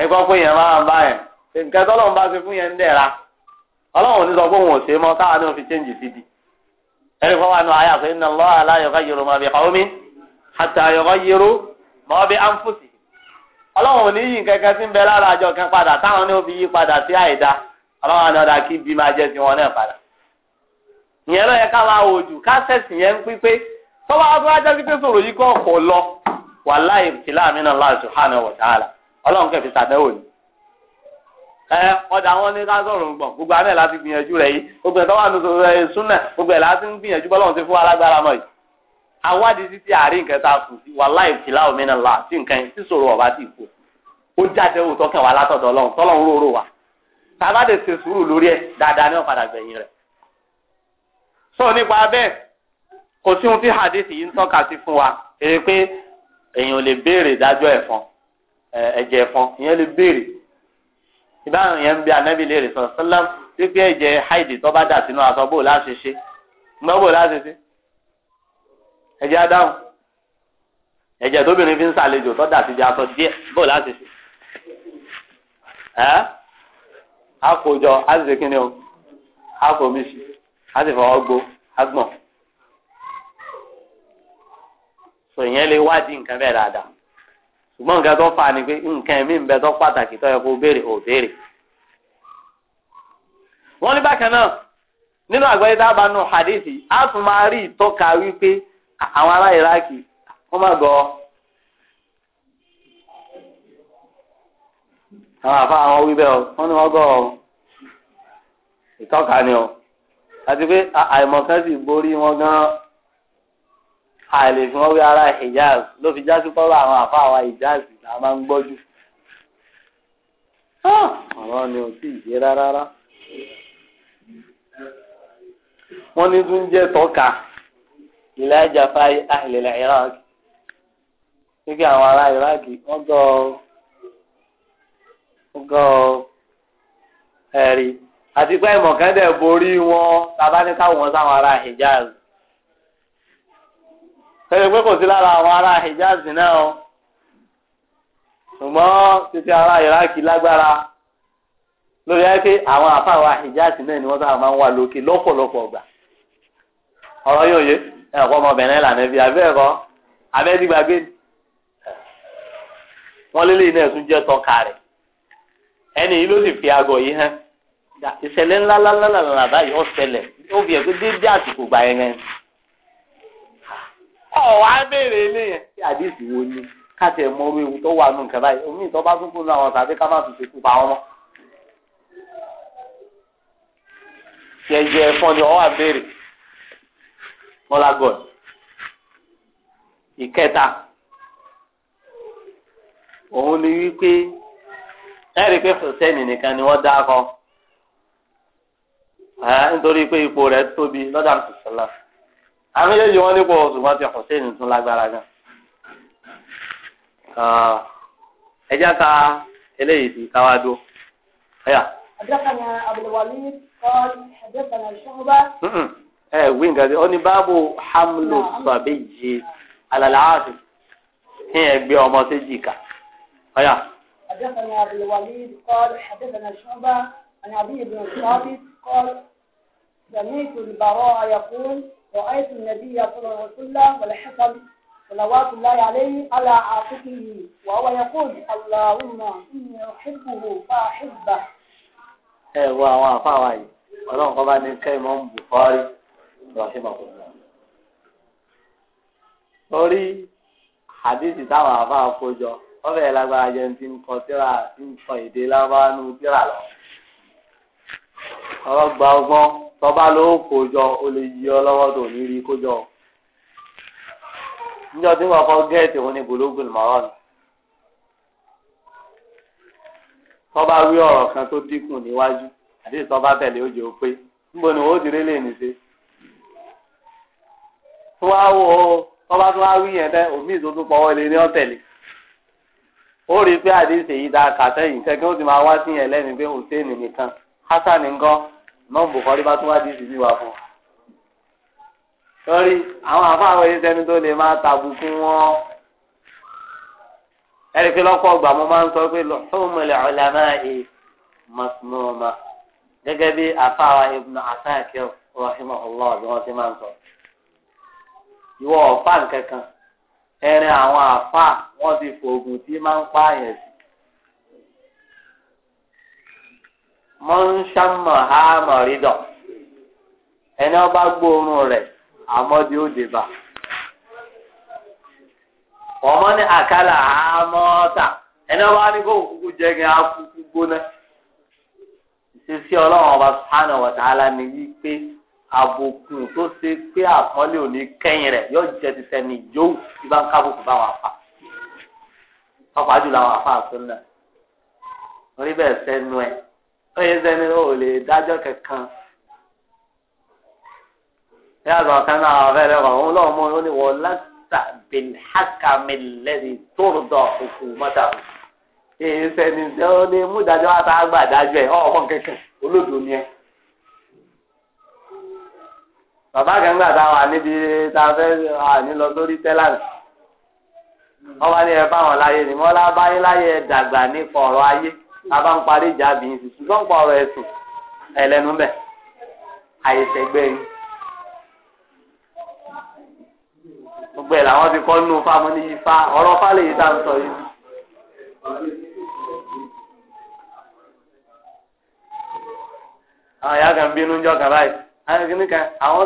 ẹ̀kọ́ pé yẹn máa ń bá yẹn nǹkan bá ṣe fún yẹn ń dẹ̀ra ọlọ́run ní sọ pé òun ò ṣe mọ́ táwa fi chẹ́ǹjì sí di. ẹ̀rí fọwọ́ àánú ayé àfẹ́ iná lọ́wọ́ aláyọ̀ká yorò mọ́ bí àti bí ánfùsì. ọlọ́run ní sí ń bẹ lára padà táwọn ní fi yí padà sí àìda ọlọ́run àná ọ̀dà kí ìyẹn ya ka ká oju wò jù kásẹ̀tì yẹn ń pípé tọ́ba ọdún ajá pípé sọ̀rọ̀ lọ wà láì amina ọla subhanahu wa ta'ala oni ọjà wọn ní ká sọ̀rọ̀ gbogbo láti gbìyànjú yìí gbogbo súnà gbogbo láti gbìyànjú ti fún alágbára yìí àárín nǹkan tá a sí nǹkan yìí ọba kú ó jáde wa sọ nípa bẹ́ẹ̀ kò sí ohun tí hadith yìí ń tọ́ka sí fún wa èrè pé èèyàn lè béèrè ìdájọ́ ẹ̀fọn ẹ̀jẹ̀ ẹ̀fọn ìyẹn lè béèrè ìbáwọn yẹn ń bí anábì léèrè sọ sọlá wípé ẹ̀jẹ̀ haidi tó bá dà sínú aṣọ bò láṣẹ ṣe mọ́ bò láṣẹ ṣe ẹ̀jẹ̀ adáhùn ẹ̀jẹ̀ tóbìnrin fi ń ṣàlejò tó dà síbi aṣọ díẹ̀ bò láṣẹ ṣe ẹ́ àkójọ àṣìṣe kí á sì fọwọ́ so lè wádìí nǹkan bẹ́ẹ̀ dáadáa ṣùgbọ́n nǹkan tó fà á ni pé nǹkan ń bẹ tó pàtàkì tó yẹ kó béèrè ò béèrè wọ́n ní bákan náà nínú àgbáyé tá iraki wọ́n ọ. àti pé àìmọ̀kan sì borí wọn gan àìlè fún ara hijaz ló fi jásí pọ́lọ́ àwọn àfa máa ah! ni ò tí ì rárá. wọ́n ní tún jẹ́ tọ́ka ilẹ̀ ajáfa àìlèlè Iraq wípé àwọn ará Iraq wọ́n ọ àti pé ìmọ̀kẹ́ndẹ̀ borí wọn tàbá ní káwọn sáwọn ará Hijaz tẹ́lẹ̀ pé kò sí lára àwọn ará Hijaz náà o ṣùgbọ́n títí ará Iraki lágbára lórí ẹ àwọn àfàwà Hijaz náà ni wọ́n sábà máa ń wà lókè lọ́pọ̀lọpọ̀ ọgbà ọ̀rọ̀ yóò yé ẹ̀kọ́ ọmọbìnrin là níbi abẹ́ẹ̀kọ́ abẹ́ẹ́dìgbàgbé wọ́n lélẹ́yìn náà tún jẹ́ tọ́ka rẹ̀ ẹni yìí ló sì fi aago yìí hàn ìṣẹ̀lẹ̀ ńlá lálálàlà báyìí ó ṣẹlẹ̀ ó fi ẹ̀kú dédé àsìkò gbà yẹn yẹn. ọ̀ wá béèrè eléyẹn. kí àdìsí wo ni káàtì ẹ̀ mọ orí ewu tó wà nù nǹkan báyìí omi ìtọ́ bá tún kúrò àwọn tàbí ká má tún ṣekú pa wọn. jẹjẹ ẹfọn ni ọwọ àbẹrẹ mọlágọd ìkẹta òun ni wípé ẹ rí i pé fòsẹ́nì nìkan ni wọ́n dá kọ́ nítorí pé ipò rẹ̀ tóbi lọ́dà mùsùlùmá àwọn méjèèjì wọn nípò ṣùgbọ́n ti Hussein tún lágbára gan. ẹja ka eléyìí ti káwá dó. حدثنا أبو الوليد قال حدثنا شعبة. ẹ wí nǹkan ó ní báàbò hamlu sàbíyì alàlàáfì kí ẹ gbé ọmọ sí jìkà. حدثنا أبو الوليد قال حدثنا شعبة عن أبي بن ثابت قال سمعت البراء يقول رأيت النبي صلى الله عليه وسلم والحسن صلوات الله عليه على عاتقه وهو يقول اللهم إني أحبه فأحبه ẹ wo àwọn àfáwà yìí ọlọ́run kọ́ bá ní kẹ́ ìmọ̀ ń Bukhari rahima kùnà. torí hadith táwọn àfáà kó jọ ọbẹ̀ lágbára jẹun ti ń kọ tíra ń kọ èdè lábánú tíra lọ. gba ọgbọ́n tọ́ba ló kò jọ o lè yí ọ lọ́wọ́ tó ní rí kó jọ. níjọ tí wọ́n gẹ́ẹ̀tì òun ni bòlógùn mọ́rọ́ ni. tọ́ba wí ọ̀rọ̀ kan tó dínkù níwájú àti tẹ̀lé ó jẹ́ ó pé níbo ni ti rí lè tó wá tó wá wí yẹn ní ọ̀tẹ̀lẹ̀ ó rí i pé àdéhùn dáa kàtẹ́yìn kẹ́kẹ́ ó ti máa mọ́mù bùkọ́rí bá tún wá dìísì wa sọ́rí àwọn àfáàwọ̀ yìí sẹ́ni tó lè máa tàbùkù wọn. ẹ̀rí pé lọ́pọ̀ ọgbà mo máa ń sọ pé sọ́wọ́mọlẹ̀ ọ̀làmá ì mọ̀tìmọ̀ọ́mà gẹ́gẹ́ bí àfáàwọ̀ ibùdó àtàkì rahimahullah bí wọ́n ti máa ń sọ. ìwọ ọ̀fà nkankan àwọn àfáà wọ́n ti tí máa ń pààyàn mọ́ńsámọ̀ ha mọ̀rídọ̀ ẹni ọba gbóòórùn rẹ̀ àmọ́dé ó débà ọmọ ní àkàlà àmọ́ta ẹni ọba ní kó kúkú jẹ́gẹ́ akúkú gbóná ìṣesí ọlọ́run ọba sùhánà wọ̀tàlá ni wípé àbùkù tó ṣe pé àpọ́nlé òní kẹ́yìn rẹ̀ yóò jẹ́ ti sẹ́ni ìjòwù tí bá ń kábùkù báwọn afa pápá jùlọ àwọn afa àtúndà orí bẹ́ẹ̀ sẹ́nu ẹ̀ oye sẹni o lè dájọ́ kankan ní àgbà kan náà àwọn fẹrẹ wà wọn lọọ mú un ní wọn láta bin hakami lẹni tóòdọ òkú mọta èyí sẹni ó ní mú dájọ́ wá sáà gbà dájọ́ ẹ ọmọ kankan olódò ni ẹ. bàbá kan gbà wà níbi tá fẹ́ wà ní lọ sórí tẹ́lá wọn wá ní ẹ báwọn láyé ni wọn lá báyé láyé dàgbà nípa ọ̀rọ̀ ayé. Aba ń parí ìjà bí n sì ṣùgbọ́n pa ọ̀rọ̀ ẹ̀sìn ẹlẹ́nu bẹ̀ ni. gbogbo ẹ̀ làwọn ti kọ́ nínú fáwọn ní ifá ọ̀rọ̀ fálẹ̀ yìí tá à sọ yìí. àwọn ìyá kan bínú jọ kàrá yìí àwọn kìíní kan àwọn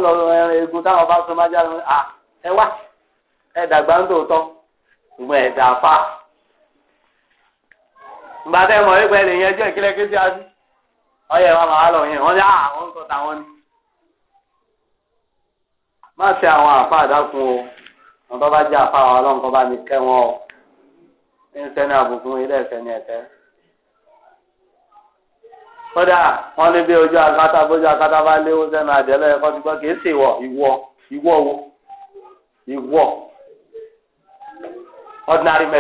lọ ìgbà tẹ́ mọ̀ wípé ẹni yẹn jẹ́ ìkílẹ̀ kí sí ya ọyẹ wa màá lọ yẹn àwọn ń wọn ni. má àwọn àfa o wọn bá bá àfa àwọn bá mi kẹ́ wọn o ní sẹ́ni ilé ẹ̀sẹ̀ ni ẹ̀tẹ́. kódà wọn ní bí ojú akátá bójú akátá bá léwó sẹ́nu àdẹ́lẹ́ ẹ̀kọ́ ti gbọ́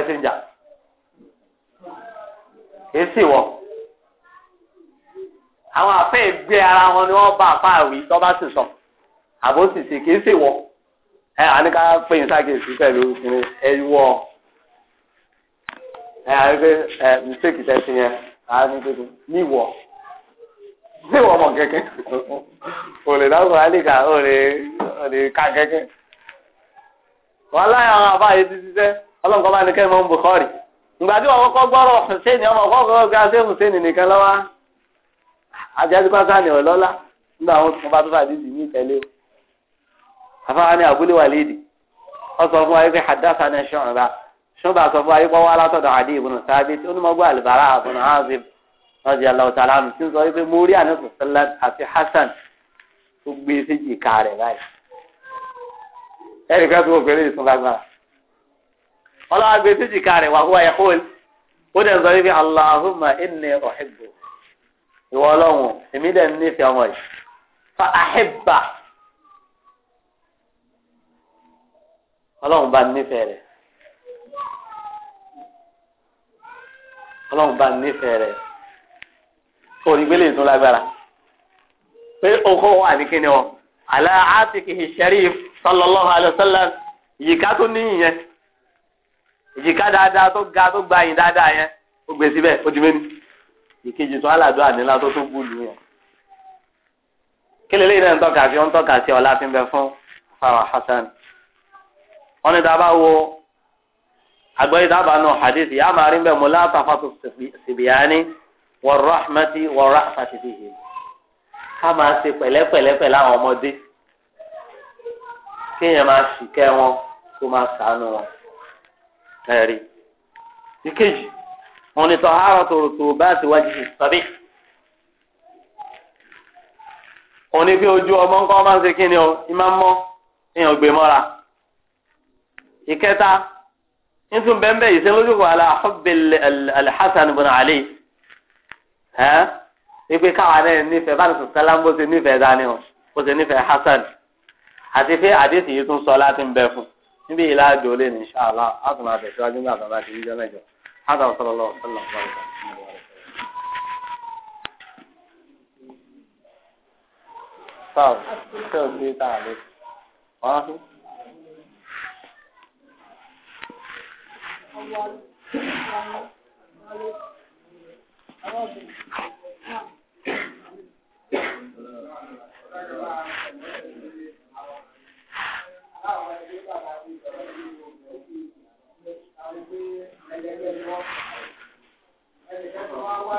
kìí èsì wọ àwọn àfẹ́ ìgbé ara wọn ni wọ́n bá àfa àwí tó sì sọ àbó sì sì kì í sì wọ ẹ àníká pé n ṣàkíyèsí pẹ̀lú ẹ wọ ẹ àrígbé ẹ mistake tẹ̀sí yẹn àárín tuntun ní ìwọ ní ìwọ ọmọ kẹ̀kẹ́ ò dáhùn àlìkà ò lè ò lè wọn láyà àwọn àbá yìí ti ṣiṣẹ́ ọlọ́nkọ́ bá ní kẹ́ mọ́ ń Bukhari ìgbà tí wọn kọ́kọ́ gbọ́rọ̀ Hussein ọmọ kọ́kọ́ gba ṣé Hussein nìkan lọ́wọ́ ajásípásá ni ọ̀lọ́lá nígbà wọn bá tó fàdí sí ní ìtẹ́lẹ̀ o afárá ní Abul Walid ọ sọ fún wa yìí pé hadasa ní ṣọ́nba ṣọ́nba sọ fún wa yìí pọ́wọ́ alátọ̀dọ̀ Adi ibn Thabit onímọ̀gbọ́ àlùbárà ibn Azib rọ́jì aláwọ̀tà lánàá tí ń sọ wípé mórí àníkùsọ́lá àti Hasan tó gbé séjì ká rẹ̀ báyìí ẹnì kan tó ọlọ́wọ́ agbe títí ká rẹ̀ wà húwa yahoo ó dẹ̀ sọ wípé aláhùnmá ẹnì ọ̀hìnbó ìwọ ọlọ́run èmi dẹ̀ ń nífẹ̀ẹ́ ọmọ yìí fa àhìbà ọlọ́run bá nífẹ̀ẹ́ rẹ̀ ọlọ́run bá nífẹ̀ẹ́ rẹ̀ onígbélé ìtún lágbára pé okó wà ní kíni ọ àlá àtìkì ìṣẹ́rí sallallahu alaihi wasallam yìí ká tó níyìn yẹn ìjìká dáadáa tó ga tó gba yìí dáadáa yẹn ó gbé síbẹ̀ ó di méní ìkejì tó aládùn ànílá tó tó gbúlù yẹn. kílélẹ́yìn náà ń tọ́ka sí ń tọ́ka sí ọlá fi ń bẹ fún fáwọn Hasan. wọ́n ní dábàá wo àgbẹ̀yìn dábàá náà hadith yà á máa rí bẹ́ẹ̀ mo látàfà tó sibiyani wọ rahmati wọ rahmati fihi. ká máa ṣe pẹ̀lẹ́pẹ̀lẹ́pẹ̀ láwọn ọmọdé kéèyàn máa ṣìkẹ́ wọn kó máa ṣàánú wọn ẹ̀rí. ìkejì wọn ni tọ́hárọ̀ tòrótòrò bá ti wájú sí sọ́bí. wọn ni bí ojú ọmọ ńkọ́ máa ń ṣe kí ni o ìmá mọ́ èèyàn gbé mọ́ra. ìkẹta nítorí bẹ́ẹ̀ bẹ́ẹ̀ ìṣẹ́ lójú kò àlà àfọ́bẹ̀lẹ̀ alhassan bin ali ẹ́ ipe káwa náà nífẹ̀ẹ́ bá nìkan sálámbó ṣe nífẹ̀ẹ́ dání o ó ṣe nífẹ̀ẹ́ hassan àti pé àdéhùn yìí tún sọ láti ń bẹ fún un níbi ìlà àjò lé ní ṣáàlá a tún máa tẹ̀síwájú nígbà tó bá ti rí jọ́mẹ́jọ hádà ọ̀sọ́lọ́lọ́ ọ̀sọ́lọ́ Sáà, ṣé o gbé tá a lé? Wọ́n á fún. Thank you. ẹlẹ́gbẹ́ lọ ẹlẹ́gbẹ́ tó wá wá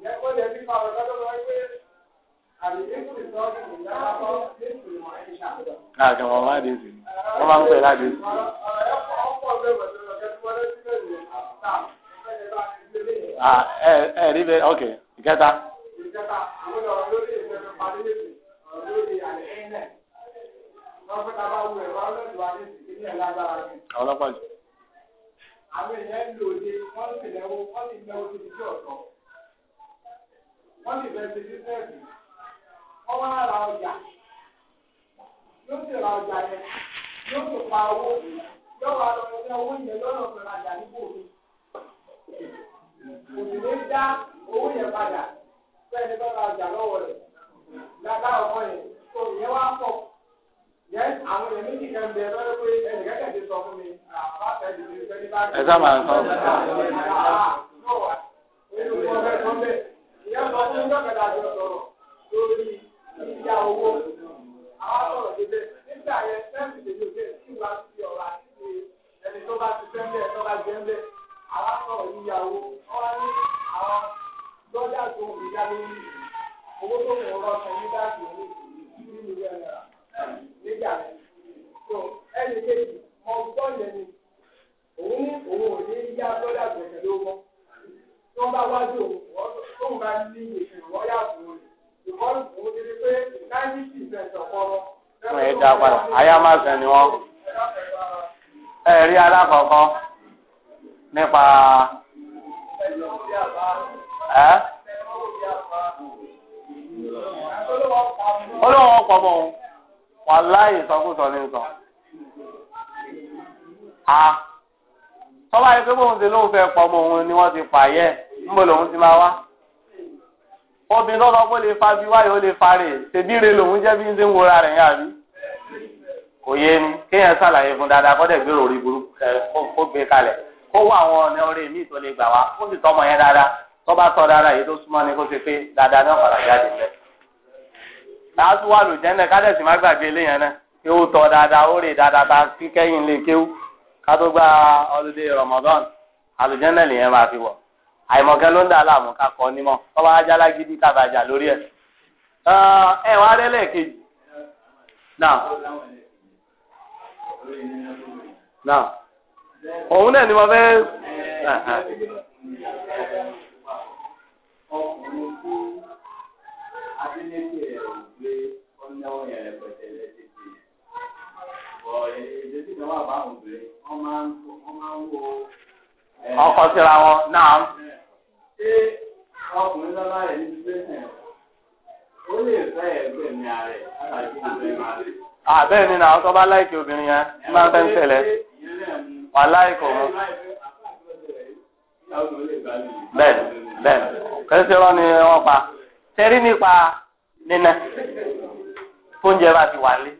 ó ọlọ́pàá jù. àwọn èèyàn ń lò lẹ́wọ́ wọ́n sì lẹ́wọ́ ọ̀tọ̀. wọ́n lè bẹ̀rẹ̀ sí bísẹ́ẹ̀sì wọ́n wá ra ọjà yóò sì ra ọjà yẹn yóò sì pa owó yóò wá lọ ẹgbẹ́ owó yẹn lọ́nà ọ̀gbìn ọjà nípò mi kò sì dá owó yẹn padà fẹ́ni tó ra ọjà lọ́wọ́ rẹ̀ dáadáa ọmọ yẹn tó yẹn wá pọ̀ yẹn àwọn yẹn méjì kan bẹ lọ́dọ̀ pé ẹnì kẹ́kẹ́ ti sọ fún mi àbá fẹ́ẹ́ di mi fẹ́ẹ́ ní sábà ń sọ sọ fún ọjọ́ kẹta àjọ sọ̀rọ̀ lórí ìyá owó àwọn sọ̀rọ̀ débẹ̀ nígbà yẹn fẹ́ǹsì tèmi òkè tí wàá fi ọ̀rọ̀ àti ẹni tó bá ti fẹ́ǹbẹ̀ tó bá jẹ́ ńbẹ̀ àwọn sọ̀rọ̀ yíyá owó wọ́n ní àwọn lọ́jà tó ń gbìyà lórí owó tó ń rọ ọ̀sán nígbà tí ó ní ìlú ẹ̀ nígbà yẹn tó ẹnì kejì mọ gbọ́ yẹn ni òun òun ò ní yá lọ́jà tó ń tẹ̀lé ó mọ́ tó bá wájú òun bá ní ìṣẹ̀wọ́ yàtọ̀ rẹ̀ ìwọ́n kò ti di pé ninety percent ọ̀pọ̀rọ̀. wọ́n yé dá padà àyà máa sàn ni wọ́n. ẹ̀rí alákọ̀ọ́kọ́ nípa. olóhùn ọkọ̀ mọ̀ ọ́n wàláyé sọkúsọ ní sọ. a yìí pé bóun ti lóun fẹ́ pọ̀ mọ́ òun ni wọ́n ti pààyẹ́. ńbọ lòun ti máa wá obìnrin tó pé lè fa bí wáyé ó lè re lòun jẹ́ bí ń ṣe ń rẹ̀ yá bí kò yé ni kéèyàn ṣàlàyé fún dáadáa kọ́ gbèrò orí burúkú kó gbé kalẹ̀ kó wá àwọn ọ̀nà orí mi tó lè gbà wá ó tọmọ yẹn dáadáa bá tọ́ dáadáa tó súnmọ́ ni kó ṣe pé dáadáa náà wà lù máa fi àìmọ̀kẹ́ ló ń dà láàmú ká kọ́ nímọ̀ tọ́ba ajá lágídí lórí ẹ̀. ẹ wá rẹ lẹ́ẹ̀kejì náà náà òun náà ni mo fẹ́. ọkùnrin tí adélẹ́kẹ̀ rẹ̀ ò gbé ọ̀nàwọ̀ yẹn rẹ̀ pẹ̀tẹ̀ lẹ́sẹ̀ sí i. bọ̀ èdè tí wọ́n wà bá òun gbé wọ́n máa ń ọkọ̀ síra wọn náà. ṣé ọkùnrin lọ́la rẹ̀ ní situation ó lè fẹ́ ẹgbẹ́ mi ààrẹ látàkì ìgbẹ́ máa àbẹ́ẹ̀ ni àwọn tó bá láìkí obìnrin yẹn máa ń fẹ́ ń ṣẹlẹ̀ wà láìkò mu. bẹ́ẹ̀ bẹ́ẹ̀ kẹ́sì rán ni wọ́n pa tẹ́rí nípa nínà fóúnjẹ bá ti wà lé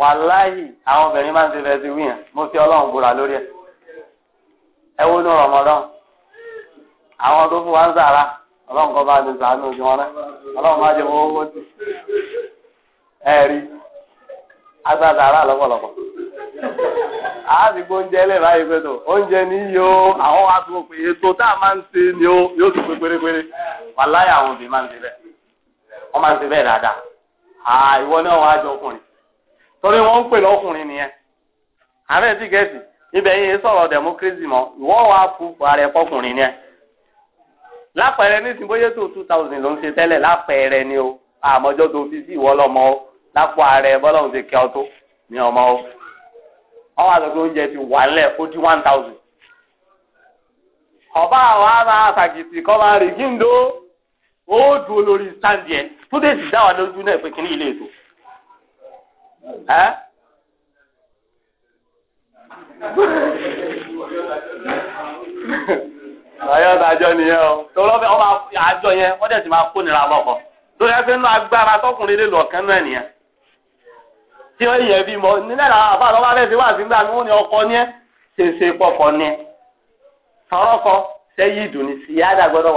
wàláhì àwọn obìnrin máa ń ṣe fẹ́ ti wíyàn mo fi ọlọ́run búra lórí ẹ̀ ẹ wo ní rọmọdán. àwọn tó fún wa ń sàrà ọlọ́run kọ́ bá ti sàánú sí wọn náà ọlọ́run máa jẹ owó owó tì báyìí pé tó oúnjẹ ní àwọn wa pé ètò tá a máa ń ṣe ni ó yóò tún pé pérépéré wàláyà àwọn òbí máa ń ṣe bẹ́ẹ̀ wọ́n máa ń ṣe bẹ́ẹ̀ dáadáa àà ìwọ náà wàá jọ ọkùnrin lápẹẹrẹ nísìnyí bóyá tó two thousand ló ń ṣe tẹ́lẹ̀ lápẹẹrẹ ni o àmọ́jọ́ tó fi sí ìwọ lọ́mọ o lápò ààrẹ bọ́lọ́hún ti kẹ́ ọ tó ní ọmọ o wọ́n wá sọ pé oúnjẹ ti wà lẹ̀ ó di one thousand. ọba àwọn ará àtàkìtì kọ́ máa rìn jíǹdo ó dúró lórí sáǹdì ẹ̀ tó sì dá lójú náà pé kíní ilé ètò. Ẹ́ <laughs> ayọ́ àjọ nìyẹn o tọ́lọ́ bẹ́ẹ̀ ọba àjọ yẹn wọ́n dẹ̀ ti máa kó nira lọ́kọ̀ lórí ẹgbẹ́ nínú agbára tọkùnrin lè lọ kánú ẹ̀ nìyẹn tí ó yẹ bí mọ nílẹ̀ náà àbá àlọ́ bá sí gbà ní wọ́n ọkọ ní tọrọ kọ sẹ́yìn gbọ́dọ̀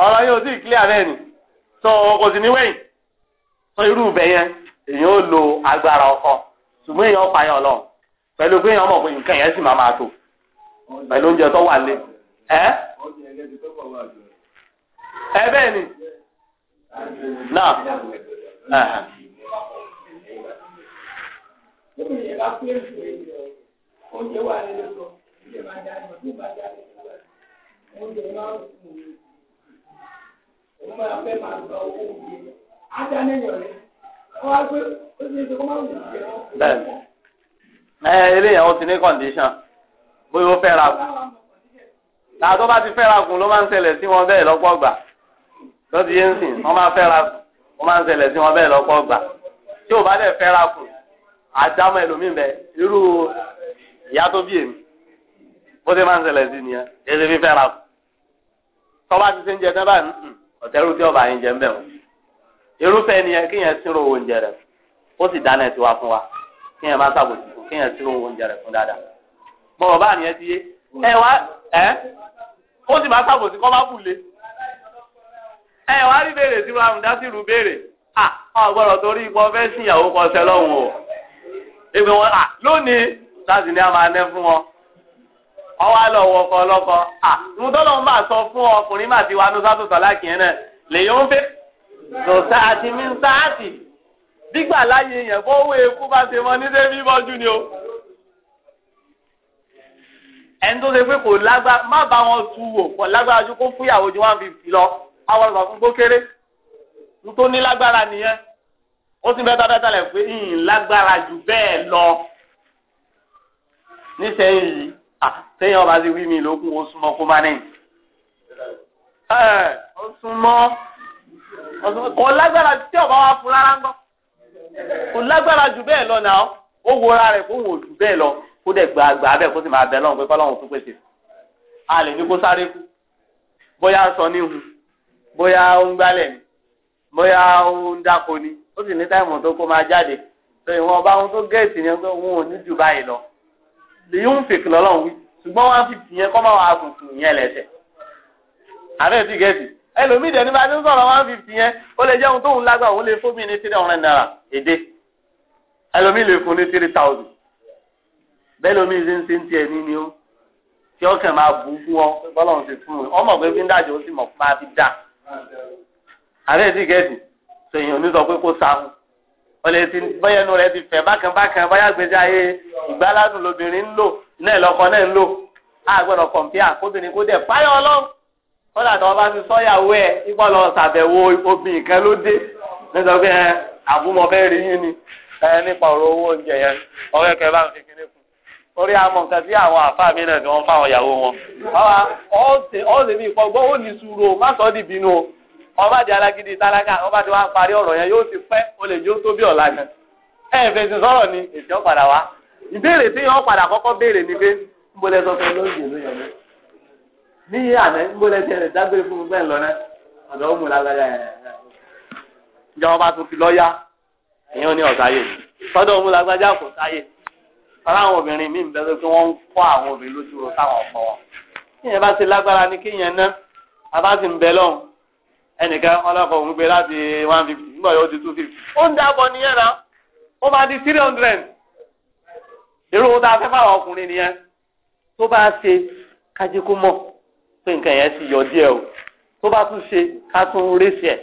wà lọ́dọ̀ rẹ̀ so kò sì irú ibẹ̀ yẹn lo agbára ọkọ ṣùgbọ́n èyàn ọ̀pá yẹn ọlọ́run pẹ̀lú pé èyàn mọ̀ pé nǹkan yẹn sì máa máa tó pẹ̀lú oúnjẹ tó wà lé ẹ ẹ bẹ́ẹ̀ ni náà oúnjẹ wà oúnjẹ máa oúnjẹ máa ń òun máa fẹ́ máa gba owó òye ajá lẹ́yìn rẹ̀ wọ́n á pé ó ti ṣe kó má wù ú jẹ́ wọ́n. ẹ eléyìí àwọn ti ní kọ̀ǹdíṣàn bóyá ó fẹ́ ra kù tàà bá ti fẹ́ ra kù ló máa ń ṣẹlẹ̀ sí wọn bẹ́ẹ̀ lọ́pọ̀ gbà tó ti yé ń sìn wọ́n máa fẹ́ ra kù wọ́n máa ń ṣẹlẹ̀ sí wọn bẹ́ẹ̀ lọ́pọ̀ gbà tí ò bá dẹ̀ fẹ́ ra kù àdámọ̀ ẹlòmíì bẹ irú ìyá tó bí èmi bó ti máa ń ṣẹlẹ̀ sí nìyẹn èdè fífẹ́ ra kù tọ́ba ti ṣe ń jẹ tẹ́ báyìí ọ̀tẹ́rù tí ọba yín jẹ ń bẹ̀ wọ́n irúfẹ́ ni kí yẹn sírò oúnjẹ rẹ̀ ó sì dáná ẹ̀sìn wa fún wa kí yẹn má sàbòsí fún kí yẹn sírò oúnjẹ rẹ̀ fún dáadáa mọ ọba nìyẹn ti yé ẹ wá ẹ ó sì má sàbòsí kọ́ má bùlé ẹ wá rí béèrè tí wọn dá sí ìlú béèrè à ọgbọ́dọ̀ torí ipò fẹ́ sìn ìyàwó kọ́ sẹ́lọ́hún o ìgbìmọ̀ lónìí láti ní a máa ná fún wọn ọwọ́ àlọ́ wọ ọkọ ọlọ́kọ à ìmúdọ́lọ́ ń bá sọ fún ọkùnrin má ti wà ní sátò sọ̀láàkì yẹn náà lèyìn ń fẹ́ lọ sáàtì mí ń sáàtì dígbà láyé yẹn bó wé ikú bá ṣe mọ ní débi bọ́jú ni o. ẹni tó ṣe pé kò lágbá má bá wọn tu wò kò lágbára ju kó fúyàwó ju one fifty lọ àwọn ọ̀sán fún gbókéré tó ní lágbára nìyẹn ó sì bẹ́ẹ̀ tábẹ́tà lẹ̀ pé ń lágbára jù bẹ́ẹ̀ lọ nísìnyí sẹ́yìn ah, ọba ti wí mi lókun ó súnmọ́ kó má nẹ́yìn. ẹ ó súnmọ́ kò lágbára tí ọba wa fún rárá ń gbọ́ kò lágbára jù bẹ́ẹ̀ lọ náà ó wọra rẹ̀ kó wò jù bẹ́ẹ̀ lọ kó dẹ̀ gba àgbà bẹ́ẹ̀ kó sì máa bẹ̀ lọ́hùn pé kọ́lọ́hùn tún pèsè. a lè ní kó sáré kú bóyá sọ níhun bóyá ó ń gbálẹ̀ ni bóyá ó ń dáko ni ó sì ní táìmù tó kó máa jáde tó ìwọ̀n ọba ohun tó gẹ̀ẹ́sì ni wọn ò ní lèyìn ń fèkì lọ́lọ́run wí ṣùgbọ́n wọn fi tìyẹn kọ́ máa wà tuntun yẹn lẹ́sẹ̀ àbẹ́ ti gẹ̀ẹ́sì ẹlòmíì dẹ̀ nípa tí ń sọ̀rọ̀ one fifty yẹn ó lè jẹun tóun lágbà òun lè fún mi ní three hundred naira èdè ẹlòmíì lè fún ní three thousand bẹ́ẹ̀ lómi ṣe ń ṣe ń tiẹ̀ ní ni ó tí ọkàn máa bù fún ọ bọ́lọ́run ti fún mi ọmọ pé fi ń dájọ́ ó sì mọ̀ máa fi dà àbẹ́ ti gẹ̀ẹ́sì sèyìn ọlẹ ti bọyẹ nu rẹ ti fẹ bákan bákan báyà gbèsè ayé ìgbàládùn lobìnrin ń lò náà lọkọ náà ń lò á gbọ́dọ̀ kọmpíà kóbìnrin kó dẹ fáyọ Ọlọ́run kódà tó bá ti sọyàwó ẹ ipò lọ sàbẹ̀wò obìnrin kan ló dé nítorí pé ẹ àbúmọfẹ rí yín ni ẹ nípa ọ̀rọ̀ owó oúnjẹ yẹn ọ̀rẹ́ kẹ bá ń fi kíní kù orí àwọn nǹkan tí àwọn àfáà mi náà tí wọn fáwọn ìyàwó wọn. ọ̀ọ́ ṣe bí ìfọgbọ́n ó ní sùúrù má sọ ọ́ dìbínú o ọba di alágídí tálákà ọba ti wá parí ọ̀rọ̀ yẹn yóò ti pẹ́ o lè jó tó bí ọ̀la gan ẹ fèsì sọ̀rọ̀ ni èsì ọ̀padà wá ìbéèrè tí yẹn ọ̀padà kọ́kọ́ béèrè ni pé nbọlẹ sọ fún lóyún ìlú yẹn ní ní àná nbọlẹ tiẹ̀ lè dágbére fún mi bẹ́ẹ̀ lọ náà ọ̀dọ̀ ó mú lágbájá yẹn ìjọba bá tún fi lọ́ọ́yà ẹ̀yìn ní ọ̀sá yẹn sọ́dọ̀ ó mú lágbájá kò sáyè ọ̀rọ̀ àwọn obìnrin míì bẹ́ẹ̀ pé wọ́n ń kọ́ àwọn obìnrin lójú ro sáwọn ọ̀pọ̀ wọn kí yẹn bá ti lágbára ni kí yẹn ná abá ti ń bẹ lọ́hùn ẹnìkan ọlọ́kọ̀ òun gbé láti one fifty nígbà yóò di two fifty. ó ń dábọ̀ nìyẹn náà ó máa di three hundred. irú ohun tá a fẹ́ fáwọn ọkùnrin nìyẹn tó bá ṣe kájí kó mọ̀ pé nǹkan yẹn ti yọ díẹ̀ o tó bá tún ṣe ká tún rí sí ẹ̀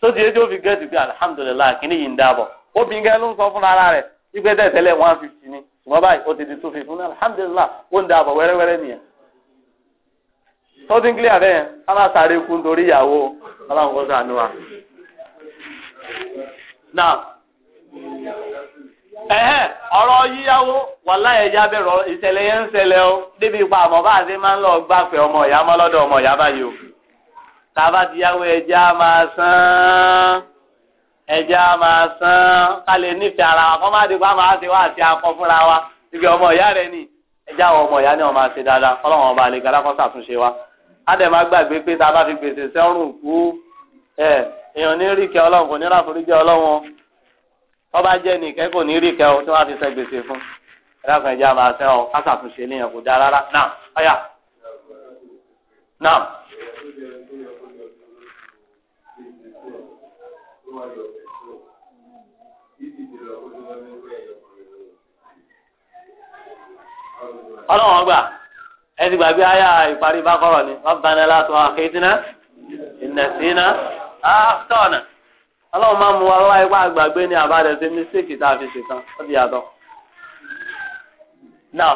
sóde ẹjọ́ ó fi gẹ́ẹ̀tì pé alihamudulilayi kìíní yìí ń dábọ̀ obìnrin kan ló ń sọ fún ara rẹ̀ wípé tẹ̀tẹ̀lẹ̀ one fifty ni ṣùgbọ́n báyìí ó ti di two fifty ní alihamudulilayi ó ń dábọ̀ wẹ́rẹ́wẹ́rẹ́ nìyẹn tó ti ń kílẹ̀ bẹ́ẹ̀ káwọn sáré kú nítorí ìyàwó káwọn kò sànú wa. nà ẹ̀hẹ́ ọ̀rọ̀ yíyáwó wà láyé ya bẹ̀rọ ìṣẹ̀lẹ̀ yẹn ń ṣẹlẹ̀ o débi ipa àmọ́ bá a ti máa ń lọ gbàfẹ́ ọmọ ìyá mọ́ lọ́dọ̀ ọmọ ìyá báyìí o tàbá ti yáwó ẹja máa sán ẹja máa sán ká lè nífẹ̀ẹ́ ara wa kọ́ má ti pa máa ti wá àti akọ fúnra wa ibi ọmọ ìyá rẹ ni ẹja àwọn ọmọ ìyá ni wọn máa ṣe dáadáa kọ́lọ́wọ́n ọba àlejò alákọ̀ọ́sà tún ṣe wa ádẹ́mà gbàgbé pé tá a bá fi gbèsè sẹ́rùn kú ẹ èèyàn ní rí kẹ ọlọ́run kò ní ráforíjẹ ọlọ́run tọ́ba jẹ́ nìkẹ́ kò ní rí kẹ ọ tí wọ́n á fi sẹ́ gbèsè fún ẹ̀dáfẹ́ ẹ̀já máa sẹ́ ọ kásàtúnṣe léèyàn kò dáa rárá náà ọ̀yà náà. ọlọ́run ọgbà ẹ ti gbàgbé àyà ìparí bá kọ̀rọ̀ ni rabbana la tu'akhidhna in nasina akhtana ọlọ́run máa mú wa lọ́wọ́ ipá àgbàgbé ní àbádẹ sí mísíkì tá a fi ṣètàn ó ti yàtọ̀. náà.